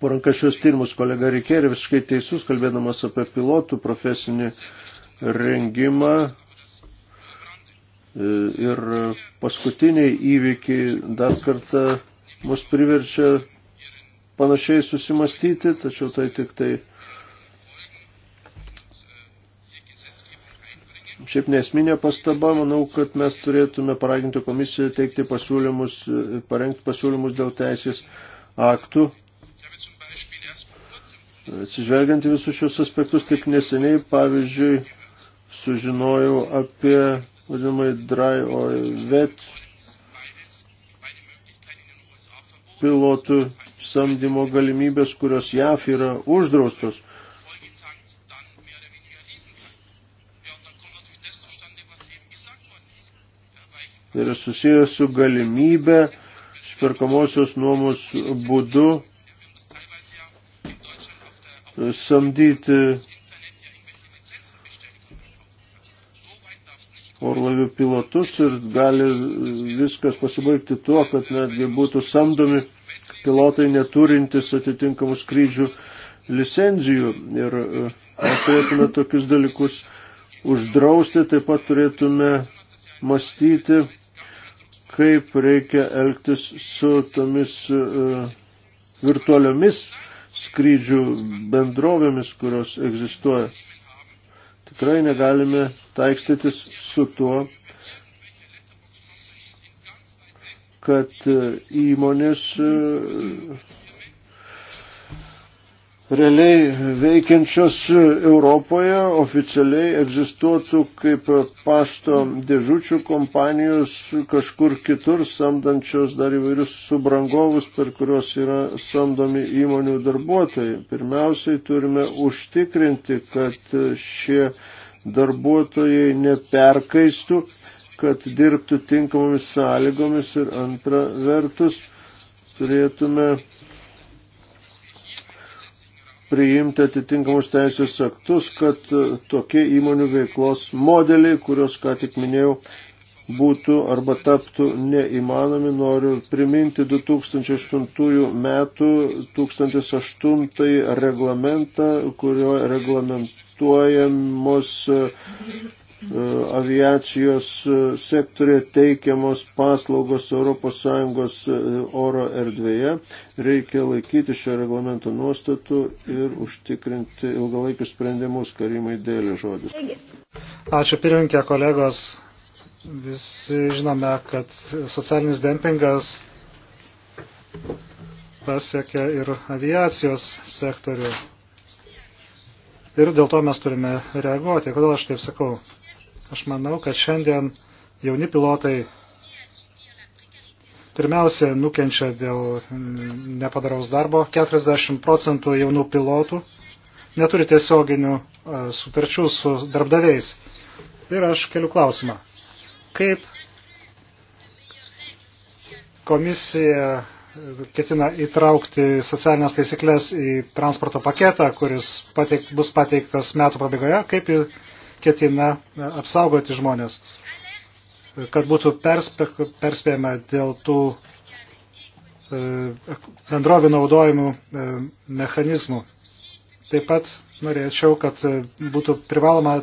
po ranka šios tyrimus. Kolega Rikėri visiškai teisus, kalbėdamas apie pilotų profesinį rengimą. E, ir paskutiniai įvykiai dar kartą mus priverčia panašiai susimastyti, tačiau tai tik tai Šiaip nesminė pastaba, manau, kad mes turėtume paraginti komisiją teikti pasiūlymus, parengti pasiūlymus dėl teisės aktų, Atsižvelgiant į visus šios aspektus, tik neseniai, pavyzdžiui, sužinojau apie, vadinamai, dry oil vet pilotų samdymo galimybės, kurios JAF yra uždraustos. Tai yra susijęs su galimybė išperkamosios nuomos būdu samdyti orlavių pilotus ir gali viskas pasibaigti tuo, kad netgi būtų samdomi pilotai neturintys atitinkamų skrydžių licenzijų. Ir e, mes turėtume tokius dalykus uždrausti, taip pat turėtume mąstyti, kaip reikia elgtis su tomis e, virtualiomis skrydžių bendrovėmis, kurios egzistuoja. Tikrai negalime taikstytis su tuo, kad e, įmonės e, realiai veikiančios Europoje oficialiai egzistuotų kaip pašto dėžučių kompanijos kažkur kitur samdančios dar įvairius subrangovus, per kuriuos yra samdomi įmonių darbuotojai. Pirmiausiai turime užtikrinti, kad šie darbuotojai neperkaistų, kad dirbtų tinkamomis sąlygomis ir antra vertus turėtume priimti atitinkamus teisės aktus, kad e, tokie įmonių veiklos modeliai, kuriuos ką tik minėjau, būtų arba taptų neįmanomi. Noriu priminti 2008 metų 1008 reglamentą, kurio reglamentuojamos e, E, aviacijos e, sektorė teikiamos paslaugos ES e, oro erdvėje. Reikia laikyti šio reglamento nuostatų ir užtikrinti ilgalaikius sprendimus karimai dėlį žodis. Ačiū pirminkė kolegos. Visi žinome, kad socialinis dempingas pasiekia ir aviacijos sektorių. Ir dėl to mes turime reaguoti. Kodėl aš taip sakau? Aš manau, kad šiandien jauni pilotai pirmiausia nukenčia dėl nepadaraus darbo. 40 procentų jaunų pilotų neturi tiesioginių sutarčių su darbdaviais. Ir aš keliu klausimą. Kaip komisija ketina įtraukti socialinės taisyklės į transporto paketą, kuris pateik, bus pateiktas metų pabaigoje, kaip ketina e, apsaugoti žmonės, e, kad būtų perspė, perspėjama dėl tų e, bendrovių naudojimų mechanizmų. Taip pat norėčiau, kad būtų privaloma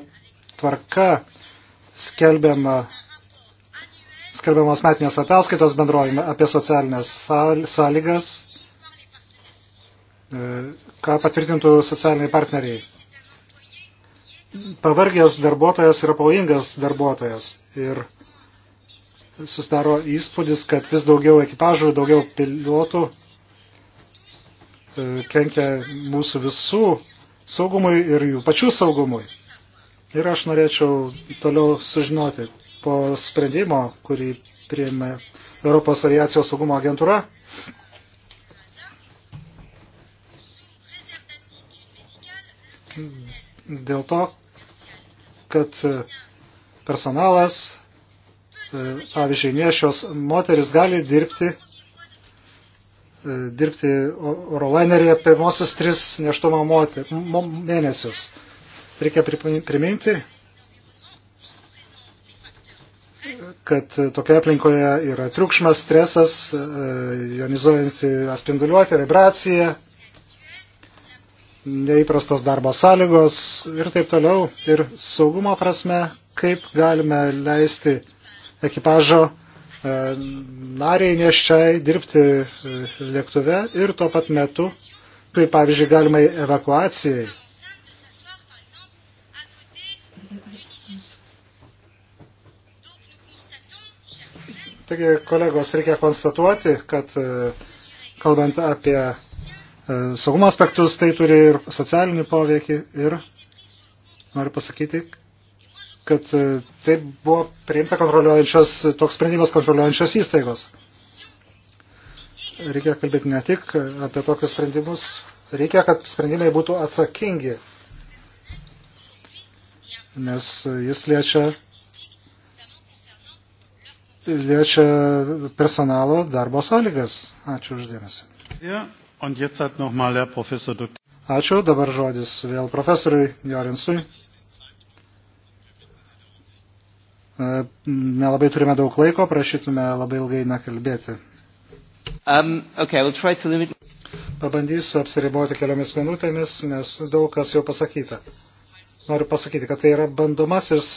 tvarka skelbiama, skelbiamas metinės ataskaitos bendrojime apie socialinės sąlygas, ką patvirtintų socialiniai partneriai pavargęs darbuotojas yra pavojingas darbuotojas. Ir susidaro įspūdis, kad vis daugiau ekipažų, daugiau pilotų e, kenkia mūsų visų saugumui ir jų pačių saugumui. Ir aš norėčiau toliau sužinoti po sprendimo, kurį priėmė Europos aviacijos saugumo agentūra. Dėl to, kad e, personalas, e, pavyzdžiui, nešios moteris gali dirbti, e, dirbti oro linerėje pirmosius tris neštumo mėnesius. Reikia priminti, kad tokioje aplinkoje yra triukšmas, stresas, jonizuojanti spinduliuotė, vibracija, neįprastos darbo sąlygos ir taip toliau. Ir saugumo prasme, kaip galime leisti ekipažo e, nariai neščiai dirbti e, lėktuve ir tuo pat metu, kaip pavyzdžiui, galima evakuacijai. Taigi, kolegos, reikia konstatuoti, kad e, kalbant apie E, saugumo aspektus, tai turi ir socialinį poveikį ir noriu pasakyti, kad e, tai buvo priimta kontroliuojančios, toks sprendimas kontroliuojančios įstaigos. Reikia kalbėti ne tik apie tokius sprendimus, reikia, kad sprendimai būtų atsakingi, nes jis liečia, liečia personalo darbo sąlygas. Ačiū uždėmesi. Yeah. Ačiū, dabar žodis vėl profesoriui Jorinsui. E, nelabai turime daug laiko, prašytume labai ilgai nekalbėti. Um, okay, limit... Pabandysiu apsiriboti keliomis minutėmis, nes daug kas jau pasakyta. Noriu pasakyti, kad tai yra bandomasis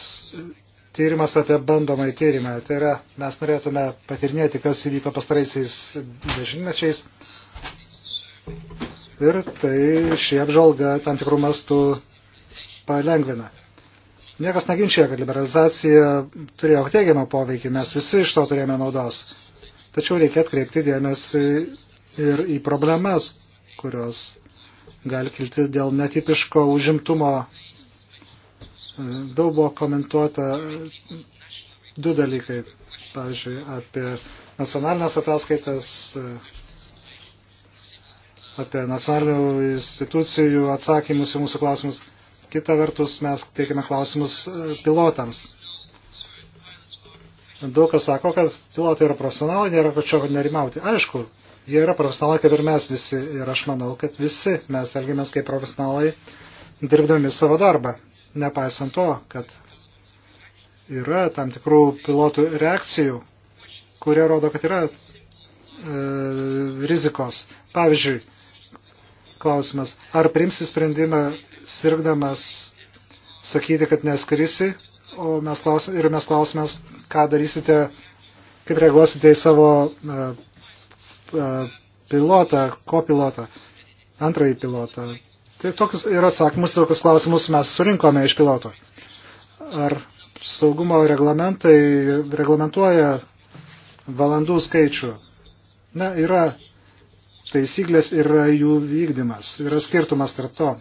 tyrimas apie bandomąjį tyrimą. Tai yra, mes norėtume patirnėti, kas įvyko pastaraisiais dešimtmečiais Ir tai šį apžvalgą tam tikrų mastų palengvina. Niekas neginčia, kad liberalizacija turėjo teigiamą poveikį, mes visi iš to turėjome naudos. Tačiau reikia atkreipti dėmesį ir į problemas, kurios gali kilti dėl netipiško užimtumo. Daug buvo komentuota du dalykai, pavyzdžiui, apie nacionalinės ataskaitas, apie nacionalinių institucijų atsakymus į mūsų klausimus. Kita vertus, mes teikiame klausimus e, pilotams. Daug kas sako, kad pilotai yra profesionalai, nėra pačio nerimauti. Aišku, jie yra profesionalai kaip ir mes visi. Ir aš manau, kad visi mes elgiamės kaip profesionalai, dirbdami savo darbą. Nepaisant to, kad yra tam tikrų pilotų reakcijų, kurie rodo, kad yra e, rizikos. Pavyzdžiui, klausimas. Ar primsi sprendimą sirgdamas sakyti, kad neskrisi, o mes klausim, ir mes klausimės, ką darysite, kaip reaguosite į savo uh, uh, pilotą, kopilotą, antrąjį pilotą. Tai tokius ir atsakymus, tokius klausimus mes surinkome iš piloto. Ar saugumo reglamentai reglamentuoja valandų skaičių? Na, yra taisyklės ir jų vykdymas. Yra skirtumas tarp to.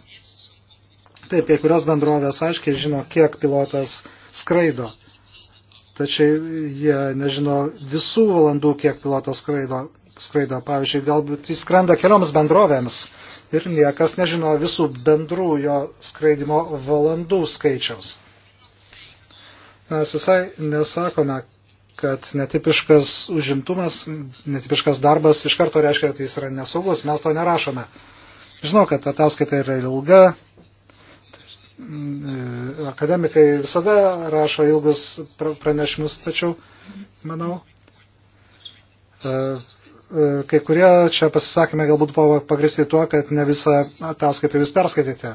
Taip, kai kurios bendrovės aiškiai žino, kiek pilotas skraido. Tačiau jie nežino visų valandų, kiek pilotas skraido. skraido. Pavyzdžiui, galbūt jis skrenda kelioms bendrovėms ir niekas nežino visų bendrų jo skraidimo valandų skaičiaus. Mes visai nesakome, kad netipiškas užimtumas, netipiškas darbas iš karto reiškia, kad jis yra nesaugus, mes to nerašome. Žinau, kad ataskaita yra ilga, tai, e, akademikai visada rašo ilgus pranešimus, tačiau, manau, e, e, kai kurie čia pasisakymai galbūt buvo pagristi tuo, kad ne visą ataskaitą jūs perskaitėte.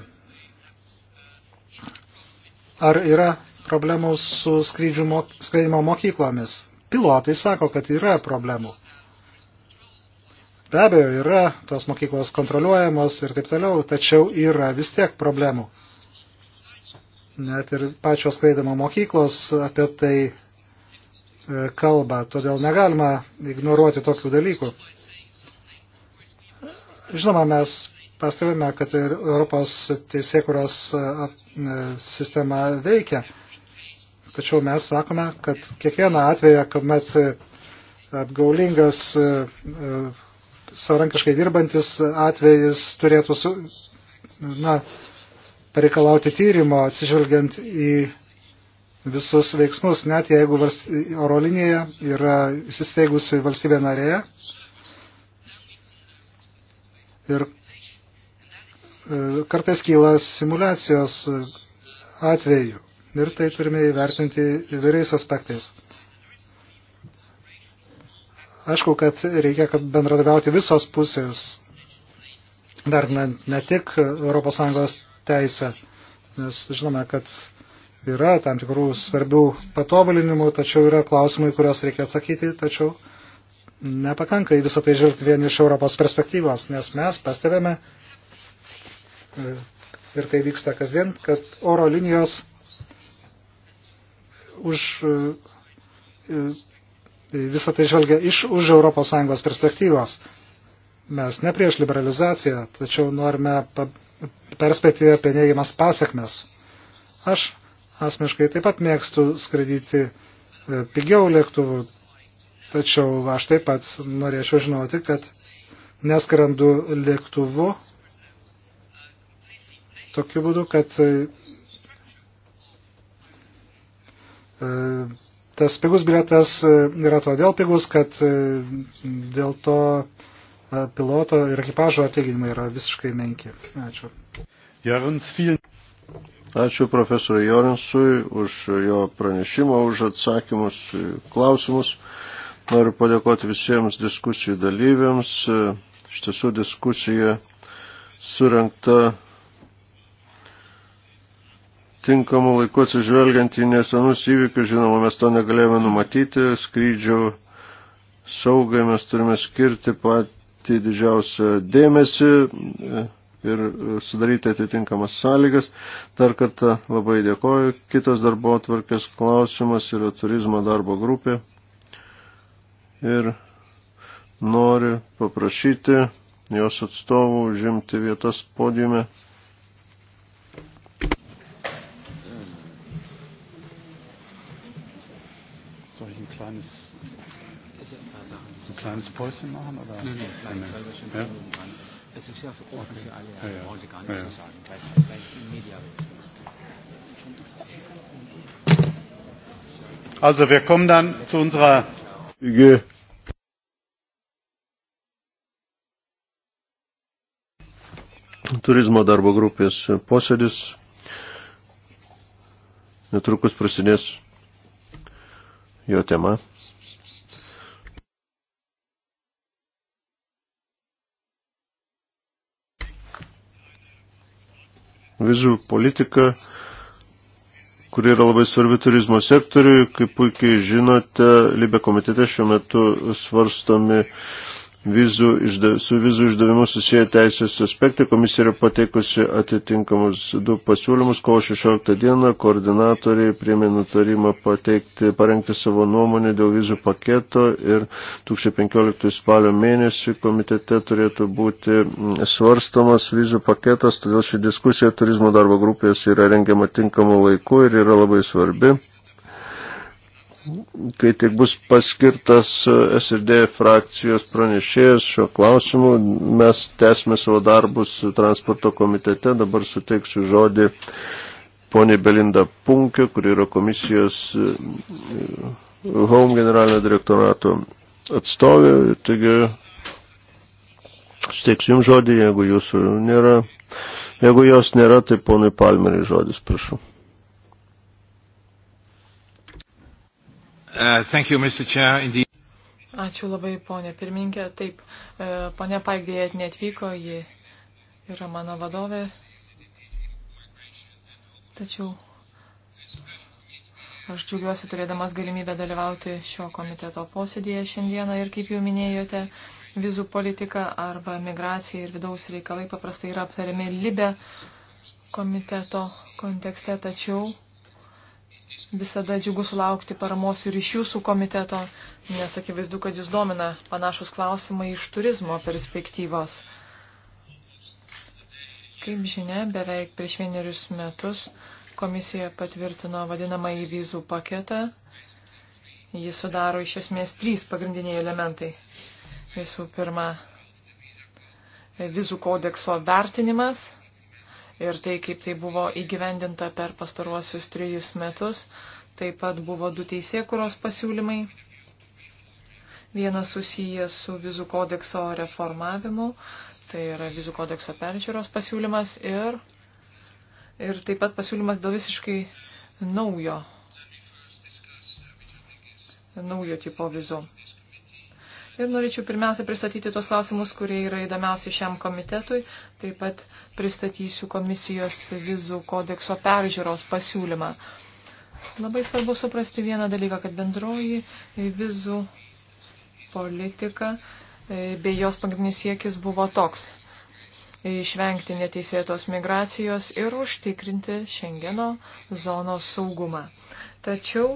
Ar yra problemų su mo, skraidimo mokyklomis. Pilotai sako, kad yra problemų. Be abejo, yra tos mokyklos kontroliuojamos ir taip toliau, tačiau yra vis tiek problemų. Net ir pačios skraidimo mokyklos apie tai e, kalba, todėl negalima ignoruoti tokių dalykų. Žinoma, mes pastebime, kad ir Europos teisėkuros e, sistema veikia. Tačiau mes sakome, kad kiekvieną atveją, kuomet e, apgaulingas e, e, savarankiškai dirbantis atvejis turėtų su, na, pareikalauti tyrimo atsižvelgiant į visus veiksmus, net jeigu oro linija yra įsisteigusi valstybė narėje. Ir kartais kyla simulacijos atveju ir tai turime įvertinti įvairiais aspektais. Aišku, kad reikia, kad bendradarbiauti visos pusės, dar ne, ne tik ES teisę, nes žinome, kad yra tam tikrų svarbių patobulinimų, tačiau yra klausimai, kuriuos reikia atsakyti, tačiau nepakanka į visą tai žvelgti vien iš Europos perspektyvos, nes mes pastebėme, e, ir tai vyksta kasdien, kad oro linijos už e, e, visą tai žvelgia iš už ES perspektyvos. Mes ne prieš liberalizaciją, tačiau norime perspėti apie neigiamas pasiekmes. Aš asmeniškai taip pat mėgstu skraidyti e, pigiau lėktuvų, tačiau aš taip pat norėčiau žinoti, kad neskrandu lėktuvu tokiu būdu, kad E, tas pigus bilietas e, yra todėl pigus, kad e, dėl to piloto ir ekipažo atlyginimai yra visiškai menki. Ačiū. Jorins, vielen... Ačiū profesoriui Jorinsui už jo pranešimą, už atsakymus, klausimus. Noriu padėkoti visiems diskusijų dalyviams. Iš tiesų diskusija surinkta tinkamų laikų atsižvelgiant į nesenus įvykius, žinoma, mes to negalėjome numatyti, skrydžių saugai mes turime skirti patį didžiausią dėmesį e, ir sudaryti atitinkamas sąlygas. Dar kartą labai dėkoju. Kitas darbo atvarkės klausimas yra turizmo darbo grupė. Ir noriu paprašyti jos atstovų užimti vietas podiume. kleines, so ein kleines Päuschen machen? Oder? Nein, nein, nein, nein. weil wir schon ja? dran. Es ist ja offen okay. für alle, ja, ja. brauchen Sie gar nichts ja, ja. zu sagen. Gleich, gleich im Media wechseln. Also wir kommen dann zu unserer turizmo darbo grupės posėdis netrukus prasidės jo tema. Vizų politika, kuri yra labai svarbi turizmo sektoriui, kaip puikiai žinote, Libė komitete šiuo metu svarstomi uh, vizų išda, su vizų išdavimu susiję teisės aspektai. Komisija yra pateikusi atitinkamus du pasiūlymus. Kovo 16 dieną koordinatoriai priemė nutarimą pateikti, parengti savo nuomonę dėl vizų paketo ir 2015 spalio mėnesį komitete turėtų būti svarstamas vizų paketas, todėl ši diskusija turizmo darbo grupės yra rengiama tinkamu laiku ir yra labai svarbi kai tik bus paskirtas SRD frakcijos pranešėjas šio klausimu, mes tęsime savo darbus transporto komitete. Dabar suteiksiu žodį ponė Belinda Punkė, kuri yra komisijos e, Home generalinio direktorato atstovė. Taigi, suteiksiu jums žodį, jeigu jūsų nėra. Jeigu jos nėra, tai ponui Palmeriai žodis, prašau. Uh, you, Ačiū labai, ponė pirmininkė. Taip, e, ponė Paigdėje netvyko, ji yra mano vadovė. Tačiau aš džiaugiuosi turėdamas galimybę dalyvauti šio komiteto posėdėje šiandieną ir, kaip jau minėjote, vizų politika arba migracija ir vidaus reikalai paprastai yra aptariami libe komiteto kontekste, tačiau Visada džiugu sulaukti paramos ir iš jūsų komiteto, nes akivaizdu, kad jūs domina panašus klausimai iš turizmo perspektyvos. Kaip žinia, beveik prieš vienerius metus komisija patvirtino vadinamąjį vizų paketą. Jį sudaro iš esmės trys pagrindiniai elementai. Visų pirma, vizų kodekso vertinimas – ir tai, kaip tai buvo įgyvendinta per pastaruosius trejus metus. Taip pat buvo du teisėkuros pasiūlymai. Vienas susijęs su vizų kodekso reformavimu, tai yra vizų kodekso peržiūros pasiūlymas ir, ir taip pat pasiūlymas dėl visiškai naujo, naujo tipo vizų. Ir norėčiau pirmiausia pristatyti tuos klausimus, kurie yra įdomiausi šiam komitetui. Taip pat pristatysiu komisijos vizų kodekso peržiūros pasiūlymą. Labai svarbu suprasti vieną dalyką, kad bendroji vizų politika e, bei jos pagrindinis siekis buvo toks išvengti neteisėtos migracijos ir užtikrinti Šengeno zonos saugumą. Tačiau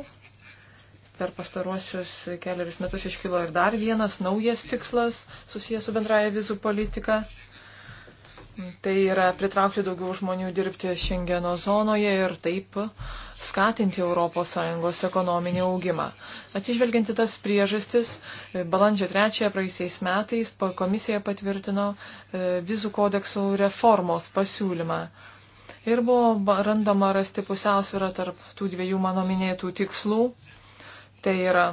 Per pastaruosius keliarius metus iškilo ir dar vienas naujas tikslas susijęs su bendraja vizų politika. Tai yra pritraukti daugiau žmonių dirbti Šengeno zonoje ir taip skatinti ES ekonominį augimą. Atsižvelgianti tas priežastis, balandžio 3 praeisiais metais komisija patvirtino e, vizų kodeksų reformos pasiūlymą. Ir buvo randama rasti pusiausvyrą tarp tų dviejų mano minėtų tikslų. Tai yra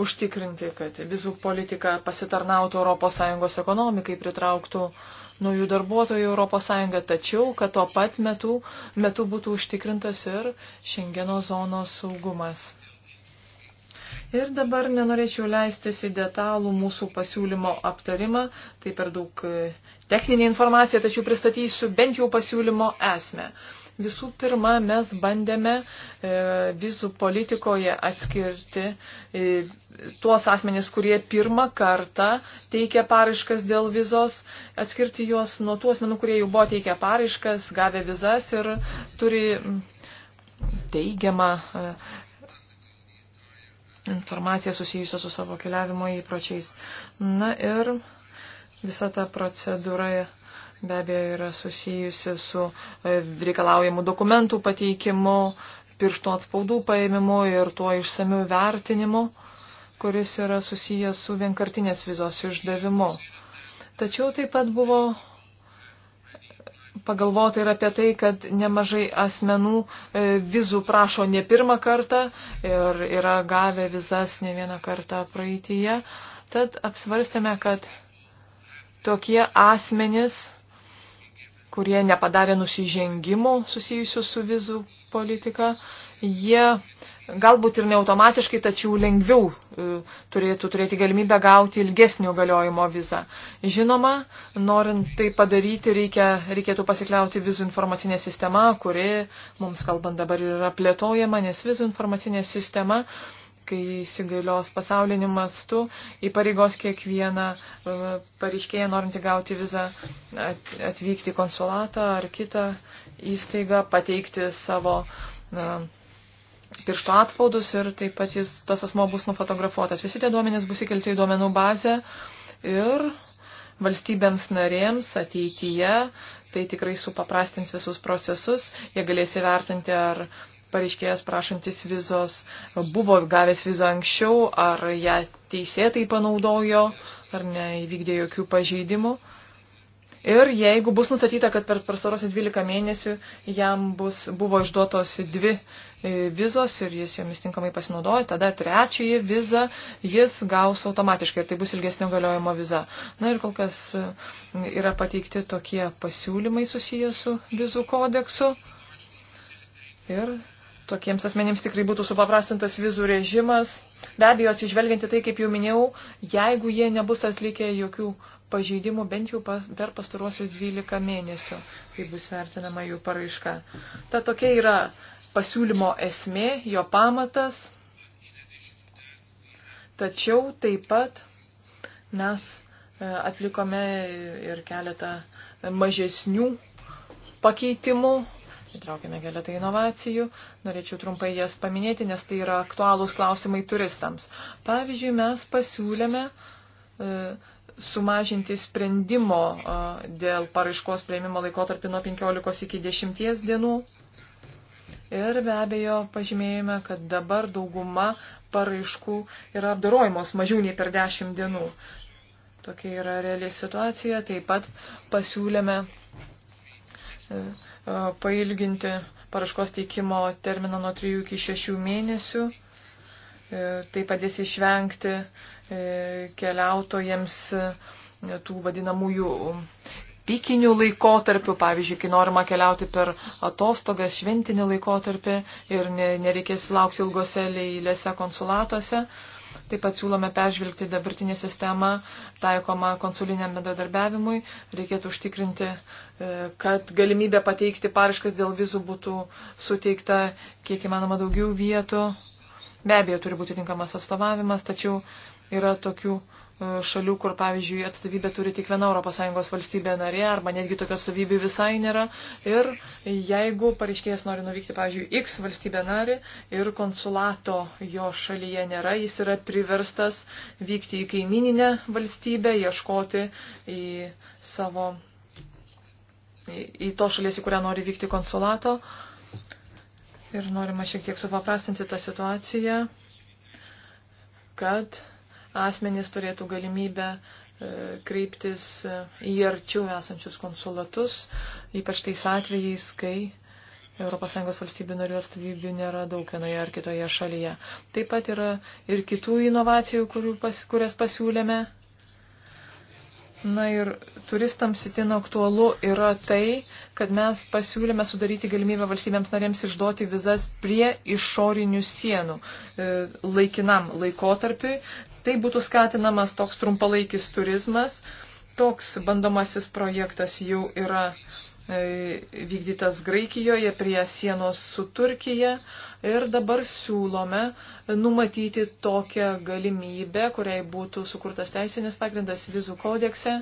užtikrinti, kad vizų politika pasitarnautų ES ekonomikai, pritrauktų naujų darbuotojų ES, tačiau, kad tuo pat metu, metu būtų užtikrintas ir Šengeno zonos saugumas. Ir dabar nenorėčiau leistis į detalų mūsų pasiūlymo aptarimą, tai per daug e, techninė informacija, tačiau pristatysiu bent jau pasiūlymo esmę. Visų pirma, mes bandėme e, vizų politikoje atskirti e, tuos asmenys, kurie pirmą kartą teikia paraiškas dėl vizos, atskirti juos nuo tų asmenų, kurie jau buvo teikę paraiškas, gavę vizas ir turi teigiamą e, informaciją susijusią su savo keliavimo įpročiais. Na ir visa ta procedūra be abejo yra susijusi su e, reikalaujamu dokumentų pateikimu, pirštų atspaudų paėmimu ir tuo išsamiu vertinimu, kuris yra susijęs su vienkartinės vizos išdavimu. Tačiau taip pat buvo pagalvota ir apie tai, kad nemažai asmenų e, vizų prašo ne pirmą kartą ir yra gavę vizas ne vieną kartą praeitįje. Tad apsvarstėme, kad tokie asmenys kurie nepadarė nusižengimų susijusių su vizų politika, jie galbūt ir ne automatiškai, tačiau lengviau e, turėtų turėti galimybę gauti ilgesnio galiojimo vizą. Žinoma, norint tai padaryti, reikia, reikėtų pasikliauti vizų informacinė sistema, kuri, mums kalbant dabar, yra plėtojama, nes vizų informacinė sistema uh, kai įsigalios pasauliniu mastu, įpareigos kiekvieną e, pareiškėją norintį gauti vizą atvykti į konsulatą ar kitą įstaigą, pateikti savo na, piršto atspaudus ir taip pat jis, tas asmo bus nufotografuotas. Visi tie duomenys bus įkelti į duomenų bazę ir valstybėms narėms ateityje tai tikrai supaprastins visus procesus, jie galės įvertinti, ar pareiškėjas prašantis vizos buvo gavęs vizą anksčiau, ar ją teisėtai panaudojo, ar neįvykdė jokių pažeidimų. Ir jeigu bus nustatyta, kad per pastarosius 12 mėnesių jam bus, buvo išduotos dvi e, vizos ir jis jomis tinkamai pasinaudojo, tada trečiąjį vizą jis gaus automatiškai ir tai bus ilgesnio galiojimo viza. Na ir kol kas e, yra pateikti tokie pasiūlymai susiję su vizų kodeksu. Ir Tokiems asmenims tikrai būtų supaprastintas vizų režimas. Be abejo, atsižvelgianti tai, kaip jau minėjau, jeigu jie nebus atlikę jokių pažeidimų bent jau per pastaruosius 12 mėnesių, kai bus vertinama jų paraiška. Ta tokia yra pasiūlymo esmė, jo pamatas. Tačiau taip pat mes e, atlikome ir keletą mažesnių pakeitimų Įtraukėme keletą inovacijų. Norėčiau trumpai jas paminėti, nes tai yra aktualūs klausimai turistams. Pavyzdžiui, mes pasiūlėme e, sumažinti sprendimo e, dėl paraiškos prieimimo laikotarpį nuo 15 iki 10 dienų. Ir be abejo pažymėjome, kad dabar dauguma paraiškų yra apdarojamos mažiau nei per 10 dienų. Tokia yra realiai situacija. Taip pat pasiūlėme E, e, pailginti paraškos teikimo terminą nuo 3 iki 6 mėnesių. E, tai padės išvengti keliautojams tų vadinamųjų pykinių laikotarpių, pavyzdžiui, kai norima keliauti per atostogas, šventinį laikotarpį ir nereikės laukti ilgose eilėse konsulatuose. Taip pat siūlome peržvelgti dabartinį sistemą taikomą konsuliniam bendradarbiavimui. Reikėtų užtikrinti, e, kad galimybė pateikti paraškas dėl vizų būtų suteikta kiek įmanoma daugiau vietų. Be abejo, turi būti tinkamas atstovavimas, tačiau yra tokių šalių, kur, pavyzdžiui, atstovybė turi tik viena ES valstybė narė, arba netgi tokio atstovybių visai nėra. Ir jeigu pareiškėjas nori nuvykti, pavyzdžiui, X valstybę narį ir konsulato jo šalyje nėra, jis yra priverstas vykti į kaimininę valstybę, ieškoti į savo, į, į to šalies, į kurią nori vykti konsulato. Ir norima šiek tiek supaprastinti tą situaciją, kad asmenys turėtų galimybę e, kreiptis e, į arčiau esančius konsulatus, ypač tais atvejais, kai ES valstybių narių atstovybių nėra daug vienoje ar kitoje šalyje. Taip pat yra ir kitų inovacijų, pas, kurias pasiūlėme. Na ir turistams itin aktualu yra tai, kad mes pasiūlėme sudaryti galimybę valstybėms narėms išduoti vizas prie išorinių sienų e, laikinam laikotarpiui, Tai būtų skatinamas toks trumpalaikis turizmas. Toks bandomasis projektas jau yra e, vykdytas Graikijoje prie sienos su Turkija ir dabar siūlome numatyti tokią galimybę, kuriai būtų sukurtas teisinis pagrindas vizų kodekse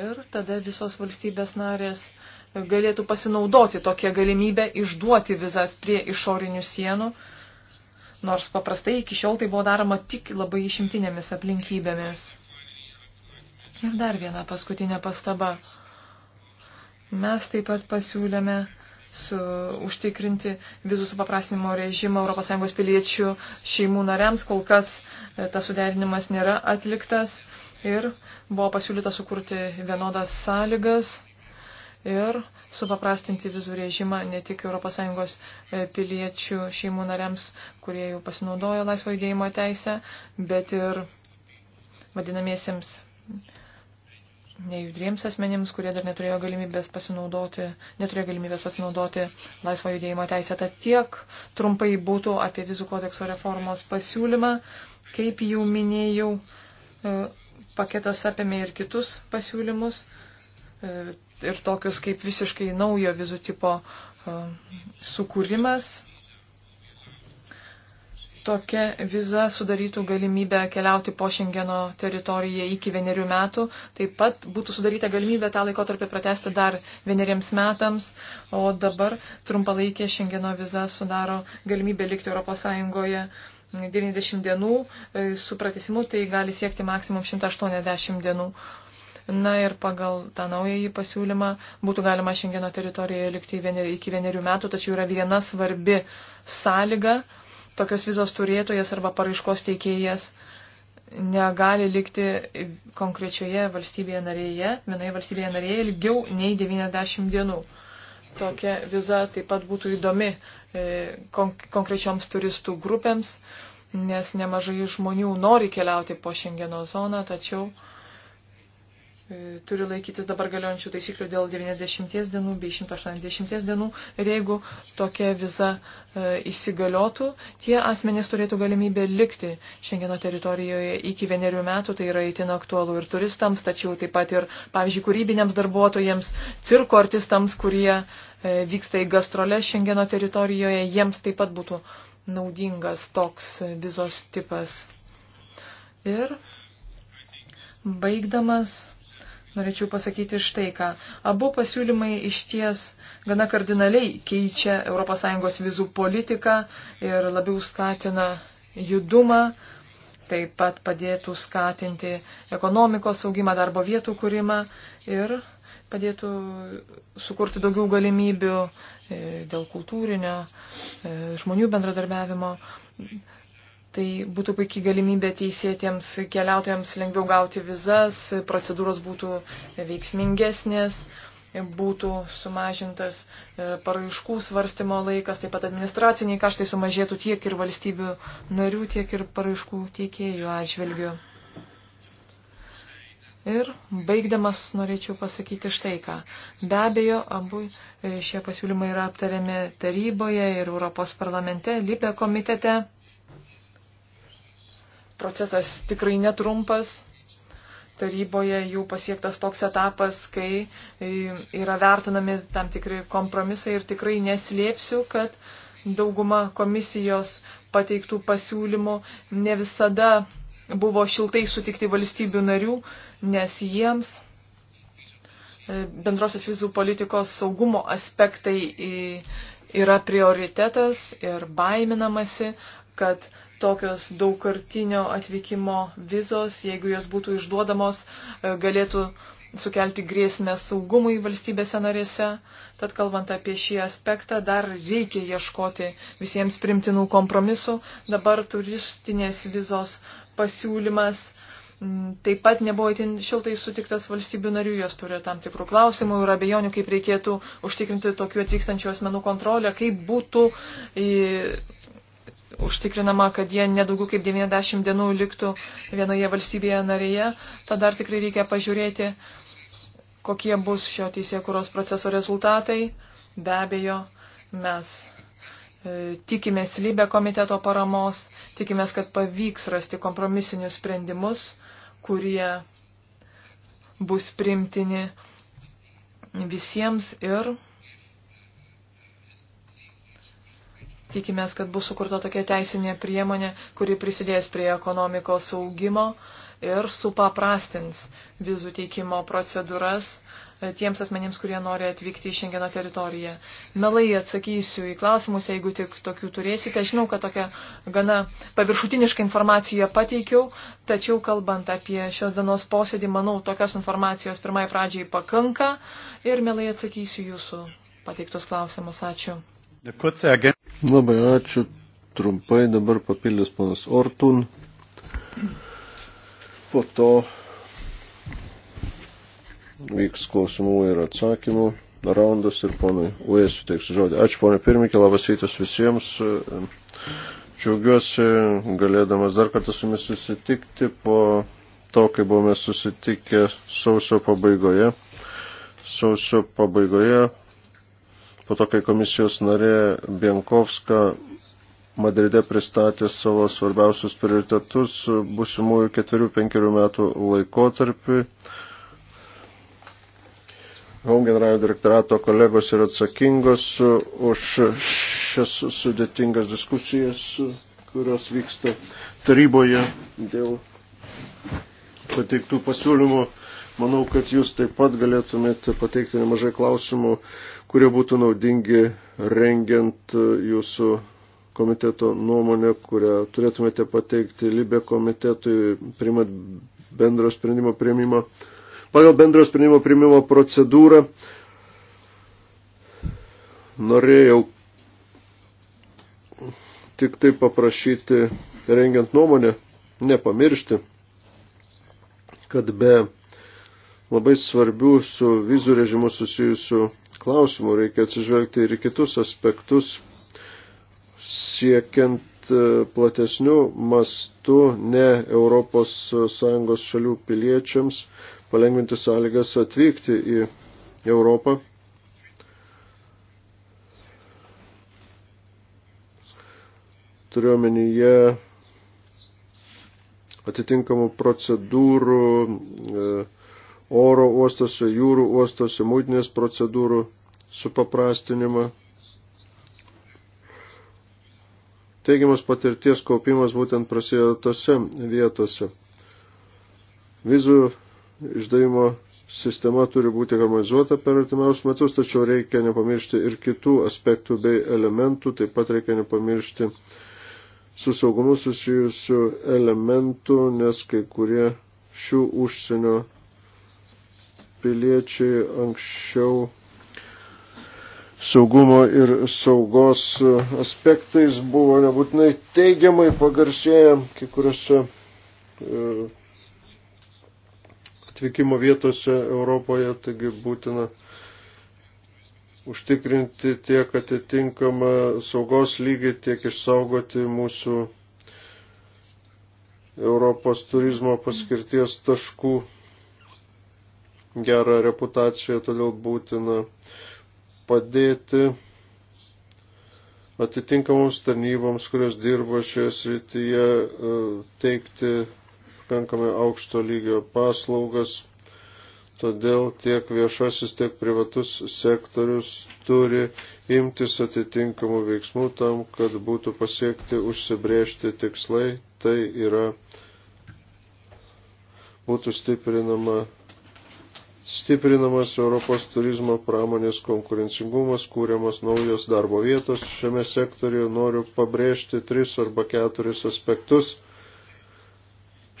ir tada visos valstybės narės galėtų pasinaudoti tokią galimybę išduoti vizas prie išorinių sienų nors paprastai iki šiol tai buvo daroma tik labai išimtinėmis aplinkybėmis. Ir dar viena paskutinė pastaba. Mes taip pat pasiūlėme su, užtikrinti vizų supaprastinimo režimą ES piliečių šeimų nariams. Kol kas e, tas suderinimas nėra atliktas ir buvo pasiūlyta sukurti vienodas sąlygas ir supaprastinti vizų režimą ne tik ES e, piliečių šeimų nariams, kurie jau pasinaudojo laisvo judėjimo teisę, bet ir vadinamiesiems nejudriems asmenims, kurie dar neturėjo galimybės pasinaudoti, neturėjo galimybės pasinaudoti laisvo judėjimo teisę. Tad tiek trumpai būtų apie vizų kodekso reformos pasiūlymą. Kaip jau minėjau, e, paketas apėmė ir kitus pasiūlymus. E, ir tokius kaip visiškai naujo vizų tipo e, sukūrimas. Tokia viza sudarytų galimybę keliauti po Šengeno teritoriją iki vienerių metų. Taip pat būtų sudaryta galimybė tą laikotarpį pratesti dar vieneriems metams, o dabar trumpalaikė Šengeno viza sudaro galimybę likti ES 90 dienų. E, su pratesimu tai gali siekti maksimum 180 dienų. Na ir pagal tą naująjį pasiūlymą būtų galima Šengeno teritorijoje likti iki vienerių metų, tačiau yra viena svarbi sąlyga. Tokios vizos turėtojas arba paraiškos teikėjas negali likti konkrečioje valstybėje narėje, vienoje valstybėje narėje ilgiau nei 90 dienų. Tokia viza taip pat būtų įdomi e, konkrečioms turistų grupėms, nes nemažai žmonių nori keliauti po Šengeno zoną, tačiau uh, E, turi laikytis dabar galiojančių taisyklių dėl 90 dienų bei 180 dienų. Ir jeigu tokia viza e, įsigaliotų, tie asmenys turėtų galimybę likti Šengeno teritorijoje iki vienerių metų. Tai yra įtin aktualu ir turistams, tačiau taip pat ir, pavyzdžiui, kūrybiniams darbuotojams, cirko artistams, kurie e, vyksta į gastrolę Šengeno teritorijoje, jiems taip pat būtų naudingas toks vizos tipas. Ir baigdamas norėčiau pasakyti štai ką. Abu pasiūlymai iš ties gana kardinaliai keičia ES vizų politiką ir labiau skatina judumą, taip pat padėtų skatinti ekonomikos augimą, darbo vietų kūrimą ir padėtų sukurti daugiau galimybių e, dėl kultūrinio e, žmonių bendradarbiavimo. Tai būtų puikiai galimybė teisėtiems keliautojams lengviau gauti vizas, procedūros būtų veiksmingesnės, būtų sumažintas e, paraiškų svarstymo laikas, taip pat administraciniai kaštai sumažėtų tiek ir valstybių narių, tiek ir paraiškų tiekėjų atžvilgių. Ir baigdamas norėčiau pasakyti štai ką. Be abejo, abu e, šie pasiūlymai yra aptariami taryboje ir Europos parlamente, Libė komitete procesas tikrai netrumpas. Taryboje jau pasiektas toks etapas, kai e, yra vertinami tam tikri kompromisai ir tikrai neslėpsiu, kad dauguma komisijos pateiktų pasiūlymų ne visada buvo šiltai sutikti valstybių narių, nes jiems e, bendrosios vizų politikos saugumo aspektai e, yra prioritetas ir baiminamasi, kad tokios daugkartinio atvykimo vizos, jeigu jos būtų išduodamos, e, galėtų sukelti grėsmę saugumui valstybėse narėse. Tad kalbant apie šį aspektą, dar reikia ieškoti visiems primtinų kompromisų. Dabar turistinės vizos pasiūlymas taip pat nebuvo itin šiltai sutiktas valstybių narių, jos turi tam tikrų klausimų ir abejonių, kaip reikėtų užtikrinti tokių atvykstančių asmenų kontrolę, kaip būtų užtikrinama, kad jie nedaugiau kaip 90 dienų liktų vienoje valstybėje narėje, tad dar tikrai reikia pažiūrėti, kokie bus šio teisėkuros proceso rezultatai. Be abejo, mes e, tikimės lybę komiteto paramos, tikimės, kad pavyks rasti kompromisinius sprendimus, kurie bus primtini visiems ir Tikimės, kad bus sukurta tokia teisinė priemonė, kuri prisidės prie ekonomikos augimo ir supaprastins vizų teikimo procedūras e, tiems asmenims, kurie nori atvykti į Šengeno teritoriją. Melai atsakysiu į klausimus, jeigu tik tokių turėsite. Žinau, kad tokia gana paviršutiniška informacija pateikiau, tačiau kalbant apie šios dienos posėdį, manau, tokios informacijos pirmai pradžiai pakanka ir melai atsakysiu jūsų pateiktus klausimus. Ačiū. Labai ačiū. Trumpai dabar papildys panas Ortun. Po to vyks klausimų ir atsakymų raundas ir ponui Uės suteiksiu žodį. Ačiū ponė pirmikė, labas rytas visiems. Džiaugiuosi galėdamas dar kartą su jumis susitikti po to, kai buvome susitikę sausio pabaigoje. Sausio pabaigoje po to, kai komisijos narė Bienkovska Madride pristatė savo svarbiausius prioritetus busimųjų ketverių penkerių metų laikotarpiui. Home generalinio direktorato kolegos yra atsakingos už šias sudėtingas diskusijas, kurios vyksta taryboje dėl pateiktų pasiūlymų. Manau, kad jūs taip pat galėtumėte pateikti nemažai klausimų kurie būtų naudingi rengiant e, jūsų komiteto nuomonę, kurią turėtumėte pateikti Libė komitetui, primat bendro sprendimo prieimimo, pagal bendro sprendimo prieimimo procedūrą. Norėjau tik tai paprašyti, rengiant nuomonę, nepamiršti, kad be labai svarbių su vizų režimu susijusių klausimų, reikia atsižvelgti ir kitus aspektus, siekiant e, platesnių mastų ne ES šalių piliečiams palengvinti sąlygas atvykti į Europą. Turiuomenyje atitinkamų procedūrų e, oro uostose, jūrų uostose, mūtinės procedūrų supaprastinimą. Teigiamas patirties kaupimas būtent prasidėjo tose vietose. Vizų išdavimo sistema turi būti harmonizuota per artimiausius metus, tačiau reikia nepamiršti ir kitų aspektų bei elementų, taip pat reikia nepamiršti su saugumu susijusių elementų, nes kai kurie šių užsienio piliečiai anksčiau saugumo ir saugos aspektais buvo nebūtinai teigiamai pagarsėję kai kuriuose e, atvykimo vietose Europoje, taigi būtina užtikrinti tiek atitinkamą saugos lygį, tiek išsaugoti mūsų Europos turizmo paskirties taškų gerą reputaciją, todėl būtina padėti atitinkamoms tarnyboms, kurios dirba šioje srityje, e, teikti pakankamai aukšto lygio paslaugas. Todėl tiek viešasis, tiek privatus sektorius turi imtis atitinkamų veiksmų tam, kad būtų pasiekti užsibriežti tikslai. Tai yra būtų stiprinama stiprinamas Europos turizmo pramonės konkurencingumas, kūriamas naujos darbo vietos. Šiame sektoriuje noriu pabrėžti tris arba keturis aspektus,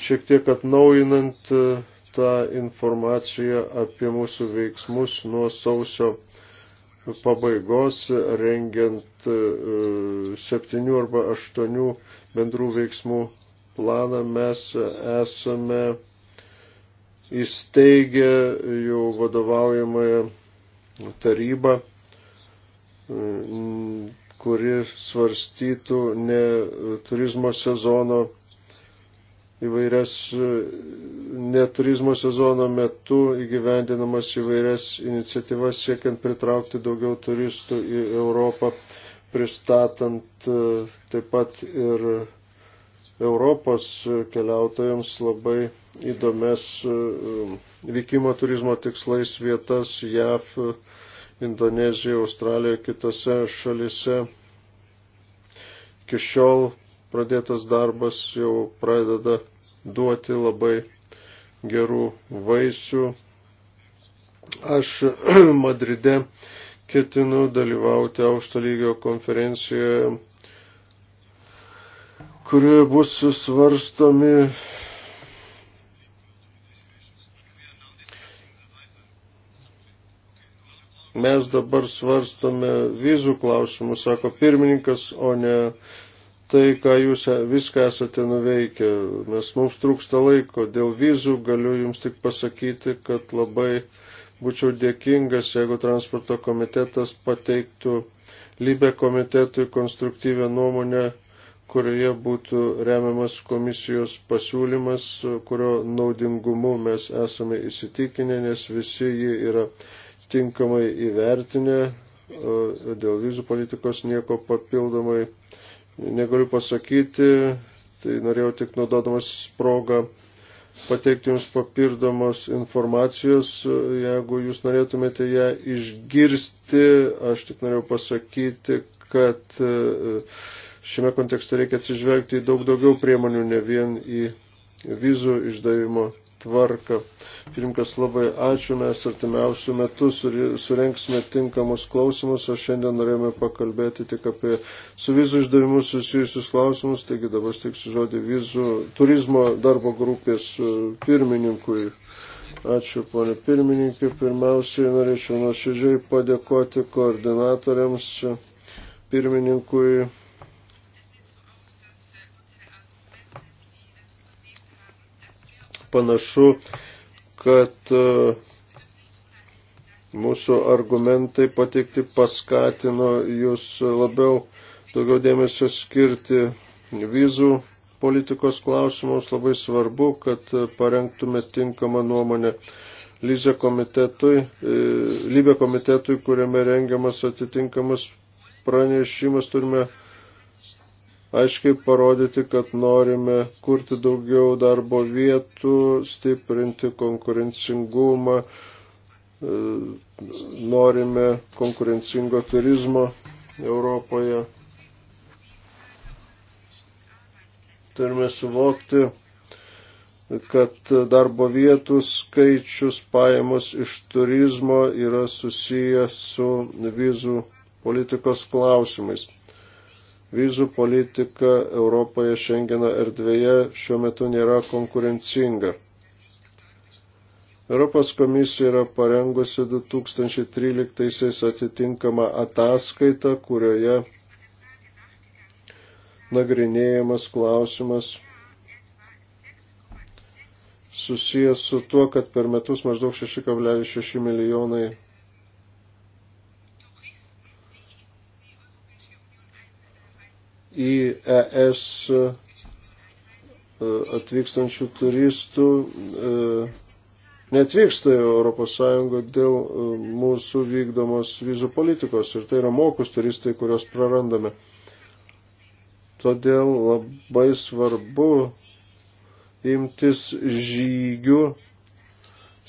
šiek tiek atnaujinant e, tą informaciją apie mūsų veiksmus nuo sausio pabaigos, rengiant e, septynių arba aštuonių bendrų veiksmų planą, mes esame įsteigė jų vadovaujamąją tarybą, kuri svarstytų ne turizmo sezono įvairias, ne turizmo sezono metu įgyvendinamas įvairias iniciatyvas siekiant pritraukti daugiau turistų į Europą, pristatant e, taip pat ir Europos keliautojams labai įdomias e, e, vykimo turizmo tikslais vietas JAV, e, Indonezijoje, Australijoje, kitose šalise. Iki šiol pradėtas darbas jau pradeda duoti labai gerų vaisių. Aš Madride ketinu dalyvauti aukšto lygio konferencijoje, kurioje bus svarstomi Mes dabar svarstome vizų klausimus, sako pirmininkas, o ne tai, ką jūs viską esate nuveikę. Mes mums trūksta laiko. Dėl vizų galiu jums tik pasakyti, kad labai būčiau dėkingas, jeigu transporto komitetas pateiktų Libe komitetui konstruktyvę nuomonę, kurioje būtų remiamas komisijos pasiūlymas, kurio naudingumu mes esame įsitikinę, nes visi jį yra tinkamai įvertinę, dėl vizų politikos nieko papildomai negaliu pasakyti, tai norėjau tik naudodamas progą pateikti Jums papildomos informacijos, jeigu Jūs norėtumėte ją išgirsti, aš tik norėjau pasakyti, kad e, šiame kontekste reikia atsižvelgti į daug daugiau priemonių, ne vien į vizų išdavimo tvarką. Pirmkas labai ačiū, mes artimiausių metų surenksime tinkamus klausimus, o šiandien norėjome pakalbėti tik apie su vizų išdavimus susijusius klausimus, taigi dabar steiksiu žodį vizų turizmo darbo grupės e, pirmininkui. Ačiū, ponė pirmininkė. Pirmiausiai norėčiau nuoširdžiai padėkoti koordinatoriams, pirmininkui panašu, kad e, mūsų argumentai pateikti paskatino jūs labiau daugiau dėmesio skirti vizų politikos klausimams. Labai svarbu, kad parengtume tinkamą nuomonę Lyze komitetui, e, Lybė komitetui, kuriame rengiamas atitinkamas pranešimas, turime aiškiai parodyti, kad norime kurti daugiau darbo vietų, stiprinti konkurencingumą, e, norime konkurencingo turizmo Europoje. Turime suvokti, kad darbo vietų skaičius pajamos iš turizmo yra susijęs su vizų politikos klausimais vizų politika Europoje Schengeno erdvėje šiuo metu nėra konkurencinga. Europos komisija yra parengusi 2013 atitinkamą ataskaitą, kurioje nagrinėjamas klausimas susijęs su tuo, kad per metus maždaug 6,6 milijonai į ES e, atvykstančių turistų e, netvyksta į ES dėl e, mūsų vykdomos vizų politikos ir tai yra mokus turistai, kuriuos prarandame. Todėl labai svarbu imtis žygių,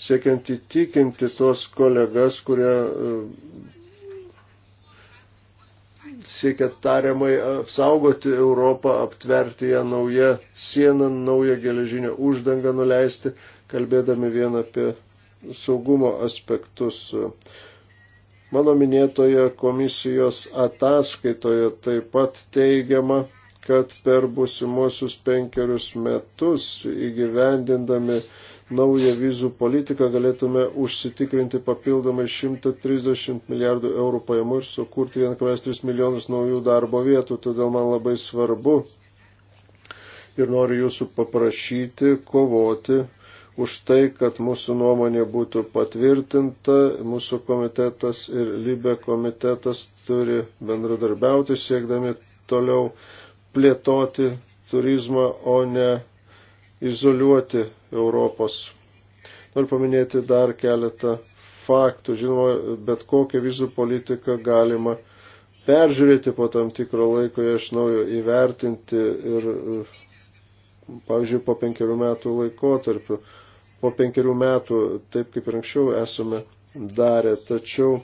siekiant įtikinti tuos kolegas, kurie siekia tariamai apsaugoti Europą, aptverti ją naują sieną, naują geležinę uždangą nuleisti, kalbėdami vien apie saugumo aspektus. Mano minėtoje komisijos ataskaitoje taip pat teigiama, kad per busimuosius penkerius metus įgyvendindami naują vizų politiką galėtume užsitikrinti papildomai 130 milijardų eurų pajamų ir sukurti 1,3 milijonus naujų darbo vietų. Todėl man labai svarbu ir noriu jūsų paprašyti kovoti už tai, kad mūsų nuomonė būtų patvirtinta, mūsų komitetas ir Libė komitetas turi bendradarbiauti siekdami toliau plėtoti turizmą, o ne izoliuoti Europos. Noriu paminėti dar keletą faktų. Žinoma, bet kokią vizų politiką galima peržiūrėti po tam tikro laiko, ją iš naujo įvertinti ir, pavyzdžiui, po penkerių metų laikotarpiu, po penkerių metų, taip kaip ir anksčiau esame darę. Tačiau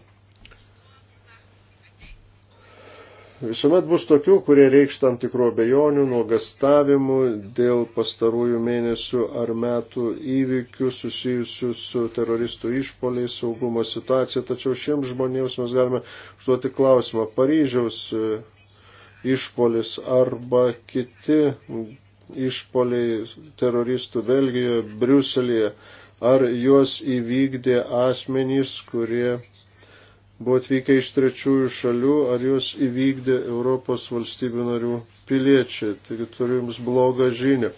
Visuomet bus tokių, kurie reikš tam tikrų abejonių, nuogastavimų dėl pastarųjų mėnesių ar metų įvykių susijusių su teroristų išpoliais, saugumo situacija, tačiau šiems žmonėms mes galime užduoti klausimą. Paryžiaus e, išpolis arba kiti išpoliai teroristų Belgijoje, Briuselėje, ar juos įvykdė asmenys, kurie buvo atvykę iš trečiųjų šalių, ar juos įvykdė Europos valstybių narių piliečiai. Taigi turiu Jums blogą žinę.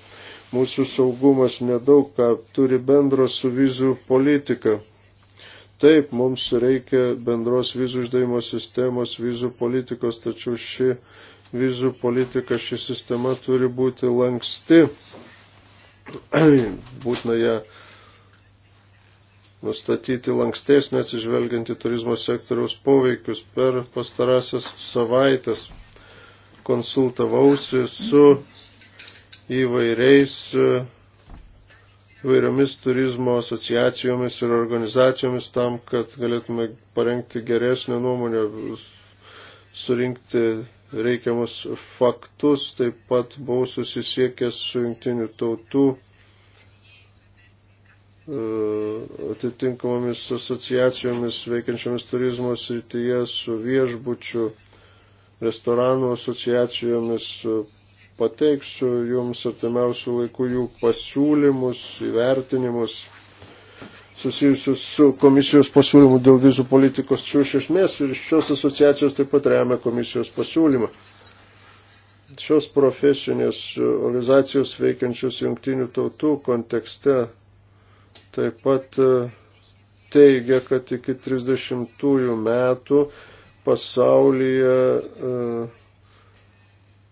Mūsų saugumas nedaug ką turi bendro su vizų politika. Taip, mums reikia bendros vizų išdavimo sistemos, vizų politikos, tačiau ši vizų politika, ši sistema turi būti lanksti. Būtina ją. Ja nustatyti lankstesnį atsižvelgiant į turizmo sektoriaus poveikius. Per pastarasias savaitės konsultavausi su įvairiais įvairiomis turizmo asociacijomis ir organizacijomis tam, kad galėtume parengti geresnę nuomonę, surinkti reikiamus faktus. Taip pat buvau susisiekęs su jungtinių tautų e, atitinkamomis asociacijomis veikiančiomis turizmo srityje, su viešbučių, restoranų asociacijomis. Pateiksiu jums artimiausių laikų jų pasiūlymus, įvertinimus susijusius su komisijos pasiūlymu dėl vizų politikos čia iš esmės ir šios asociacijos taip pat remia komisijos pasiūlymą. Šios profesinės organizacijos veikiančios jungtinių tautų kontekste Taip pat e, teigia, kad iki 30 metų pasaulyje uh,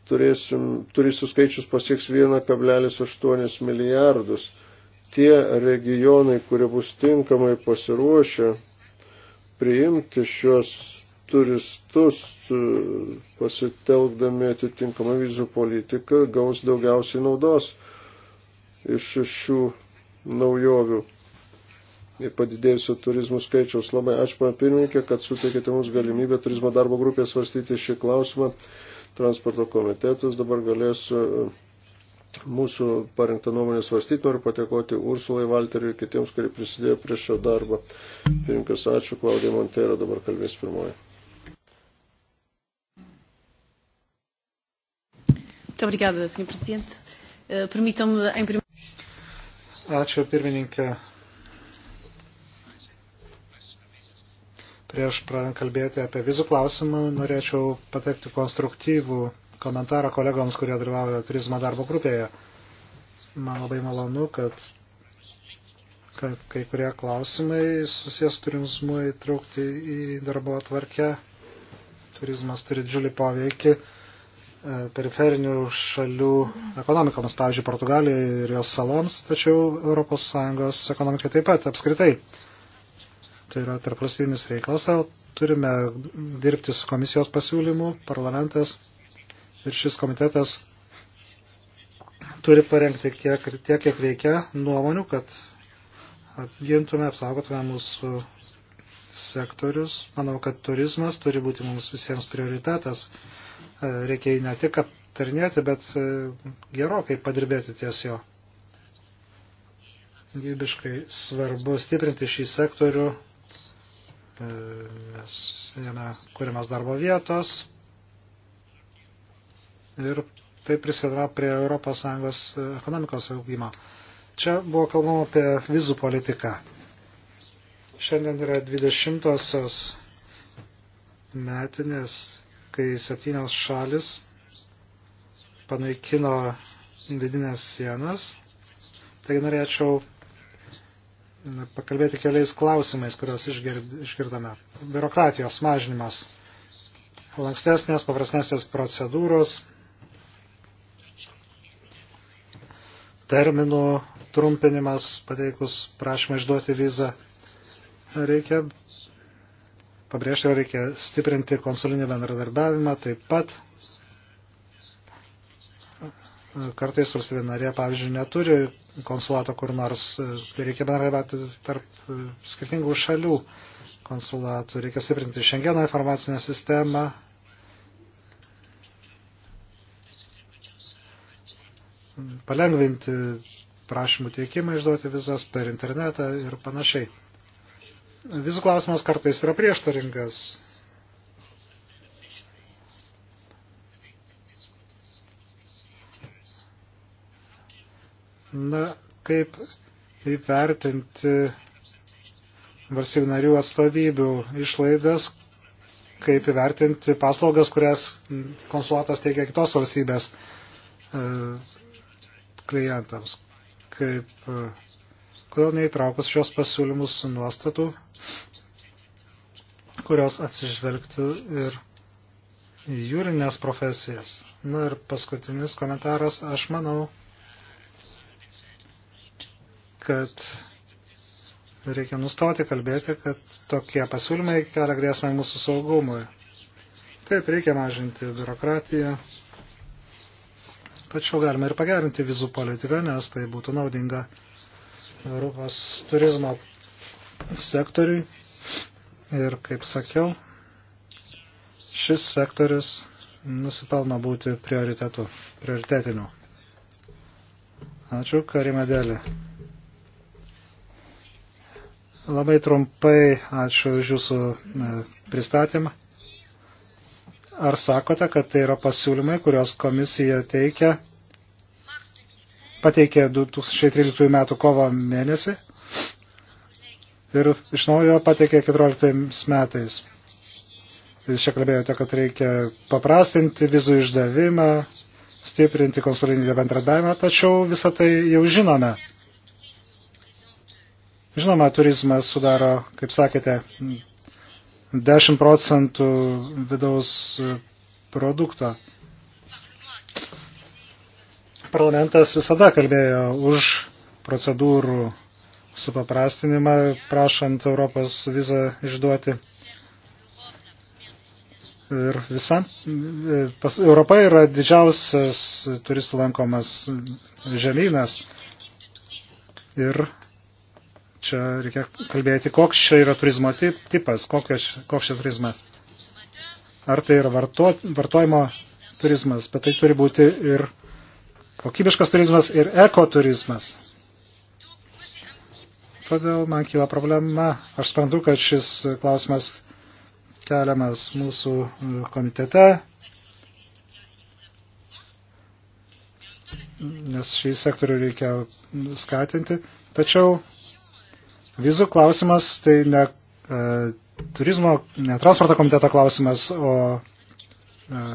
turėsim, turistų skaičius pasieks 1,8 milijardus. Tie regionai, kurie bus tinkamai pasiruošę priimti šios turistus, e, pasitelkdami atitinkamą vizų politiką, gaus daugiausiai naudos iš šių naujovių padidėjusio turizmų skaičiaus. Labai ačiū, pana pirmininkė, kad suteikėte mums galimybę turizmo darbo grupėje svarstyti šį klausimą. Transporto komitetas dabar galės e, mūsų parengtą nuomonę svarstyti. Noriu patekoti Ursulai, Valteriui ir kitiems, kurie prisidėjo prie šio darbo. Pirmininkas, ačiū. Klaudija Montero dabar kalbės pirmoji. Muito obrigada, Sr. Presidente. Eh, permitam-me, em primeiro Ačiū, pirmininkė. Prieš pradant kalbėti apie vizų klausimą, norėčiau patekti konstruktyvų komentarą kolegoms, kurie dalyvauja turizmo darbo grupėje. Man labai malonu, kad, kad kai kurie klausimai susijęs turizmu įtraukti į darbo atvarkę. Turizmas turi didžiulį poveikį e, periferinių šalių ekonomikoms, pavyzdžiui, Portugalijai ir jos saloms, tačiau ES ekonomikai taip pat apskritai tai yra tarpvalstybinis reikalas, turime dirbti su komisijos pasiūlymu, parlamentas ir šis komitetas turi parengti tiek, tiek kiek reikia nuomonių, kad apgintume, apsaugotume mūsų sektorius. Manau, kad turizmas turi būti mums visiems prioritetas. E, reikia jį ne tik aptarnėti, bet e, gerokai padirbėti ties jo. Gybiškai svarbu stiprinti šį sektorių nes e, jame kūrimas darbo vietos ir tai prisideda prie ES e, ekonomikos augimo. Čia buvo kalbama apie vizų politiką. Šiandien yra 20-osios metinės, kai septynios šalis panaikino vidinės sienas. Taigi norėčiau pakalbėti keliais klausimais, kuriuos išgirdome. Biurokratijos mažinimas, lankstesnės, paprastesnės procedūros, terminų trumpinimas pateikus prašymą išduoti vizą. Reikia pabrėžti, reikia stiprinti konsulinį bendradarbiavimą, taip pat kartais valstybė narė, pavyzdžiui, neturi konsulato kur nors, reikia bendrauti tarp e, skirtingų šalių konsulatų, reikia stiprinti šiandieną informacinę sistemą. palengvinti prašymų teikimą, išduoti vizas per internetą ir panašiai. Vizų klausimas kartais yra prieštaringas. Na, kaip įvertinti valstybių narių atstovybių išlaidas, kaip įvertinti paslaugas, kurias konsulatas teikia kitos valstybės e, klientams. Kaip, e, kodėl neįtraukus šios pasiūlymus nuostatų, kurios atsižvelgtų ir jūrinės profesijas. Na ir paskutinis komentaras, aš manau, kad reikia nustoti kalbėti, kad tokie pasiūlymai kelia grėsmę mūsų saugumui. Taip, reikia mažinti biurokratiją, tačiau galime ir pagerinti vizų politiką, nes tai būtų naudinga Europos turizmo sektoriui. Ir, kaip sakiau, šis sektorius nusipelno būti prioritetu, prioritetiniu. Ačiū, Karimedėlė. Labai trumpai ačiū už Jūsų e, pristatymą. Ar sakote, kad tai yra pasiūlymai, kurios komisija teikia, pateikė 2013 m. kovo mėnesį ir iš naujo pateikė 14 metais? Jūs čia kalbėjote, kad reikia paprastinti vizų išdavimą, stiprinti konsulinį bendradavimą, tačiau visą tai jau žinome. Žinoma, turizmas sudaro, kaip sakėte, 10 procentų vidaus produkto. Parlamentas visada kalbėjo už procedūrų supaprastinimą, prašant Europos vizą išduoti. Ir visa pas, Europa yra didžiausias turistų lankomas žemynas. Ir čia reikia kalbėti, koks čia yra turizmo tipas, koks, koks čia turizmas. Ar tai yra varto, vartojimo turizmas, bet tai turi būti ir kokybiškas turizmas ir ekoturizmas. Todėl man kyla problema. Aš sprendu, kad šis klausimas keliamas mūsų e, komitete, nes šį sektorių reikia skatinti. Tačiau Vizų klausimas tai ne e, turizmo, ne transporto komiteto klausimas, o e,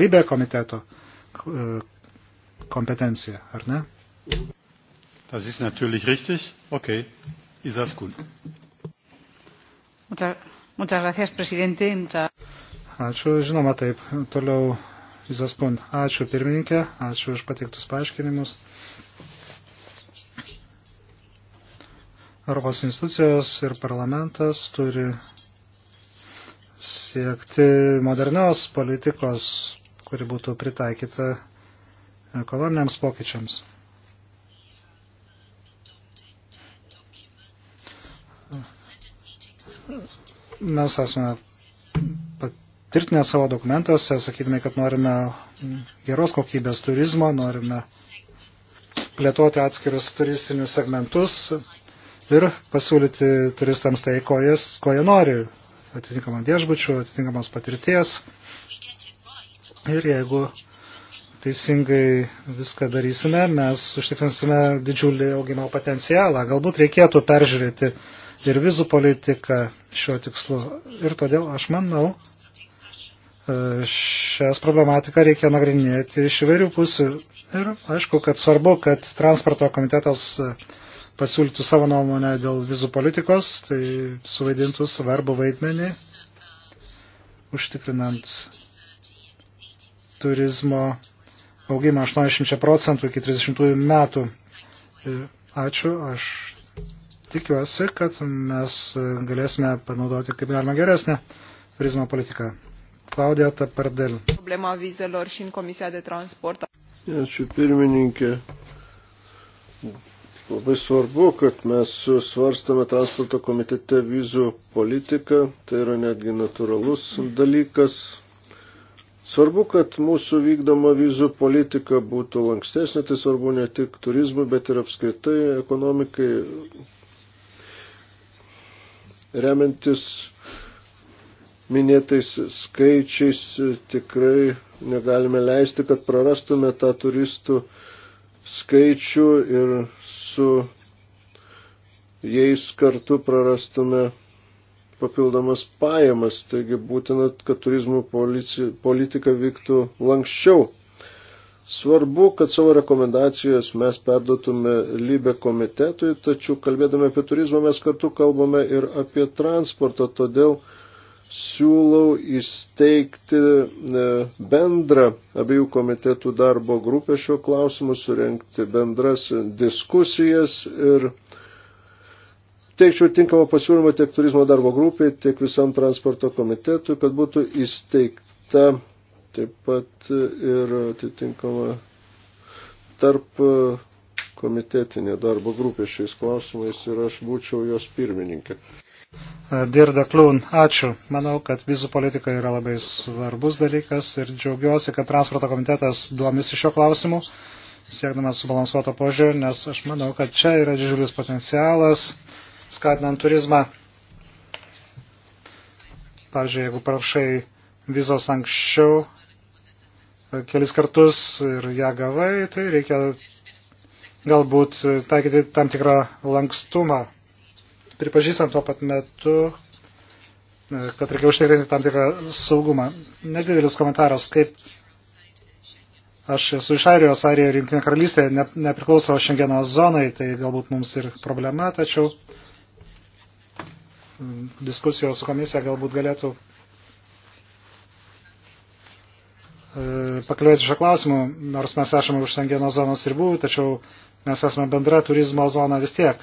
Libė komiteto e, kompetencija, ar ne? Das ist natürlich richtig. Okay, ist das gut. Muchas, muchas gracias, presidente. Muchas... Ačiū, žinoma, taip. Toliau Izaskun. Ačiū pirmininkė, ačiū už pateiktus paaiškinimus. Europos institucijos ir parlamentas turi siekti modernios politikos, kuri būtų pritaikyta ekonominiams pokyčiams. Mes esame patvirtinę savo dokumentuose, sakydami, kad norime geros kokybės turizmo, norime plėtoti atskirus turistinius segmentus, ir pasiūlyti turistams tai, ko, jis, ko jie nori, atitinkamą viešbučių, atitinkamos patirties. Ir jeigu teisingai viską darysime, mes užtikrinsime didžiulį augimo potencialą. Galbūt reikėtų peržiūrėti ir vizų politiką šiuo tikslu. Ir todėl aš manau, e, šias problematiką reikia nagrinėti iš įvairių pusių. Ir aišku, kad svarbu, kad transporto komitetas pasiūlytų savo nuomonę dėl vizų politikos, tai suvaidintų svarbu vaidmenį, užtikrinant turizmo augimą 80 procentų iki 30 metų. E, ačiū, aš tikiuosi, kad mes galėsime panaudoti kaip galima geresnę turizmo politiką. Klaudija Tapardel. Problema vizelor și în Comisia de Transport. Ačiū pirmininkė Labai svarbu, kad mes svarstame transporto komitete vizų politiką, tai yra netgi natūralus dalykas. Svarbu, kad mūsų vykdoma vizų politika būtų lankstesnė, tai svarbu ne tik turizmui, bet ir apskritai ekonomikai, remiantis minėtais skaičiais tikrai negalime leisti, kad prarastume tą turistų skaičių ir su jais kartu prarastume papildomas pajamas, taigi būtina, kad turizmų politika vyktų lankščiau. Svarbu, kad savo rekomendacijas mes perdotume lybę komitetui, tačiau kalbėdami apie turizmą mes kartu kalbame ir apie transportą, todėl siūlau įsteigti e, bendrą abiejų komitetų darbo grupę šiuo klausimu, surenkti bendras diskusijas ir teikčiau tinkamą pasiūlymą tiek turizmo darbo grupiai, tiek visam transporto komitetui, kad būtų įsteigta taip pat ir atitinkama tarp komitetinė darbo grupė šiais klausimais ir aš būčiau jos pirmininkė. Dirda Klūn, ačiū. Manau, kad vizų politika yra labai svarbus dalykas ir džiaugiuosi, kad transporto komitetas duomis iš šio klausimų, siekdamas subalansuoto požiūrį, nes aš manau, kad čia yra didžiulis potencialas, skatinant turizmą. Pavyzdžiui, jeigu prašai vizos anksčiau e, kelis kartus ir ją gavai, tai reikia galbūt taikyti tam tikrą lankstumą pripažįstant tuo pat metu, e, kad reikia užtikrinti tam tikrą saugumą. Nedidelis komentaras, kaip aš esu iš Airijos, Airija ir Junktinė karalystė ne, nepriklauso Šengeno zonai, tai galbūt mums ir problema, tačiau diskusijos su komisija galbūt galėtų e, pakalbėti šio klausimu, nors mes esame už Šengeno zonos ribų, tačiau mes esame bendra turizmo zona vis tiek.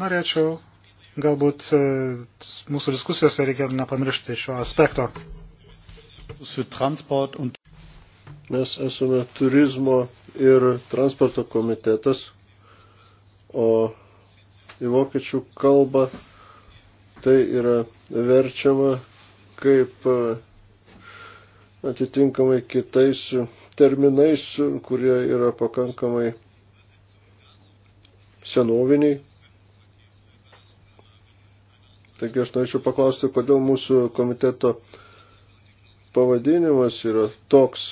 norėčiau galbūt e, mūsų diskusijose reikėtų nepamiršti šio aspekto. Mes esame turizmo ir transporto komitetas, o į vokiečių kalbą tai yra verčiama kaip e, atitinkamai kitais terminais, kurie yra pakankamai senoviniai Taigi aš norėčiau paklausti, kodėl mūsų komiteto pavadinimas yra toks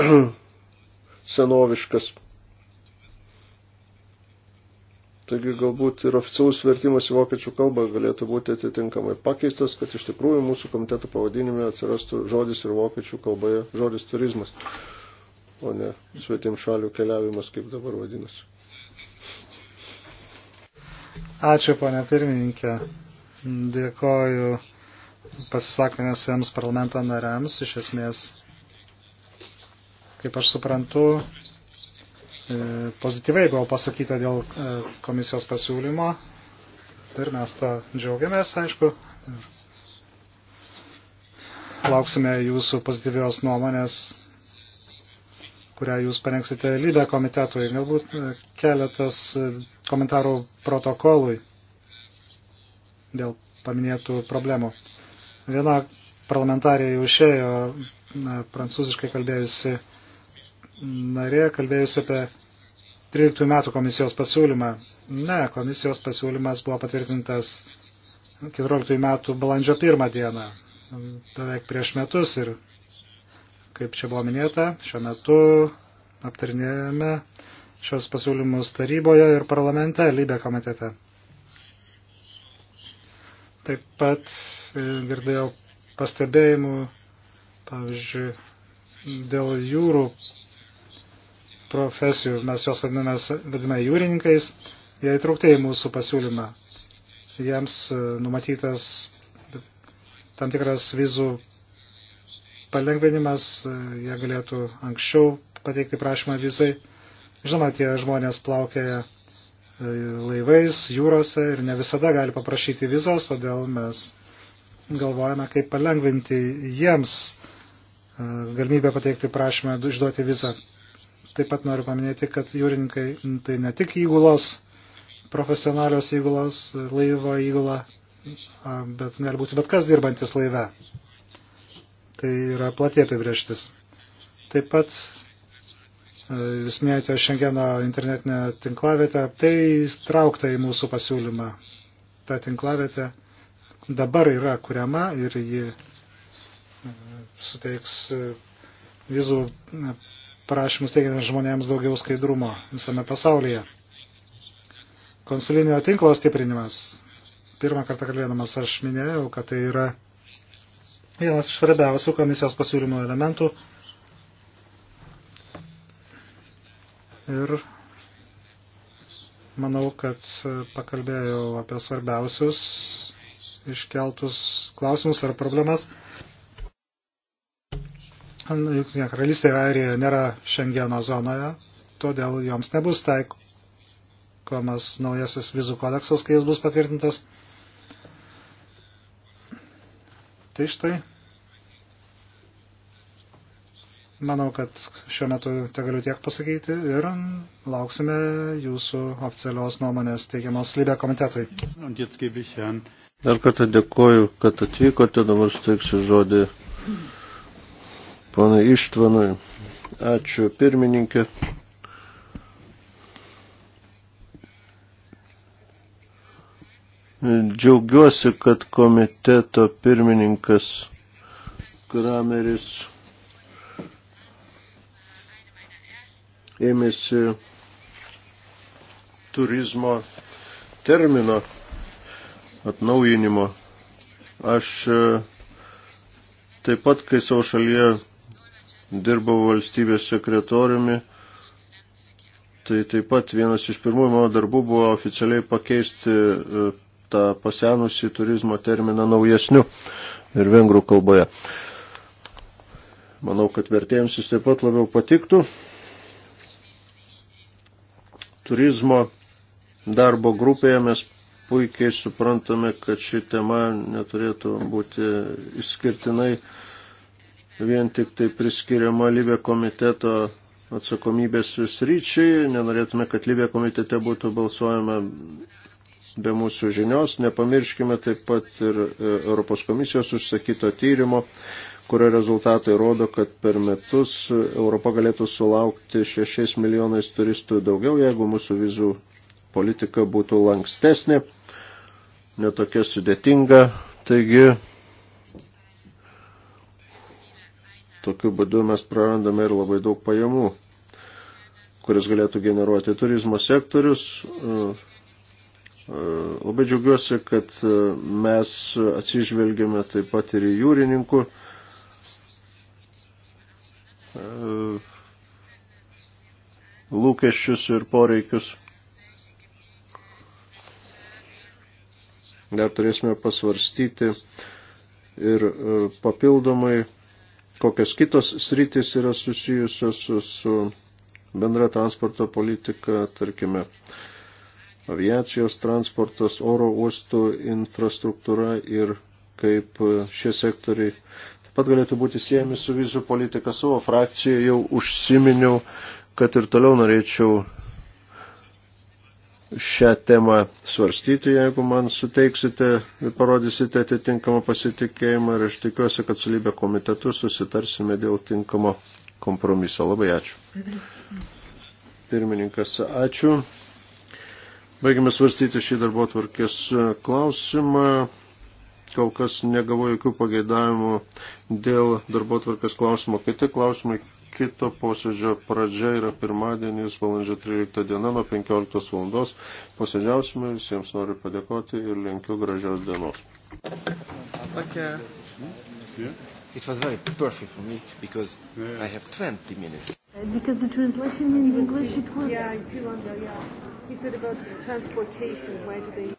senoviškas. Taigi galbūt ir oficialus vertimas į vokiečių kalbą galėtų būti atitinkamai pakeistas, kad iš tikrųjų mūsų komiteto pavadinime atsirastų žodis ir vokiečių kalboje žodis turizmas, o ne svetim šalių keliavimas, kaip dabar vadinasi. Ačiū, ponė pirmininkė. Dėkoju pasisakomėsiems parlamento nariams. Iš esmės, kaip aš suprantu, e, pozityvai buvo pasakyta dėl e, komisijos pasiūlymo. Tai ir mes to džiaugiamės, aišku. Lauksime jūsų pozityvios nuomonės kurią jūs parengsite lybę komitetui. Galbūt e, keletas e, komentarų protokolui dėl paminėtų problemų. Viena parlamentarė jau išėjo, na, prancūziškai kalbėjusi narė, kalbėjusi apie 13 metų komisijos pasiūlymą. Ne, komisijos pasiūlymas buvo patvirtintas 14 metų balandžio 1 dieną, beveik prieš metus ir Kaip čia buvo minėta, šiuo metu aptarinėjame šios pasiūlymus taryboje ir parlamente, lybė komitete. Taip pat e, girdėjau pastebėjimų, pavyzdžiui, dėl jūrų profesijų, mes juos vadiname, vadiname jūrininkais, jie įtraukti į mūsų pasiūlymą. Jiems e, numatytas tam tikras vizų palengvinimas, jie galėtų anksčiau pateikti prašymą vizai. Žinoma, tie žmonės plaukėja e, laivais, jūrose ir ne visada gali paprašyti vizos, todėl mes galvojame, kaip palengvinti jiems e, galimybę pateikti prašymą išduoti vizą. Taip pat noriu paminėti, kad jūrininkai tai ne tik įgulos, profesionalios įgulos, laivo įgula, bet gali būti bet kas dirbantis laive. Tai yra platė apibrieštis. Taip pat e, jūs minėjote Šengeno internetinę tinklavietę, tai įtraukta į mūsų pasiūlymą. Ta tinklavietė dabar yra kuriama ir ji e, suteiks e, vizų prašymus teikiantiems žmonėms daugiau skaidrumo visame pasaulyje. Konsulinio tinklo stiprinimas. Pirmą kartą kalbėdamas aš minėjau, kad tai yra Vienas iš svarbiausių komisijos pasiūlymo elementų. Ir manau, kad pakalbėjau apie svarbiausius iškeltus klausimus ar problemas. Jungtinė karalystė ir Airija nėra Šengeno zonoje, todėl joms nebus taikomas naujasis vizų kodeksas, kai jis bus patvirtintas. Tai štai. Manau, kad šiuo metu te galiu tiek pasakyti ir lauksime jūsų oficialios nuomonės teikiamos lybė komitetui. Dar kartą dėkoju, kad atvykote, dabar suteiksiu žodį ponai Ištvanui. Ačiū pirmininkė. Džiaugiuosi, kad komiteto pirmininkas Krameris ėmėsi turizmo termino atnaujinimo. Aš e, taip pat, kai savo šalyje dirbau valstybės sekretoriumi, tai taip pat vienas iš pirmųjų mano darbų buvo oficialiai pakeisti e, tą pasenusi turizmo terminą naujesniu ir vengrų kalboje. Manau, kad vertėjams jis taip pat labiau patiktų. Turizmo darbo grupėje mes puikiai suprantame, kad ši tema neturėtų būti išskirtinai vien tik tai priskiriama Libė komiteto atsakomybės sryčiai. Nenorėtume, kad Libė komitete būtų balsuojama be mūsų žinios. Nepamirškime taip pat ir e, Europos komisijos užsakyto tyrimo, kurio rezultatai rodo, kad per metus Europa galėtų sulaukti 6 milijonais turistų daugiau, jeigu mūsų vizų politika būtų lankstesnė, netokia sudėtinga. Taigi, tokiu būdu mes prarandame ir labai daug pajamų kuris galėtų generuoti turizmo sektorius, e, E, labai džiaugiuosi, kad e, mes atsižvelgiame taip pat ir jūrininkų e, lūkesčius ir poreikius. Dar turėsime pasvarstyti ir papildomai, kokios kitos sritis yra susijusios su, su bendra transporto politika, tarkime, uh, aviacijos transportas, oro uostų infrastruktūra ir kaip šie sektoriai taip pat galėtų būti siejami su vizų politika. Savo frakcijoje jau užsiminiau, kad ir toliau norėčiau šią temą svarstyti, jeigu man suteiksite ir parodysite atitinkamą pasitikėjimą ir aš tikiuosi, kad su lybė komitetu susitarsime dėl tinkamo kompromiso. Labai ačiū. Pirmininkas, ačiū. Baigiame svarstyti šį darbo tvarkės e, klausimą. Kol kas negavo jokių pageidavimų dėl darbo tvarkės klausimo. Kiti klausimai kito posėdžio pradžia yra pirmadienis, valandžio 13 diena nuo 15 valandos. Posėdžiausime, visiems noriu padėkoti ir linkiu gražios dienos. Okay. It was very perfect for me because yeah. I have 20 minutes. Because the translation in English it was. Yeah, if you want, yeah. You said about transportation. Where do they